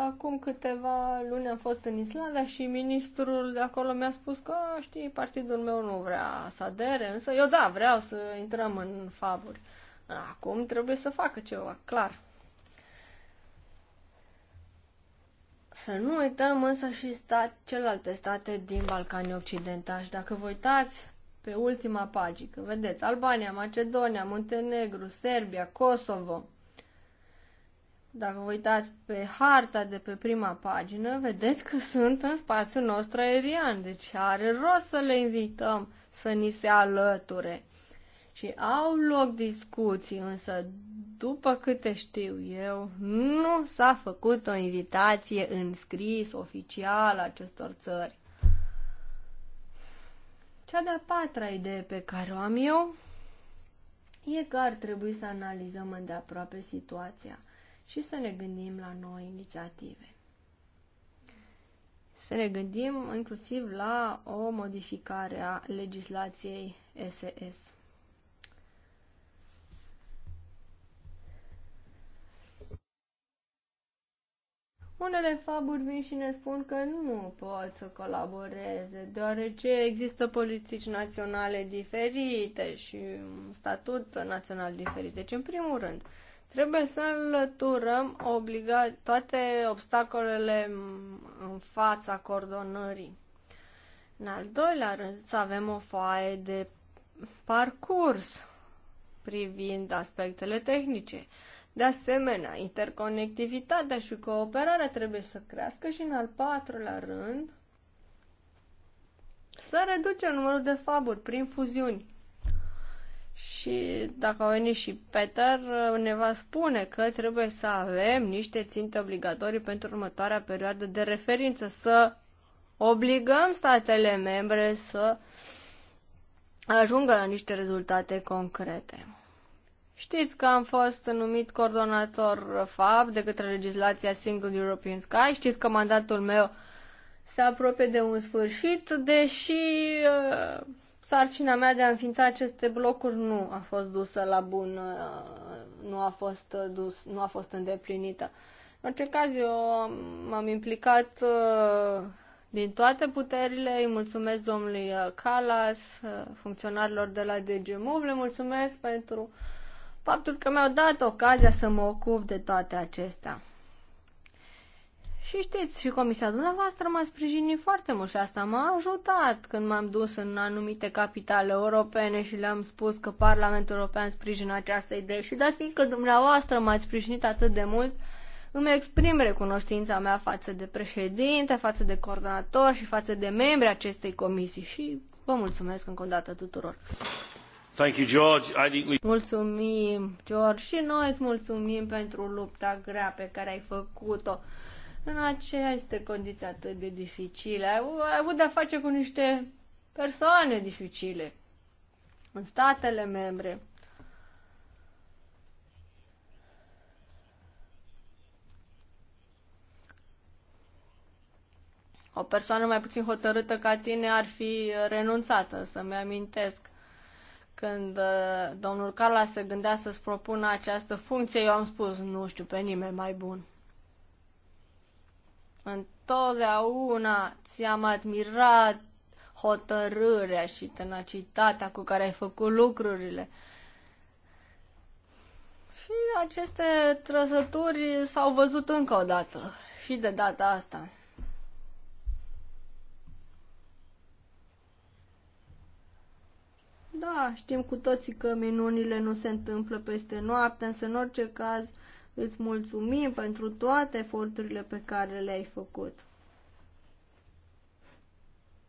Acum câteva luni am fost în Islanda și ministrul de acolo mi-a spus că, știi, partidul meu nu vrea să adere, însă eu da, vreau să intrăm în favori. Acum trebuie să facă ceva, clar. Să nu uităm însă și stat, celelalte state din Balcanii Occidentali. Dacă vă uitați pe ultima pagică. Vedeți, Albania, Macedonia, Muntenegru, Serbia, Kosovo. Dacă vă uitați pe harta de pe prima pagină, vedeți că sunt în spațiul nostru aerian, deci are rost să le invităm să ni se alăture. Și au loc discuții, însă după câte știu eu, nu s-a făcut o invitație în scris oficial acestor țări. Cea de-a patra idee pe care o am eu e că ar trebui să analizăm îndeaproape situația și să ne gândim la noi inițiative. Să ne gândim inclusiv la o modificare a legislației SS. Unele faburi vin și ne spun că nu pot să colaboreze, deoarece există politici naționale diferite și un statut național diferit. Deci, în primul rând, trebuie să înlăturăm obliga- toate obstacolele în fața coordonării. În al doilea rând, să avem o foaie de parcurs privind aspectele tehnice. De asemenea, interconectivitatea și cooperarea trebuie să crească și în al patrulea rând să reduce numărul de faburi prin fuziuni. Și dacă au venit și Peter, ne va spune că trebuie să avem niște ținte obligatorii pentru următoarea perioadă de referință, să obligăm statele membre să ajungă la niște rezultate concrete. Știți că am fost numit coordonator FAB de către legislația Single European Sky. Știți că mandatul meu se apropie de un sfârșit, deși uh, sarcina mea de a înființa aceste blocuri nu a fost dusă la bun, uh, nu a fost, dus, nu a fost îndeplinită. În orice caz, eu m-am implicat uh, din toate puterile. Îi mulțumesc domnului Calas, uh, funcționarilor de la DG Move, le mulțumesc pentru uh, faptul că mi-au dat ocazia să mă ocup de toate acestea. Și știți, și comisia dumneavoastră m-a sprijinit foarte mult și asta m-a ajutat când m-am dus în anumite capitale europene și le-am spus că Parlamentul European sprijină această idee. Și dați fiindcă dumneavoastră m-ați sprijinit atât de mult, îmi exprim recunoștința mea față de președinte, față de coordonator și față de membri acestei comisii și vă mulțumesc încă o dată tuturor. Thank you, George. I think we... Mulțumim, George, și noi îți mulțumim pentru lupta grea pe care ai făcut-o. În aceste condiții atât de dificile, ai avut de-a face cu niște persoane dificile în statele membre. O persoană mai puțin hotărâtă ca tine ar fi renunțată, să-mi amintesc când uh, domnul Carla se gândea să-ți propună această funcție, eu am spus, nu știu pe nimeni mai bun. Întotdeauna ți-am admirat hotărârea și tenacitatea cu care ai făcut lucrurile. Și aceste trăsături s-au văzut încă o dată și de data asta. Da, știm cu toții că minunile nu se întâmplă peste noapte, însă în orice caz îți mulțumim pentru toate eforturile pe care le-ai făcut.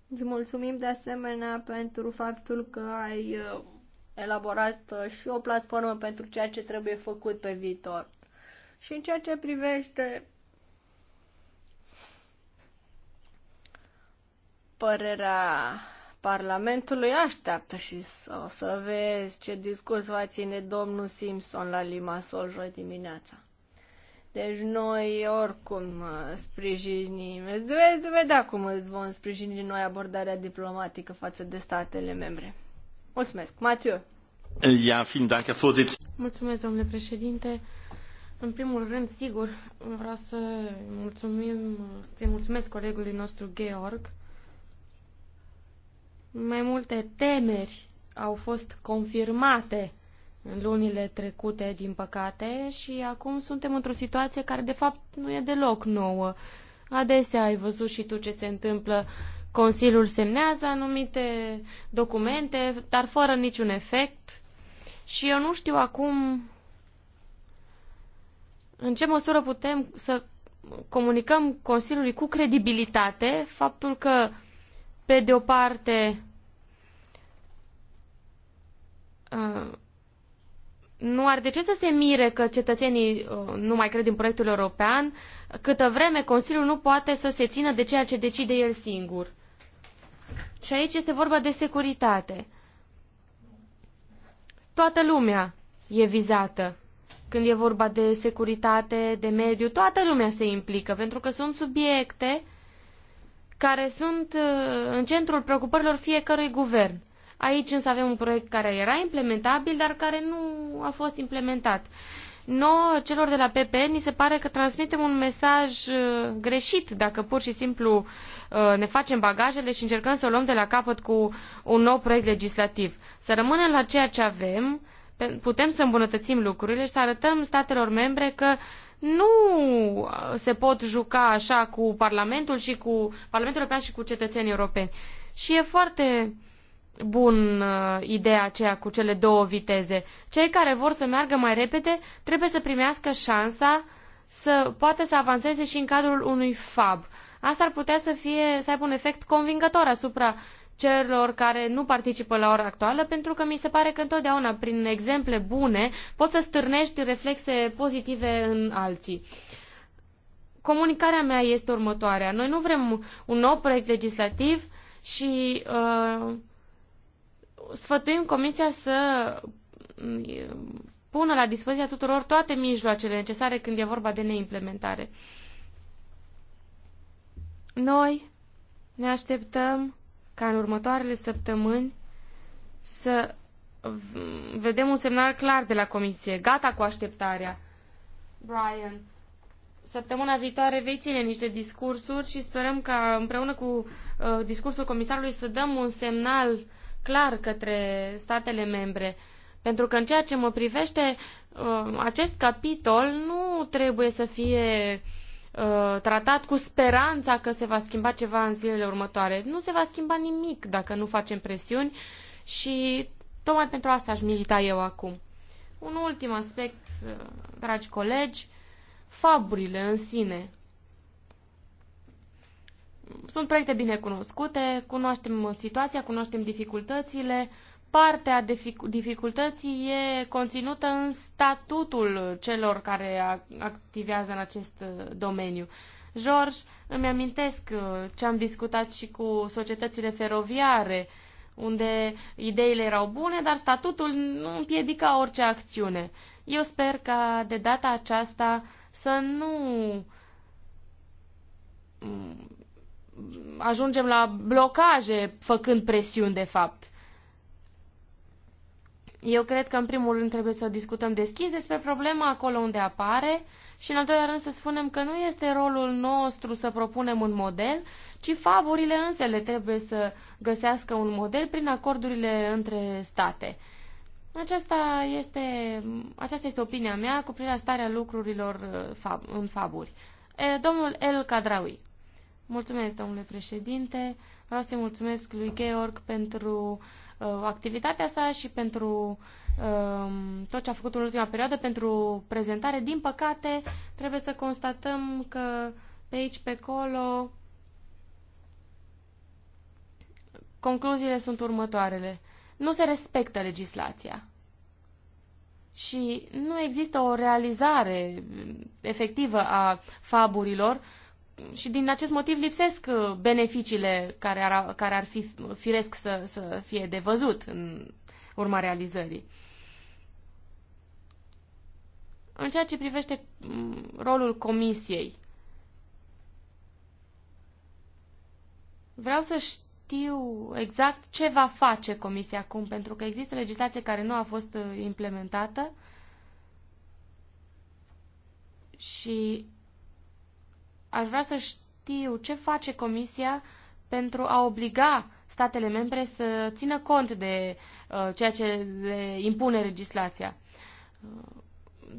Îți mulțumim de asemenea pentru faptul că ai uh, elaborat uh, și o platformă pentru ceea ce trebuie făcut pe viitor. Și în ceea ce privește părerea Parlamentului așteaptă și o să vezi ce discurs va ține domnul Simpson la Limasol joi dimineața. Deci noi oricum uh, sprijinim, vezi vedea cum îți vom sprijini noi abordarea diplomatică față de statele membre. Mulțumesc. Matiu. Ja, vielen Dank, Herr Vorsitz. Mulțumesc, domnule președinte. În primul rând, sigur, vreau să mulțumim, să mulțumesc colegului nostru Georg mai multe temeri au fost confirmate în lunile trecute, din păcate, și acum suntem într-o situație care, de fapt, nu e deloc nouă. Adesea ai văzut și tu ce se întâmplă. Consiliul semnează anumite documente, dar fără niciun efect. Și eu nu știu acum în ce măsură putem să comunicăm Consiliului cu credibilitate faptul că uh, pe de o parte, uh, nu ar de ce să se mire că cetățenii uh, nu mai cred în proiectul european, câtă vreme Consiliul nu poate să se țină de ceea ce decide el singur. Și aici este vorba de securitate. Toată lumea e vizată. Când e vorba de securitate, de mediu, toată lumea se implică, pentru că sunt subiecte uh, care sunt uh, în centrul preocupărilor fiecărui guvern. Aici însă avem un proiect care era implementabil, dar care nu a fost implementat. Noi, celor de la PP, ni se pare că transmitem un mesaj uh, greșit dacă pur și simplu uh, ne facem bagajele și încercăm să o luăm de la capăt cu un nou proiect legislativ. Să rămânem la ceea ce avem, putem să îmbunătățim lucrurile și să arătăm statelor membre că nu uh, se pot juca așa cu Parlamentul și cu Parlamentul European și cu cetățenii europeni. Și e foarte bun uh, ideea aceea cu cele două viteze. Cei care vor să meargă mai repede trebuie să primească șansa să poată să avanseze și în cadrul unui fab. Asta ar putea să fie să aibă un efect convingător asupra celor care nu participă la ora actuală, pentru că mi se pare că întotdeauna, prin exemple bune, poți să stârnești reflexe pozitive în alții. Comunicarea mea este următoarea. Noi nu vrem un nou proiect legislativ și uh, sfătuim Comisia să mm, pună la dispoziția tuturor toate mijloacele necesare când e vorba de neimplementare. Noi ne așteptăm ca în următoarele săptămâni să vedem un semnal clar de la Comisie. Gata cu așteptarea. Brian, săptămâna viitoare vei ține niște discursuri și sperăm ca împreună cu uh, discursul comisarului să dăm un semnal clar către statele membre. Pentru că în ceea ce mă privește, uh, acest capitol nu trebuie să fie uh, Uh, tratat cu speranța că se va schimba ceva în zilele următoare. Nu se va schimba nimic dacă nu facem presiuni și tocmai pentru asta aș milita eu acum. Un ultim aspect, uh, dragi colegi, faburile în sine. Sunt proiecte bine cunoscute, cunoaștem situația, cunoaștem dificultățile, uh, parte a dificultății e conținută în statutul celor care activează în acest uh, domeniu. George, îmi amintesc uh, ce am discutat și cu societățile feroviare, unde ideile erau bune, dar statutul nu împiedica orice acțiune. Eu sper ca de data aceasta să nu mm, ajungem la blocaje făcând presiuni, de fapt. Eu cred că, în primul rând, trebuie să discutăm deschis despre problema acolo unde apare și, în al doilea rând, să spunem că nu este rolul nostru să propunem un model, ci faburile însele trebuie să găsească un model prin acordurile între state. Aceasta este, aceasta este opinia mea cu privire la starea lucrurilor uh, fab, în faburi. domnul El Cadraui. Mulțumesc, domnule președinte. Vreau să-i mulțumesc lui Georg pentru uh, uh, activitatea sa și pentru uh, tot ce a făcut în ultima perioadă pentru prezentare. Din păcate, trebuie să constatăm că pe aici, pe acolo, concluziile sunt următoarele. Nu se respectă legislația și nu există o realizare efectivă a faburilor și din acest motiv lipsesc uh, beneficiile care ar, care ar fi firesc să, să fie de văzut în urma realizării. În ceea ce privește mm, rolul comisiei, vreau să știu exact ce va face comisia acum, pentru că există legislație care nu a fost uh, implementată și Aș vrea să știu ce face Comisia pentru a obliga statele membre să țină cont de uh, ceea ce le impune legislația. Uh,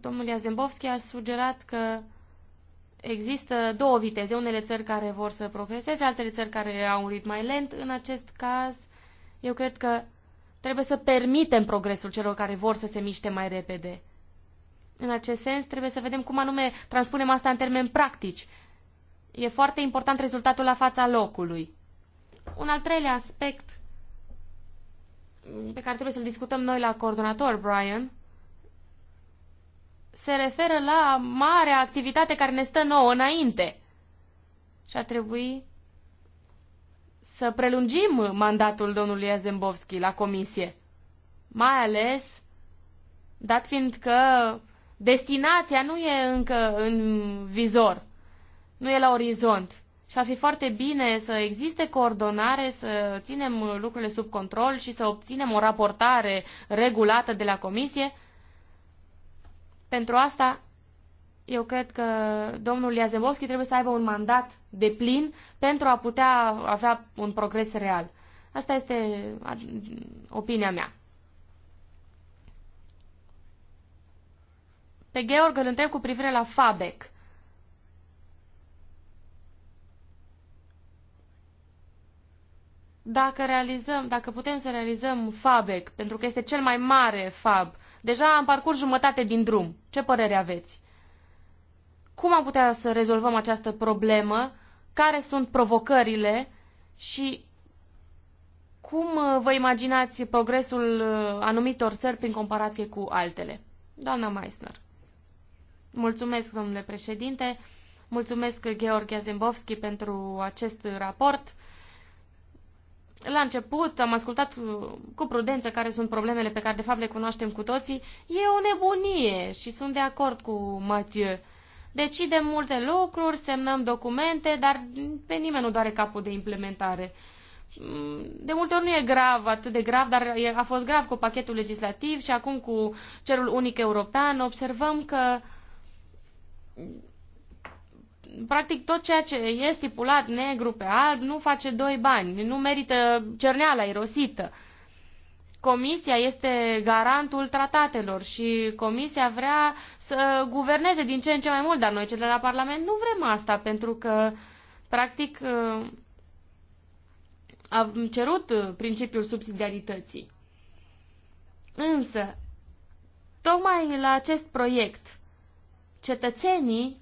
domnul Iazembovski a sugerat că există două viteze, unele țări care vor să progreseze, altele țări care au un ritm mai lent. În acest caz, eu cred că trebuie să permitem progresul celor care vor să se miște mai repede. În acest sens, trebuie să vedem cum anume transpunem asta în termeni practici E foarte important rezultatul la fața locului. Un al treilea aspect pe care trebuie să-l discutăm noi la coordonator, Brian, se referă la marea activitate care ne stă nouă înainte. Și ar trebui să prelungim mandatul domnului Azembovski la comisie. Mai ales dat fiind că destinația nu e încă în vizor nu e la orizont. Și ar fi foarte bine să existe coordonare, să ținem lucrurile sub control și să obținem o raportare regulată de la comisie. Pentru asta, eu cred că domnul Iazemovski trebuie să aibă un mandat de plin pentru a putea avea un progres real. Asta este opinia mea. Pe Georg îl întreb cu privire la FABEC. dacă realizăm, dacă putem să realizăm FABEC, pentru că este cel mai mare FAB, deja am parcurs jumătate din drum. Ce părere aveți? Cum am putea să rezolvăm această problemă? Care sunt provocările? Și cum uh, vă imaginați progresul uh, anumitor țări prin comparație cu altele? Doamna Meissner. Mulțumesc, domnule președinte. Mulțumesc, Gheorghe Zembovski, pentru acest raport la început am ascultat uh, cu prudență care sunt problemele pe care de fapt le cunoaștem cu toții. E o nebunie și sunt de acord cu Mathieu. Decidem multe lucruri, semnăm documente, dar pe nimeni nu doare capul de implementare. Mm, de multe ori nu e grav, atât de grav, dar a fost grav cu pachetul legislativ și acum cu cerul unic european observăm că practic tot ceea ce e stipulat negru pe alb nu face doi bani, nu merită cerneala irosită. Comisia este garantul tratatelor și Comisia vrea să guverneze din ce în ce mai mult, dar noi cei de la Parlament nu vrem asta, pentru că, practic, uh, am cerut principiul subsidiarității. Însă, tocmai la acest proiect, cetățenii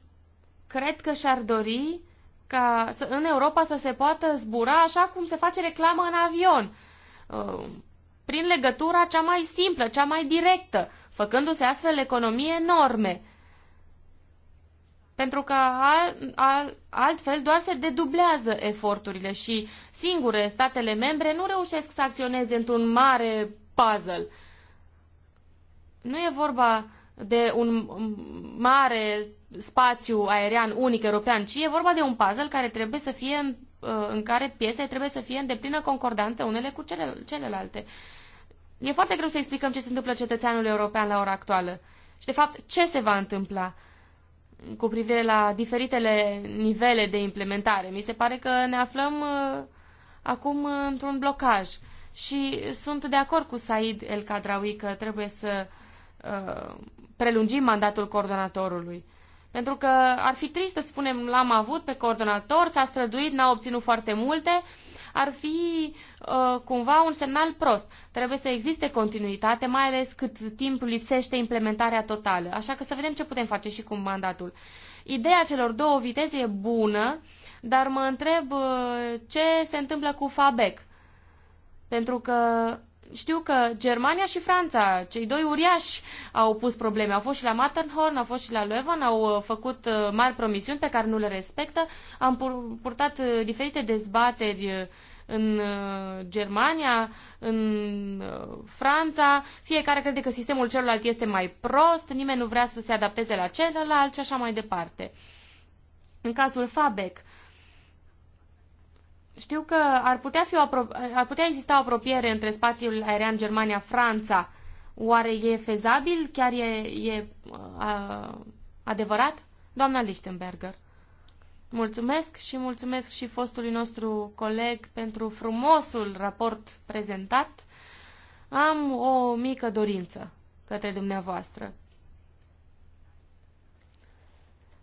cred că și-ar dori ca să, în Europa să se poată zbura așa cum se face reclamă în avion, uh, prin legătura cea mai simplă, cea mai directă, făcându-se astfel economii enorme. Pentru că al, al, altfel doar se dedublează eforturile și singure statele membre nu reușesc să acționeze într-un mare puzzle. Nu e vorba de un mare spațiu aerian unic european, ci e vorba de un puzzle care trebuie să fie în uh, care piese trebuie să fie în deplină concordantă unele cu cele, celelalte. E foarte greu să explicăm ce se întâmplă cetățeanul european la ora actuală și, de fapt, ce se va întâmpla cu privire la diferitele nivele de implementare. Mi se pare că ne aflăm uh, acum uh, într-un blocaj și sunt de acord cu Said El Kadraoui că trebuie să uh, prelungim mandatul coordonatorului. Uh, pentru că ar fi trist să spunem l-am avut pe coordonator, s-a străduit, n-a obținut foarte multe, ar fi uh, cumva un semnal prost. Trebuie să existe continuitate, mai ales cât timp lipsește implementarea totală. Așa că să vedem ce putem face și cu mandatul. Ideea celor două viteze e bună, dar mă întreb uh, ce se întâmplă cu FABEC. Pentru că știu că Germania și Franța, cei doi uriași, au pus probleme. Au fost și la Matterhorn, au fost și la Leuven, au uh, făcut uh, mari promisiuni pe care nu le respectă. Am purtat uh, diferite dezbateri în Germania, în Franța, fiecare crede că sistemul celălalt este mai prost, nimeni nu vrea să se adapteze la celălalt și așa mai departe. În cazul Fabec, uh, știu că ar putea, fi o ar putea exista o apropiere între spațiul aerian Germania-Franța. Oare e fezabil? Chiar e, e a, adevărat? Doamna Lichtenberger. Mulțumesc și mulțumesc și fostului nostru coleg pentru frumosul raport prezentat. Am o mică dorință către dumneavoastră.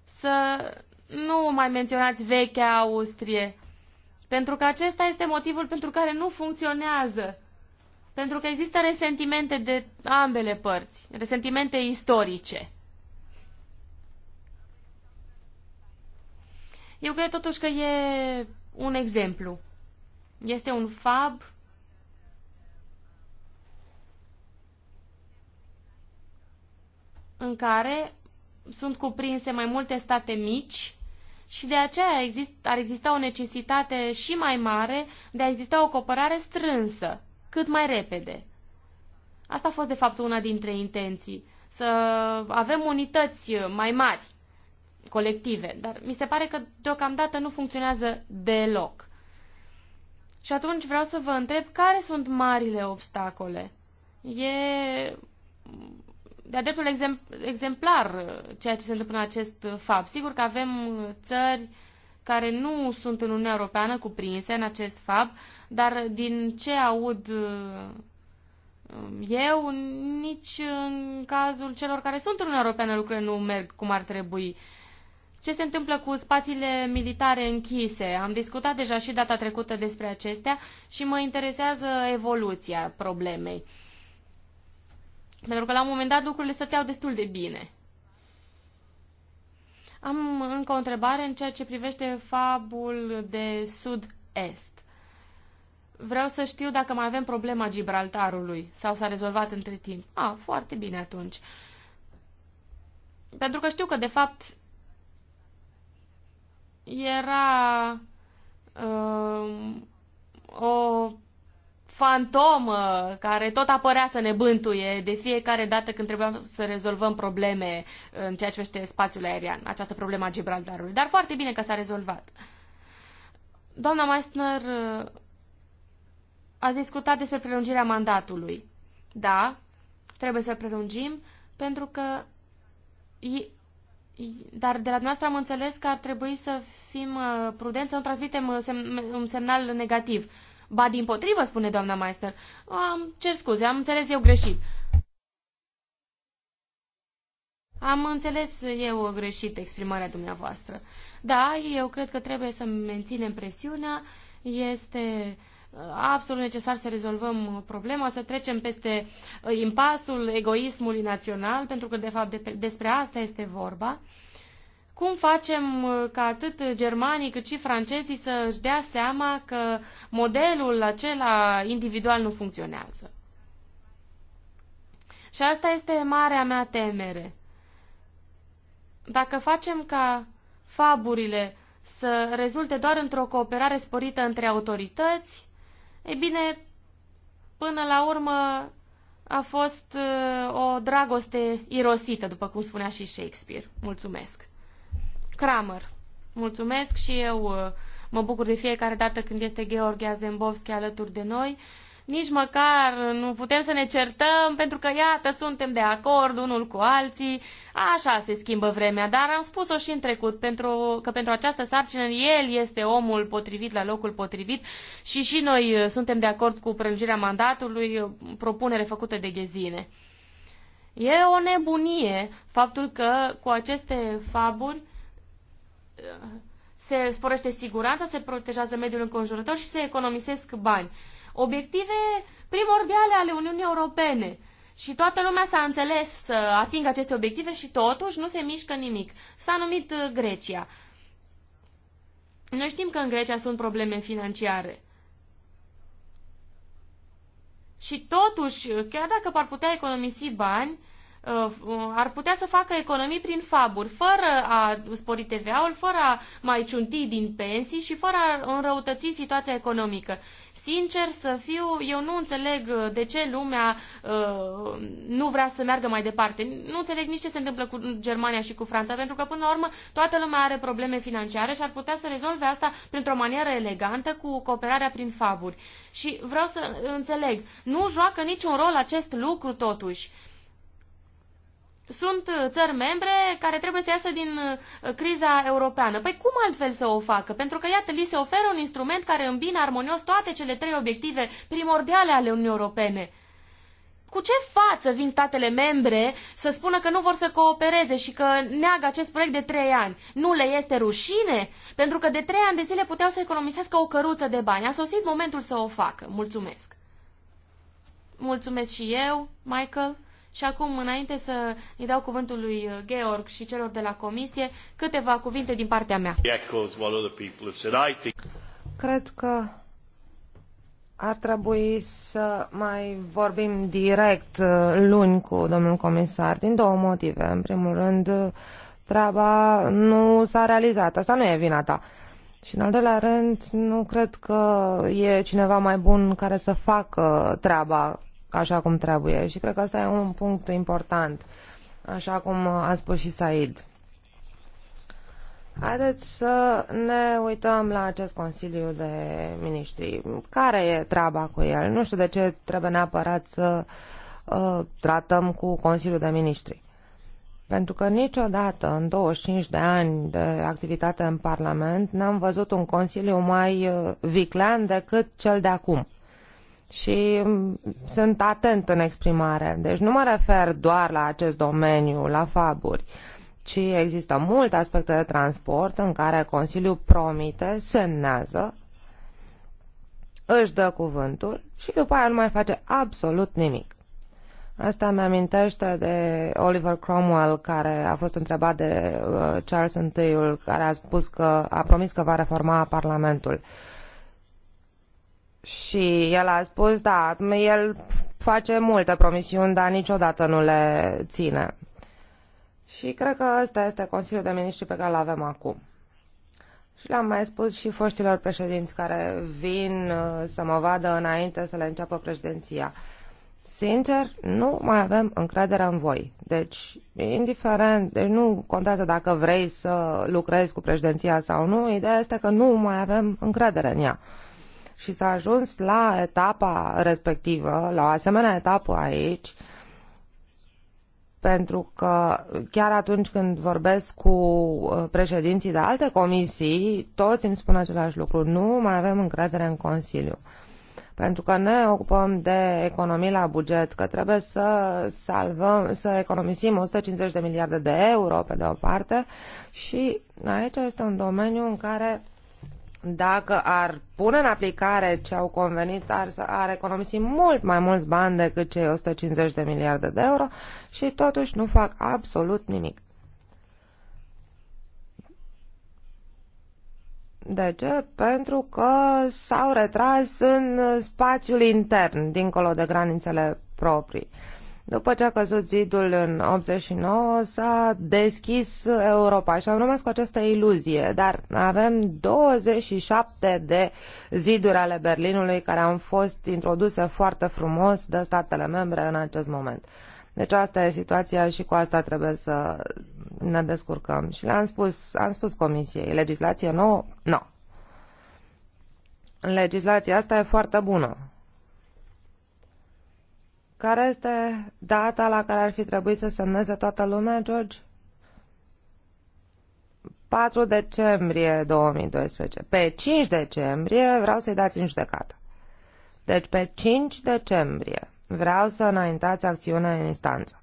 Să nu mai menționați vechea Austrie pentru că acesta este motivul pentru care nu funcționează. Pentru că există resentimente de ambele părți, resentimente istorice. Eu cred totuși că e un exemplu. Este un fab în care sunt cuprinse mai multe state mici și de aceea exist, ar exista o necesitate și mai mare de a exista o cooperare strânsă, cât mai repede. Asta a fost, de fapt, una dintre intenții, să avem unități mai mari, colective, dar mi se pare că deocamdată nu funcționează deloc. Și atunci vreau să vă întreb care sunt marile obstacole. E de-a dreptul exemplar uh, ceea ce se întâmplă în acest uh, fapt. Sigur că avem uh, țări care nu sunt în Uniunea Europeană cuprinse în acest fapt, dar din ce aud um, eu, nici în cazul celor care sunt în Uniunea Europeană lucrurile nu merg cum ar trebui. Ce se întâmplă cu spațiile militare închise? Am discutat deja și data trecută despre acestea și mă interesează evoluția problemei. Pentru că la un moment dat lucrurile stăteau destul de bine. Am încă o întrebare în ceea ce privește fabul de sud-est. Vreau să știu dacă mai avem problema Gibraltarului sau s-a rezolvat între timp. Ah, foarte bine atunci. Pentru că știu că, de fapt, era um, o fantomă care tot apărea să ne bântuie de fiecare dată când trebuia să rezolvăm probleme în ceea ce este spațiul aerian, această problemă a Gibraltarului. Dar foarte bine că s-a rezolvat. Doamna Meissner a discutat despre prelungirea mandatului. Da, trebuie să l prelungim pentru că dar de la dumneavoastră am înțeles că ar trebui să fim uh, prudenți, să nu transmitem uh, un semnal negativ. Ba, din potrivă, spune doamna Meister. Am, cer scuze, am înțeles eu greșit. Am înțeles eu greșit exprimarea dumneavoastră. Da, eu cred că trebuie să menținem presiunea. Este uh, absolut necesar să rezolvăm problema, să trecem peste uh, impasul egoismului național, pentru că, de fapt, despre asta este vorba. Uh, cum facem uh, ca atât germanii cât și francezii să își dea seama că modelul acela individual nu funcționează? Și asta este marea mea temere. Dacă facem ca faburile să rezulte doar într-o cooperare sporită între autorități, e bine, până la urmă a fost uh, o dragoste irosită, după cum spunea și Shakespeare. Mulțumesc! Kramer. Mulțumesc și eu uh, mă bucur de fiecare dată când este Gheorghe Zembovski alături de noi. Nici măcar nu putem să ne certăm, pentru că, iată, suntem de acord unul cu alții. Așa se schimbă vremea, dar am spus-o și în trecut, pentru că pentru această sarcină el este omul potrivit la locul potrivit și și noi uh, suntem de acord cu prelungirea mandatului, uh, propunere făcută de ghezine. E o nebunie faptul că cu aceste faburi se sporește siguranța, se protejează mediul înconjurător și se economisesc bani. Obiective primordiale ale Uniunii Europene. Și toată lumea s-a înțeles să atingă aceste obiective și totuși nu se mișcă nimic. S-a numit uh, Grecia. Noi știm că în Grecia sunt probleme financiare. Și totuși, chiar dacă ar putea economisi bani, uh, Uh, ar putea să facă economii prin faburi, fără a spori TVA-ul, fără a mai ciunti din pensii și fără a înrăutăți situația economică. Sincer să fiu, eu nu înțeleg uh, de ce lumea uh, nu vrea să meargă mai departe. Nu înțeleg nici ce se întâmplă cu Germania și cu Franța, pentru că până la urmă toată lumea are probleme financiare și ar putea să rezolve asta printr-o manieră elegantă cu cooperarea prin faburi. Și vreau să înțeleg, nu joacă niciun rol acest lucru totuși. Uh, sunt uh, țări membre care trebuie să iasă din uh, criza europeană. Păi cum altfel să o facă? Pentru că, iată, li se oferă un instrument care îmbină armonios toate cele trei obiective primordiale ale Uniunii Europene. Cu ce față vin statele membre să spună că nu vor să coopereze și că neagă acest proiect de trei ani? Nu le este rușine? Pentru că de trei ani de zile puteau să economisească o căruță de bani. A sosit momentul să o facă. Mulțumesc. Mulțumesc și eu, Michael. Și acum, înainte să îi dau cuvântul lui uh, Georg și celor de la comisie, câteva cuvinte din partea mea. Cred că ar trebui să mai vorbim direct uh, luni cu domnul comisar, din două motive. În primul rând, uh, treaba nu s-a realizat. Asta nu e vina ta. Și în al doilea rând, nu cred că e cineva mai bun care să facă treaba așa cum trebuie și cred că asta e un punct important, așa cum a spus și Said. Haideți să ne uităm la acest Consiliu de Ministri. Care e treaba cu el? Nu știu de ce trebuie neapărat să uh, tratăm cu Consiliul de Ministri. Pentru că niciodată în 25 de ani de activitate în Parlament n-am văzut un Consiliu mai uh, viclean decât cel de acum și mm, sunt atent în exprimare. Deci nu mă refer doar la acest domeniu, la faburi, ci există multe aspecte de transport în care Consiliul promite, semnează, își dă cuvântul și după aia nu mai face absolut nimic. Asta mi amintește de Oliver Cromwell, care a fost întrebat de uh, Charles I, care a spus că a promis că va reforma Parlamentul. Uh, și el a spus, da, el face multe promisiuni, dar niciodată nu le ține. Și cred că ăsta este Consiliul de Ministri pe care îl avem acum. Și le-am mai spus și foștilor președinți care vin uh, să mă vadă înainte să le înceapă președinția. Sincer, nu mai avem încredere în voi. Deci, indiferent, deci nu contează dacă vrei să lucrezi cu președinția sau nu, ideea este că nu mai avem încredere în ea și s-a ajuns la etapa respectivă, la o asemenea etapă aici, pentru că chiar atunci când vorbesc cu uh, președinții de alte comisii, toți îmi spun același lucru. Nu mai avem încredere în Consiliu. Pentru că ne ocupăm de economii la buget, că trebuie să salvăm, să economisim 150 de miliarde de euro pe de o parte și aici este un domeniu în care dacă ar pune în aplicare ce au convenit, ar, ar economisi mult mai mulți bani decât cei 150 de miliarde de euro și totuși nu fac absolut nimic. De ce? Pentru că s-au retras în spațiul intern, dincolo de granițele proprii. Uh, după ce a căzut zidul în 89, s-a deschis Europa și am rămas cu această iluzie, dar avem 27 de ziduri ale Berlinului care au fost introduse foarte frumos de statele membre în acest moment. Deci asta e situația și cu asta trebuie să ne descurcăm. Și le-am spus, am spus comisiei, legislație nouă? Nu. No. Legislația asta e foarte bună care este data la care ar fi trebuit să semneze toată lumea, George? 4 decembrie 2012. Pe 5 decembrie vreau să-i dați în judecată. Deci pe 5 decembrie vreau să înaintați acțiunea în instanță.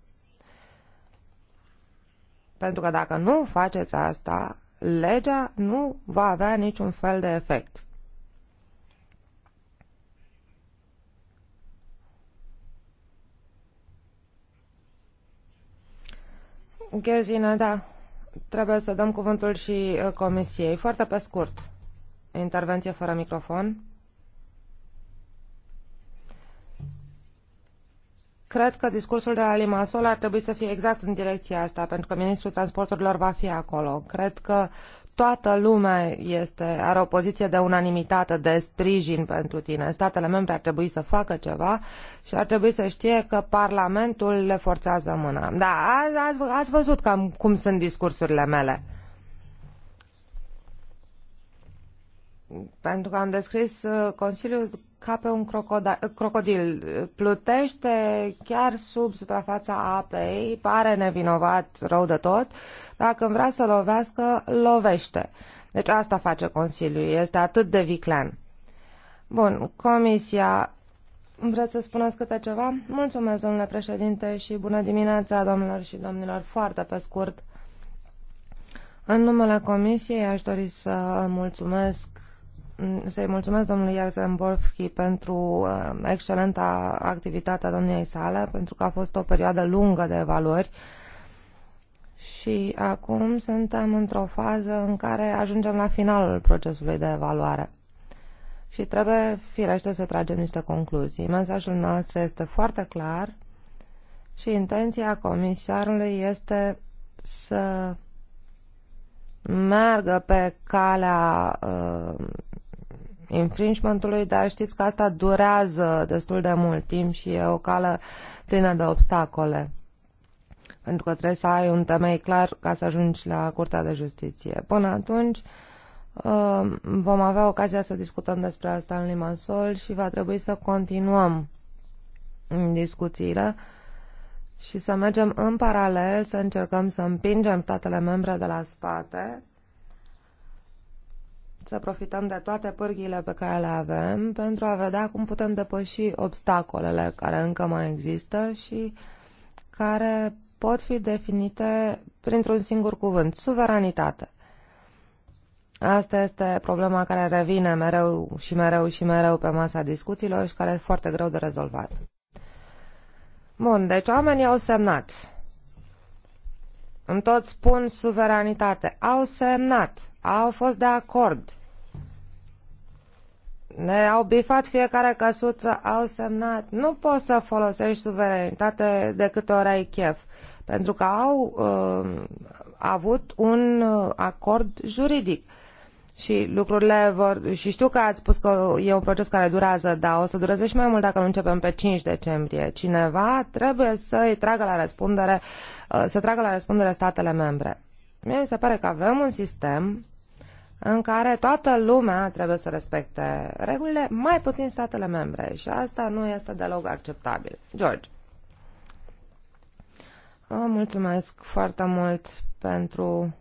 Pentru că dacă nu faceți asta, legea nu va avea niciun fel de efect. Ghezine, da. Trebuie să dăm cuvântul și uh, comisiei. Foarte pe scurt. Intervenție fără microfon. Cred că discursul de la Limasol ar trebui să fie exact în direcția asta, pentru că Ministrul Transporturilor va fi acolo. Cred că toată lumea este, are o poziție de unanimitate, de sprijin pentru tine. Statele membre ar trebui să facă ceva și ar trebui să știe că Parlamentul le forțează mâna. Da, ați, ați văzut cam cum sunt discursurile mele. Pentru că am descris uh, Consiliul ca pe un eh, crocodil. Plutește chiar sub suprafața apei, pare nevinovat, rău de tot. Dacă vrea să lovească, lovește. Deci asta face Consiliul, este atât de viclean. Bun, Comisia, vreți să spuneți câte ceva? Mulțumesc, domnule președinte, și bună dimineața, domnilor și domnilor, foarte pe scurt. În numele Comisiei aș dori să mulțumesc să-i mulțumesc domnului Jarzembovski pentru uh, excelenta activitate a domniei sale, pentru că a fost o perioadă lungă de evaluări și acum suntem într-o fază în care ajungem la finalul procesului de evaluare și trebuie firește să tragem niște concluzii. Mesajul nostru este foarte clar și intenția comisarului este să meargă pe calea uh, infringementului, dar știți că asta durează destul de mult timp și e o cală plină de obstacole. Pentru că trebuie să ai un temei clar ca să ajungi la Curtea de Justiție. Până atunci, uh, vom avea ocazia să discutăm despre asta în Limansol și va trebui să continuăm discuțiile și să mergem în paralel, să încercăm să împingem statele membre de la spate să profităm de toate pârghiile pe care le avem pentru a vedea cum putem depăși obstacolele care încă mai există și care pot fi definite printr-un singur cuvânt, suveranitate. Asta este problema care revine mereu și mereu și mereu pe masa discuțiilor și care e foarte greu de rezolvat. Bun, deci oamenii au semnat în tot spun suveranitate. Au semnat, au fost de acord. Ne-au bifat fiecare căsuță, au semnat. Nu poți să folosești suveranitate de câte ori ai chef. Pentru că au uh, avut un uh, acord juridic. Uh, și lucrurile vor... Și știu că ați spus că e un proces care durează, dar o să dureze și mai mult dacă nu începem pe 5 decembrie. Cineva trebuie să-i tragă la răspundere, uh, să tragă la răspundere statele membre. Mie mi se pare că avem un sistem în care toată lumea trebuie să respecte regulile, mai puțin statele membre. Și asta nu este deloc acceptabil. George. Mulțumesc foarte mult pentru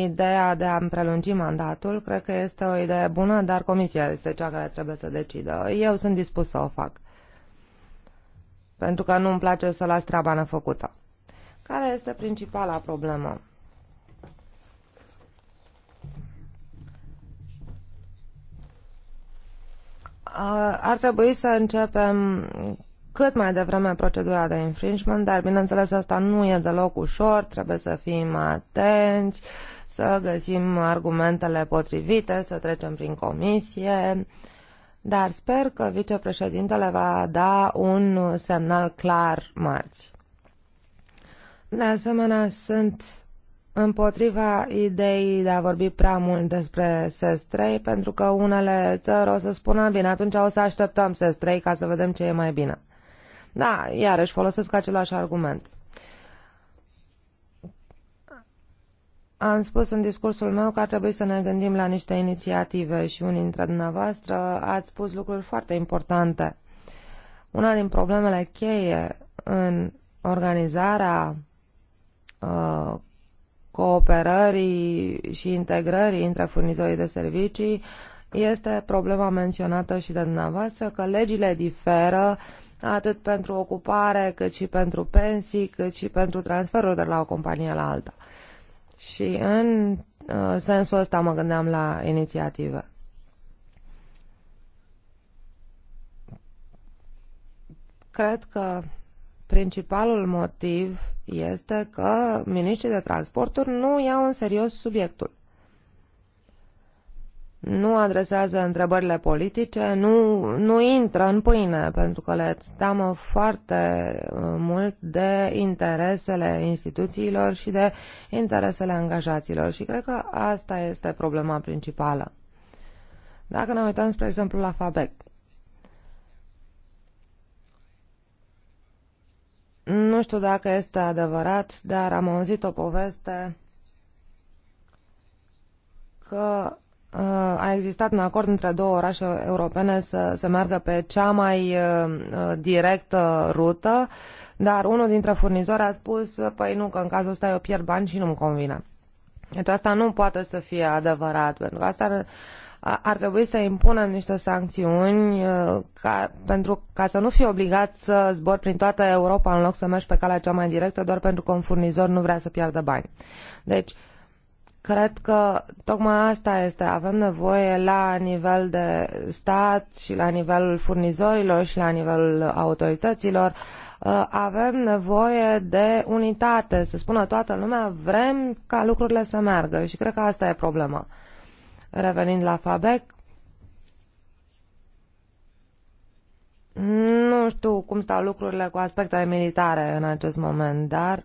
Ideea de a-mi prelungi mandatul cred că este o idee bună, dar comisia este cea care trebuie să decidă. Eu sunt dispus să o fac, pentru că nu îmi place să las treaba nefăcută. Care este principala problemă? Ar trebui să începem cât mai devreme procedura de infringement, dar bineînțeles asta nu e deloc ușor, trebuie să fim atenți, să găsim argumentele potrivite, să trecem prin comisie, dar sper că vicepreședintele va da un semnal clar marți. De asemenea, sunt împotriva ideii de a vorbi prea mult despre SES-3, pentru că unele țări o să spună, bine, atunci o să așteptăm SES-3 ca să vedem ce e mai bine. Da, iarăși folosesc același argument. Am spus în discursul meu că ar trebui să ne gândim la niște inițiative și unii dintre dumneavoastră ați spus lucruri foarte importante. Una din problemele cheie în organizarea uh, cooperării și integrării între furnizorii de servicii este problema menționată și de dumneavoastră că legile diferă atât pentru ocupare, cât și pentru pensii, cât și pentru transferul de la o companie la alta. Și în uh, sensul ăsta mă gândeam la inițiative. Cred că principalul motiv este că miniștrii de transporturi nu iau în serios subiectul nu adresează întrebările politice, nu, nu intră în pâine, pentru că le teamă foarte uh, mult de interesele instituțiilor și de interesele angajaților. Și cred că asta este problema principală. Dacă ne uităm, spre exemplu, la FABEC, nu știu dacă este adevărat, dar am auzit o poveste că a existat un acord între două orașe europene să se meargă pe cea mai uh, uh, directă rută, dar unul dintre furnizori a spus, păi nu, că în cazul ăsta eu pierd bani și nu-mi convine. Deci asta nu poate să fie adevărat, pentru că asta ar, ar trebui să impună niște sancțiuni uh, ca, pentru ca să nu fii obligat să zbor prin toată Europa în loc să mergi pe calea cea mai directă doar pentru că un furnizor nu vrea să piardă bani. Deci, uh, Cred că tocmai asta este. Avem nevoie la nivel de stat și la nivelul furnizorilor și la nivelul autorităților. Uh, avem nevoie de unitate, să spună toată lumea, vrem ca lucrurile să meargă și cred că asta e problema. Revenind la Fabec, nu știu cum stau lucrurile cu aspectele militare în acest moment, dar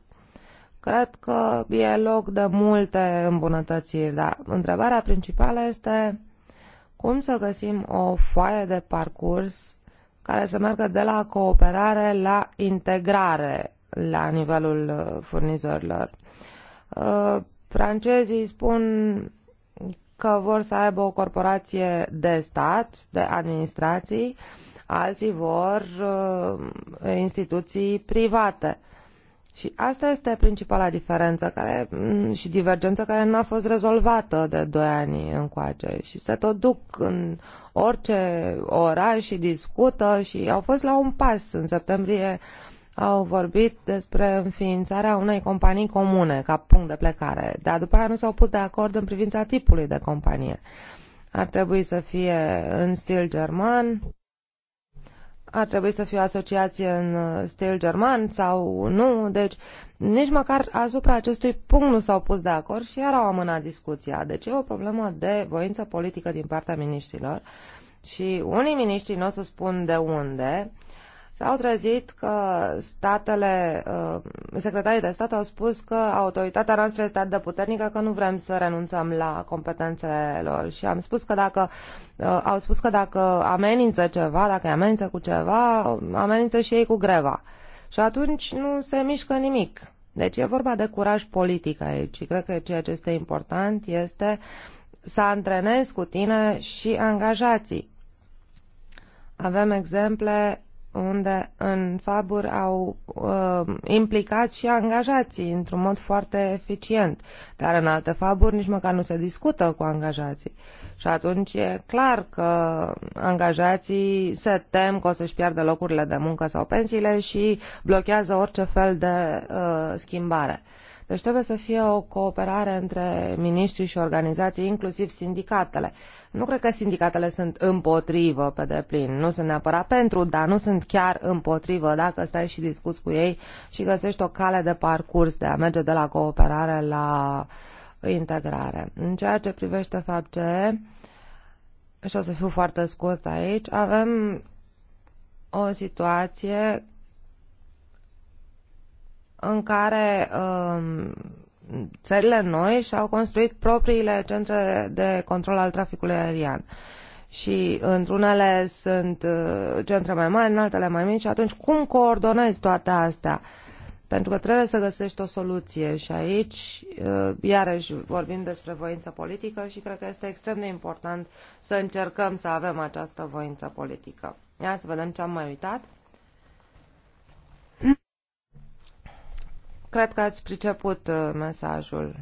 Cred că e loc de multe îmbunătățiri, dar întrebarea principală este cum să găsim o foaie de parcurs care să meargă de la cooperare la integrare la nivelul uh, furnizorilor. Uh, francezii spun că vor să aibă o corporație de stat, de administrații, alții vor uh, instituții private. Și asta este principala diferență care, mm, și divergență care nu a fost rezolvată de 2 ani încoace. Și se tot duc în orice oraș și discută și au fost la un pas. În septembrie au vorbit despre înființarea unei companii comune ca punct de plecare, dar după aia nu s-au pus de acord în privința tipului de companie. Ar trebui să fie în stil german, ar trebui să fie o asociație în uh, stil german sau nu, deci nici măcar asupra acestui punct nu s-au pus de acord și iar au amânat discuția. Deci e o problemă de voință politică din partea miniștrilor și unii miniștri, nu o să spun de unde, uh, S-au trezit că statele, uh, secretarii de stat au spus că autoritatea noastră este atât de puternică că nu vrem să renunțăm la competențele lor. Și am spus că dacă, uh, au spus că dacă amenință ceva, dacă amenință cu ceva, amenință și ei cu greva. Și atunci nu se mișcă nimic. Deci e vorba de curaj politic aici și cred că ceea ce este important este să antrenezi cu tine și angajații. Avem exemple unde în Fabur au uh, implicat și angajații într-un mod foarte eficient. Dar în alte Faburi nici măcar nu se discută cu angajații. Și atunci e clar că angajații se tem că o să-și piardă locurile de muncă sau pensiile și blochează orice fel de uh, schimbare. Uh, deci trebuie să fie o cooperare între miniștri și organizații, inclusiv sindicatele. Nu cred că sindicatele sunt împotrivă pe deplin, nu sunt neapărat pentru, dar nu sunt chiar împotrivă dacă stai și discuți cu ei și găsești o cale de parcurs de a merge de la cooperare la integrare. În ceea ce privește FAPCE, și o să fiu foarte scurt aici, avem o situație în care um, țările noi și-au construit propriile centre de control al traficului aerian. Și într-unele sunt uh, centre mai mari, în altele mai mici, și atunci cum coordonezi toate astea? Pentru că trebuie să găsești o soluție și aici, uh, iarăși, vorbim despre voință politică și cred că este extrem de important să încercăm să avem această voință politică. Ia să vedem ce am mai uitat. Cred că ați priceput uh, mesajul.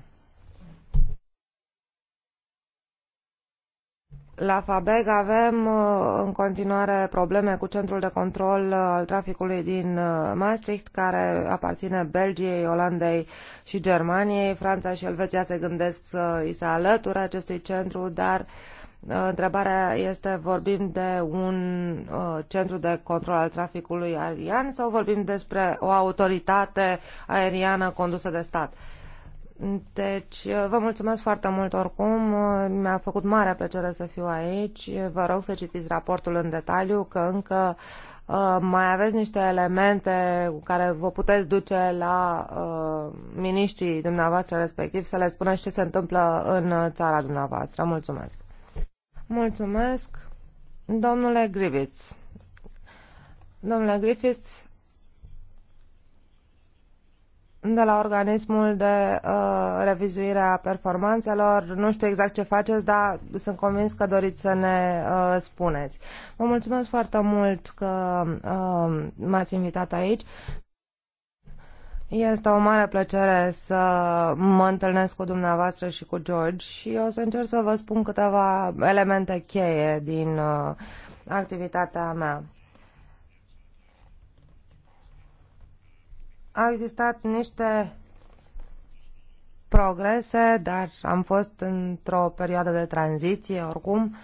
La FABEG avem uh, în continuare probleme cu centrul de control uh, al traficului din Maastricht, care aparține Belgiei, Olandei și Germaniei. Franța și Elveția se gândesc să îi se alăture acestui centru, dar uh, Uh, întrebarea este, vorbim de un uh, centru de control al traficului aerian sau vorbim despre o autoritate aeriană condusă de stat? Deci, uh, vă mulțumesc foarte mult oricum, uh, mi-a făcut mare plăcere să fiu aici. Vă rog să citiți raportul în detaliu, că încă uh, mai aveți niște elemente cu care vă puteți duce la uh, miniștrii dumneavoastră respectiv să le spuneți ce se întâmplă în țara dumneavoastră. Mulțumesc! Mulțumesc. Domnule Griffiths. Domnule Griffiths, de la organismul de uh, revizuire a performanțelor. Nu știu exact ce faceți, dar sunt convins că doriți să ne uh, spuneți. Vă mulțumesc foarte mult că uh, m-ați invitat aici. Este o mare plăcere să mă întâlnesc cu dumneavoastră și cu George și o să încerc să vă spun câteva elemente cheie din uh, activitatea mea. Au existat niște progrese, dar am fost într-o perioadă de tranziție oricum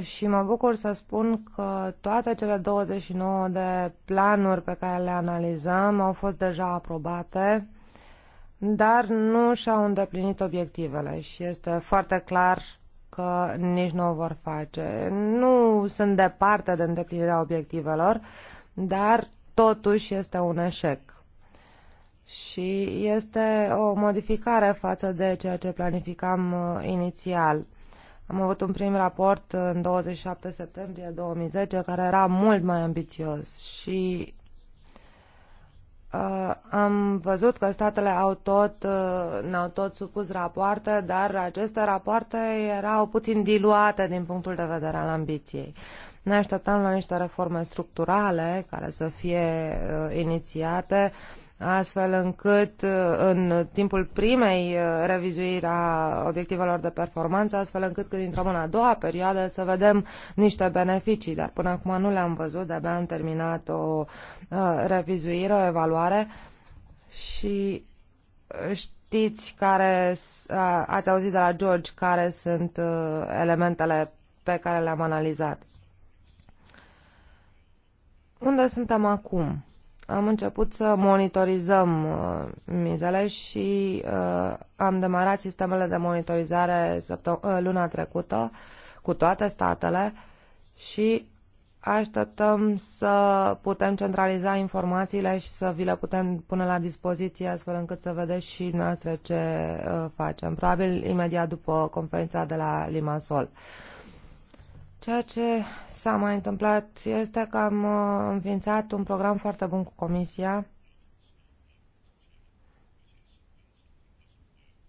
și mă bucur să spun că toate cele 29 de planuri pe care le analizăm au fost deja aprobate, dar nu și-au îndeplinit obiectivele și este foarte clar că nici nu o vor face. Nu sunt departe de îndeplinirea obiectivelor, dar totuși este un eșec. Și este o modificare față de ceea ce planificam uh, inițial. Am avut un prim raport în 27 septembrie 2010 care era mult mai ambițios și Uh, am văzut că statele au tot, uh, ne-au tot supus rapoarte, dar aceste rapoarte erau puțin diluate din punctul de vedere al ambiției. Ne așteptam la niște reforme structurale care să fie uh, inițiate uh, astfel încât uh, în timpul primei uh, revizuiri a obiectivelor de performanță, astfel încât când intrăm în a doua perioadă să vedem niște beneficii, dar până acum nu le-am văzut, de-abia am terminat o uh, revizuire, o evaluare și știți care, ați auzit de la George care sunt elementele pe care le-am analizat. Unde suntem acum? am început să monitorizăm uh, mizele și uh, am demarat sistemele de monitorizare uh, luna trecută cu toate statele și așteptăm să putem centraliza informațiile și să vi le putem pune la dispoziție astfel încât să vedeți și noastre ce facem, probabil imediat după conferința de la Limassol. Sol. Ceea ce s-a mai întâmplat este că am uh, înființat un program foarte bun cu Comisia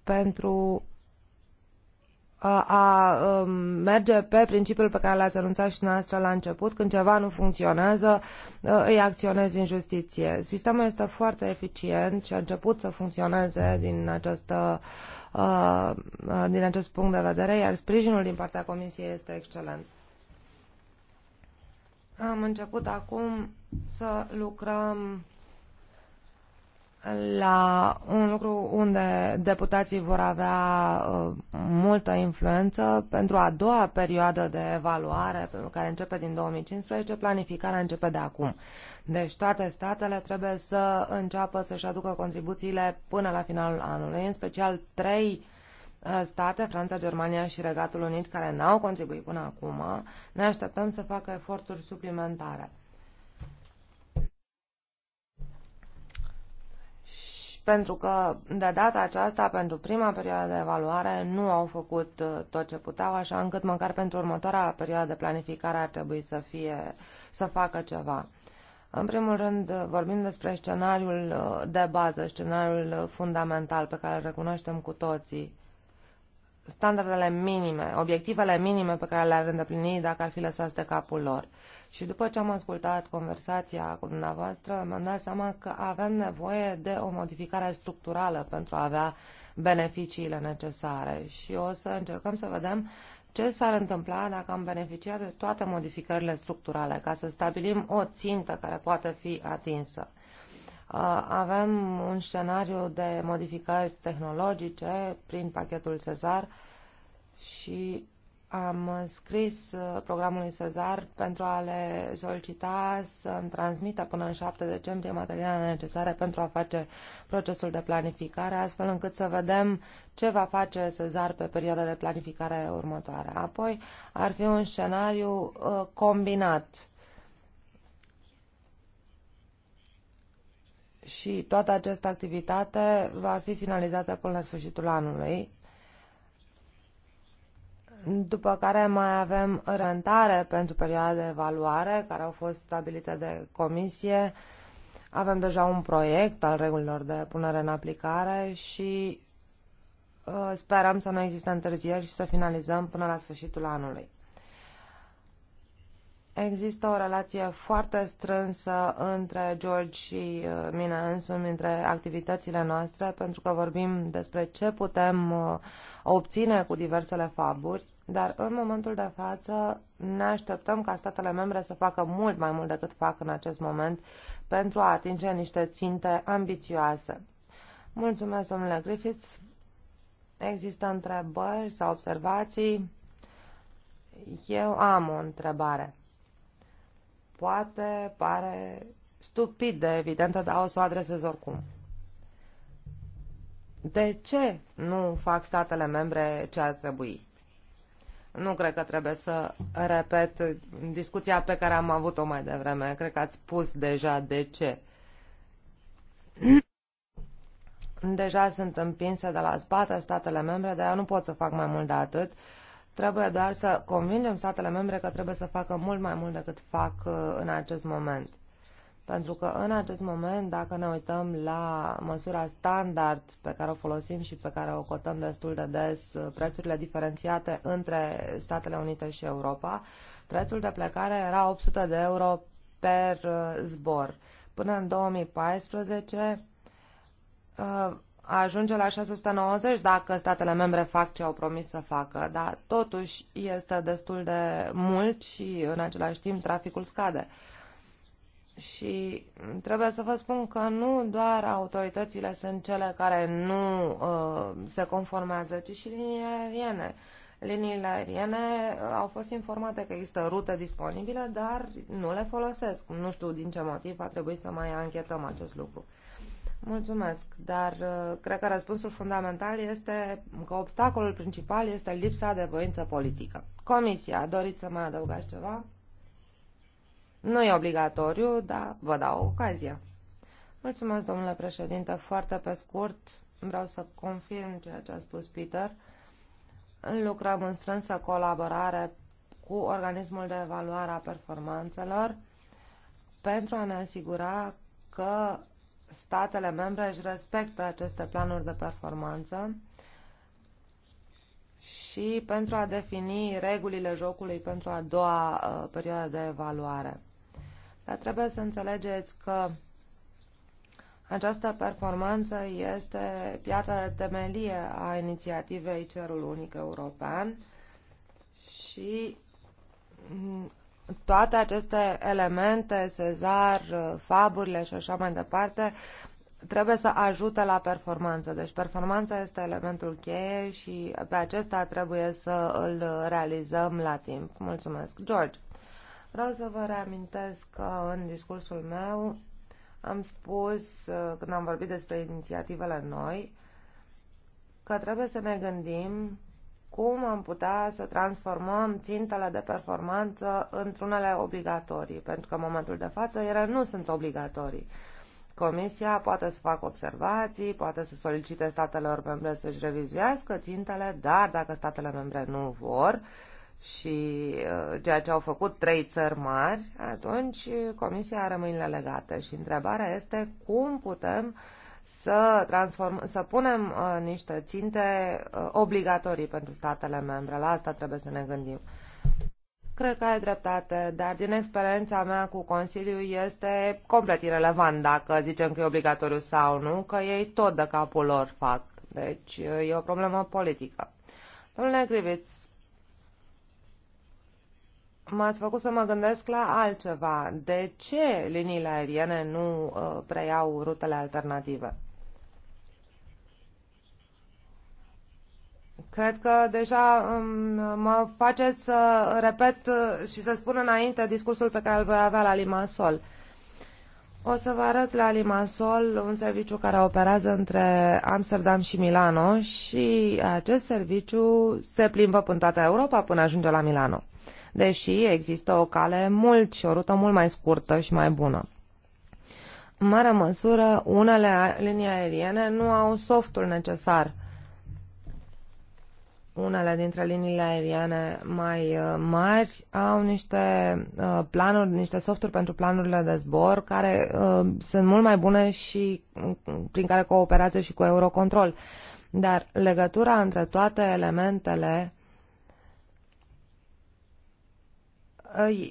pentru uh, a um, merge pe principiul pe care l-ați anunțat și noastră la început, când ceva nu funcționează, uh, îi acționezi în justiție. Sistemul este foarte eficient și a început să funcționeze din, această, din acest punct de vedere, iar sprijinul din partea Comisiei este excelent. Am început acum să lucrăm la un lucru unde deputații vor avea uh, multă influență pentru a doua perioadă de evaluare, care începe din 2015, planificarea începe de acum. Deci toate statele trebuie să înceapă să-și aducă contribuțiile până la finalul anului, în special trei Uh, state, Franța, Germania și Regatul Unit, care n-au contribuit până acum, ne așteptăm să facă eforturi suplimentare. Și pentru că de data aceasta, pentru prima perioadă de evaluare, nu au făcut uh, tot ce puteau, așa încât măcar pentru următoarea perioadă de planificare ar trebui să, fie, să facă ceva. În primul rând, uh, vorbim despre scenariul de bază, scenariul fundamental pe care îl recunoaștem cu toții standardele minime, obiectivele minime pe care le-ar îndeplini dacă ar fi lăsați de capul lor. Și după ce am ascultat conversația cu dumneavoastră, mi-am dat seama că avem nevoie de o modificare structurală pentru a avea beneficiile necesare și o să încercăm să vedem ce s-ar întâmpla dacă am beneficiat de toate modificările structurale ca să stabilim o țintă care poate fi atinsă avem un scenariu de modificări tehnologice prin pachetul Cezar și am scris uh, programului Cezar pentru a le solicita să îmi transmită până în 7 decembrie materialele necesare pentru a face procesul de planificare, astfel încât să vedem ce va face Cezar pe perioada de planificare următoare. Apoi ar fi un scenariu uh, combinat și toată această activitate va fi finalizată până la sfârșitul anului, după care mai avem rentare pentru perioada de evaluare, care au fost stabilite de comisie. Avem deja un proiect al regulilor de punere în aplicare și uh, sperăm să nu existe întârzieri și să finalizăm până la sfârșitul anului. Există o relație foarte strânsă între George și uh, mine însumi, între activitățile noastre, pentru că vorbim despre ce putem uh, obține cu diversele faburi, dar în momentul de față ne așteptăm ca statele membre să facă mult mai mult decât fac în acest moment pentru a atinge niște ținte ambițioase. Mulțumesc, domnule Griffiths. Există întrebări sau observații? Eu am o întrebare poate, pare stupid de evidentă, dar o să o adresez oricum. De ce nu fac statele membre ce ar trebui? Nu cred că trebuie să repet discuția pe care am avut-o mai devreme. Cred că ați spus deja de ce. Deja sunt împinse de la spate statele membre, dar eu nu pot să fac mai mult de atât. Uh, Trebuie doar să convingem statele membre că trebuie să facă mult mai mult decât fac uh, în acest moment. Pentru că în acest moment, dacă ne uităm la măsura standard pe care o folosim și pe care o cotăm destul de des, uh, prețurile diferențiate între Statele Unite și Europa, prețul de plecare era 800 de euro per uh, zbor. Până în 2014, ajunge la 690 dacă statele membre fac ce au promis să facă, dar totuși este destul de mult și în același timp traficul scade. Și trebuie să vă spun că nu doar autoritățile sunt cele care nu uh, se conformează, ci și liniile aeriene. Uh, liniile aeriene uh, au fost informate că există rute disponibile, dar nu le folosesc. Nu știu din ce motiv va trebui să mai anchetăm acest lucru. Mulțumesc, dar uh, cred că răspunsul fundamental este că obstacolul principal este lipsa de voință politică. Comisia, doriți să mai adăugați ceva? Nu e obligatoriu, dar vă dau ocazia. Mulțumesc, domnule președinte. Foarte pe scurt, vreau să confirm ceea ce a spus Peter. Uh, lucrăm în strânsă colaborare cu organismul de evaluare a performanțelor pentru a ne asigura că statele membre își respectă aceste planuri de performanță și pentru a defini regulile jocului pentru a doua uh, perioadă de evaluare. Dar trebuie să înțelegeți că această performanță este piatra de temelie a inițiativei Cerul Unic European și mm, toate aceste elemente, Sezar, faburile și așa mai departe, trebuie să ajute la performanță. Deci performanța este elementul cheie și pe acesta trebuie să îl realizăm la timp. Mulțumesc, George! Vreau să vă reamintesc că în discursul meu am spus uh, când am vorbit despre inițiativele noi că trebuie să ne gândim cum am putea să transformăm țintele de performanță într-unele obligatorii, pentru că în momentul de față ele nu sunt obligatorii. Comisia poate să facă observații, poate să solicite statelor membre să-și revizuiască țintele, dar dacă statele membre nu vor, uh, și uh, ceea ce au făcut trei țări mari, atunci Comisia are mâinile legată. și întrebarea este cum putem să, transform, să punem uh, niște ținte uh, obligatorii pentru statele membre. La asta trebuie să ne gândim. Cred că ai dreptate, dar din experiența mea cu Consiliul este complet irrelevant dacă zicem că e obligatoriu sau nu, că ei tot de capul lor fac. Deci uh, e o problemă politică. Domnule Griviț, m-ați făcut să mă gândesc la altceva. De ce liniile aeriene nu uh, preiau rutele alternative? Cred că deja um, mă faceți să repet uh, și să spun înainte discursul pe care îl voi avea la Limassol. O să vă arăt la Limassol un serviciu care operează între Amsterdam și Milano și acest serviciu se plimbă până toată Europa până ajunge la Milano. Uh, deși există o cale mult și o rută mult mai scurtă și mai bună. În mare măsură, unele linii aeriene nu au softul necesar. Unele dintre liniile aeriene mai uh, mari au niște uh, planuri, niște softuri pentru planurile de zbor care uh, sunt mult mai bune și prin care cooperează și cu Eurocontrol. Dar legătura între toate elementele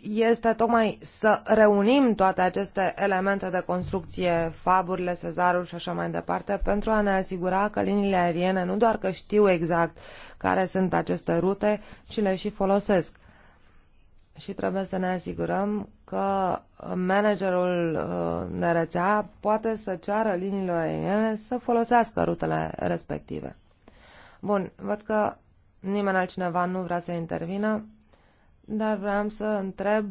este tocmai să reunim toate aceste elemente de construcție, faburile, sezarul și așa mai departe, pentru a ne asigura că liniile aeriene nu doar că știu exact care sunt aceste rute, ci le și folosesc. Și trebuie să ne asigurăm că managerul uh, de rețea poate să ceară liniilor aeriene să folosească rutele respective. Bun, văd că nimeni altcineva nu vrea să intervină dar vreau să întreb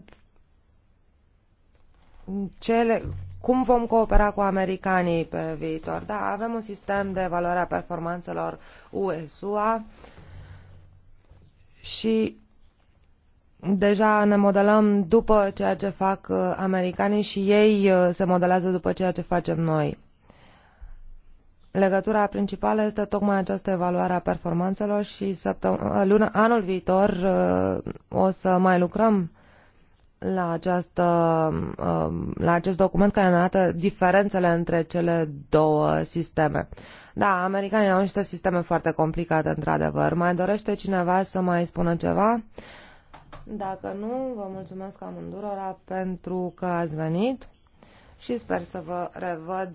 le, cum vom coopera cu americanii pe viitor. Da, avem un sistem de evaluare a performanțelor USUA și deja ne modelăm după ceea ce fac uh, americanii și ei uh, se modelează după ceea ce facem noi. Legătura principală este tocmai această evaluare a performanțelor și luna, anul viitor o să mai lucrăm la, această, la acest document care ne arată diferențele între cele două sisteme. Da, americanii au niște sisteme foarte complicate, într-adevăr. Mai dorește cineva să mai spună ceva? Dacă nu, vă mulțumesc amândurora pentru că ați venit și sper să vă revăd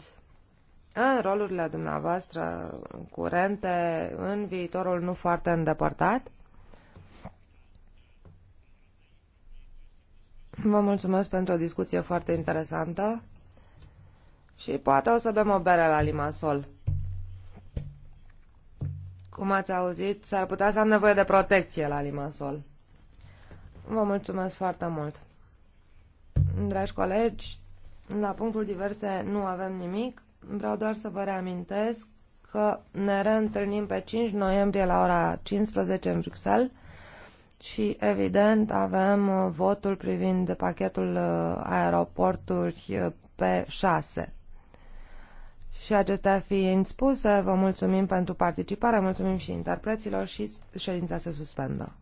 în rolurile dumneavoastră curente în viitorul nu foarte îndepărtat. Vă mulțumesc pentru o discuție foarte interesantă și poate o să bem o bere la Limasol. Cum ați auzit, s-ar putea să am nevoie de protecție la Limasol. Vă mulțumesc foarte mult. Dragi colegi, la punctul diverse nu avem nimic. Vreau doar să vă reamintesc că ne reîntâlnim pe 5 noiembrie la ora 15 în Bruxelles și, evident, avem uh, votul privind pachetul uh, aeroporturi uh, pe 6. Și acestea fiind spuse, vă mulțumim pentru participare, mulțumim și interpreților și ședința se suspendă.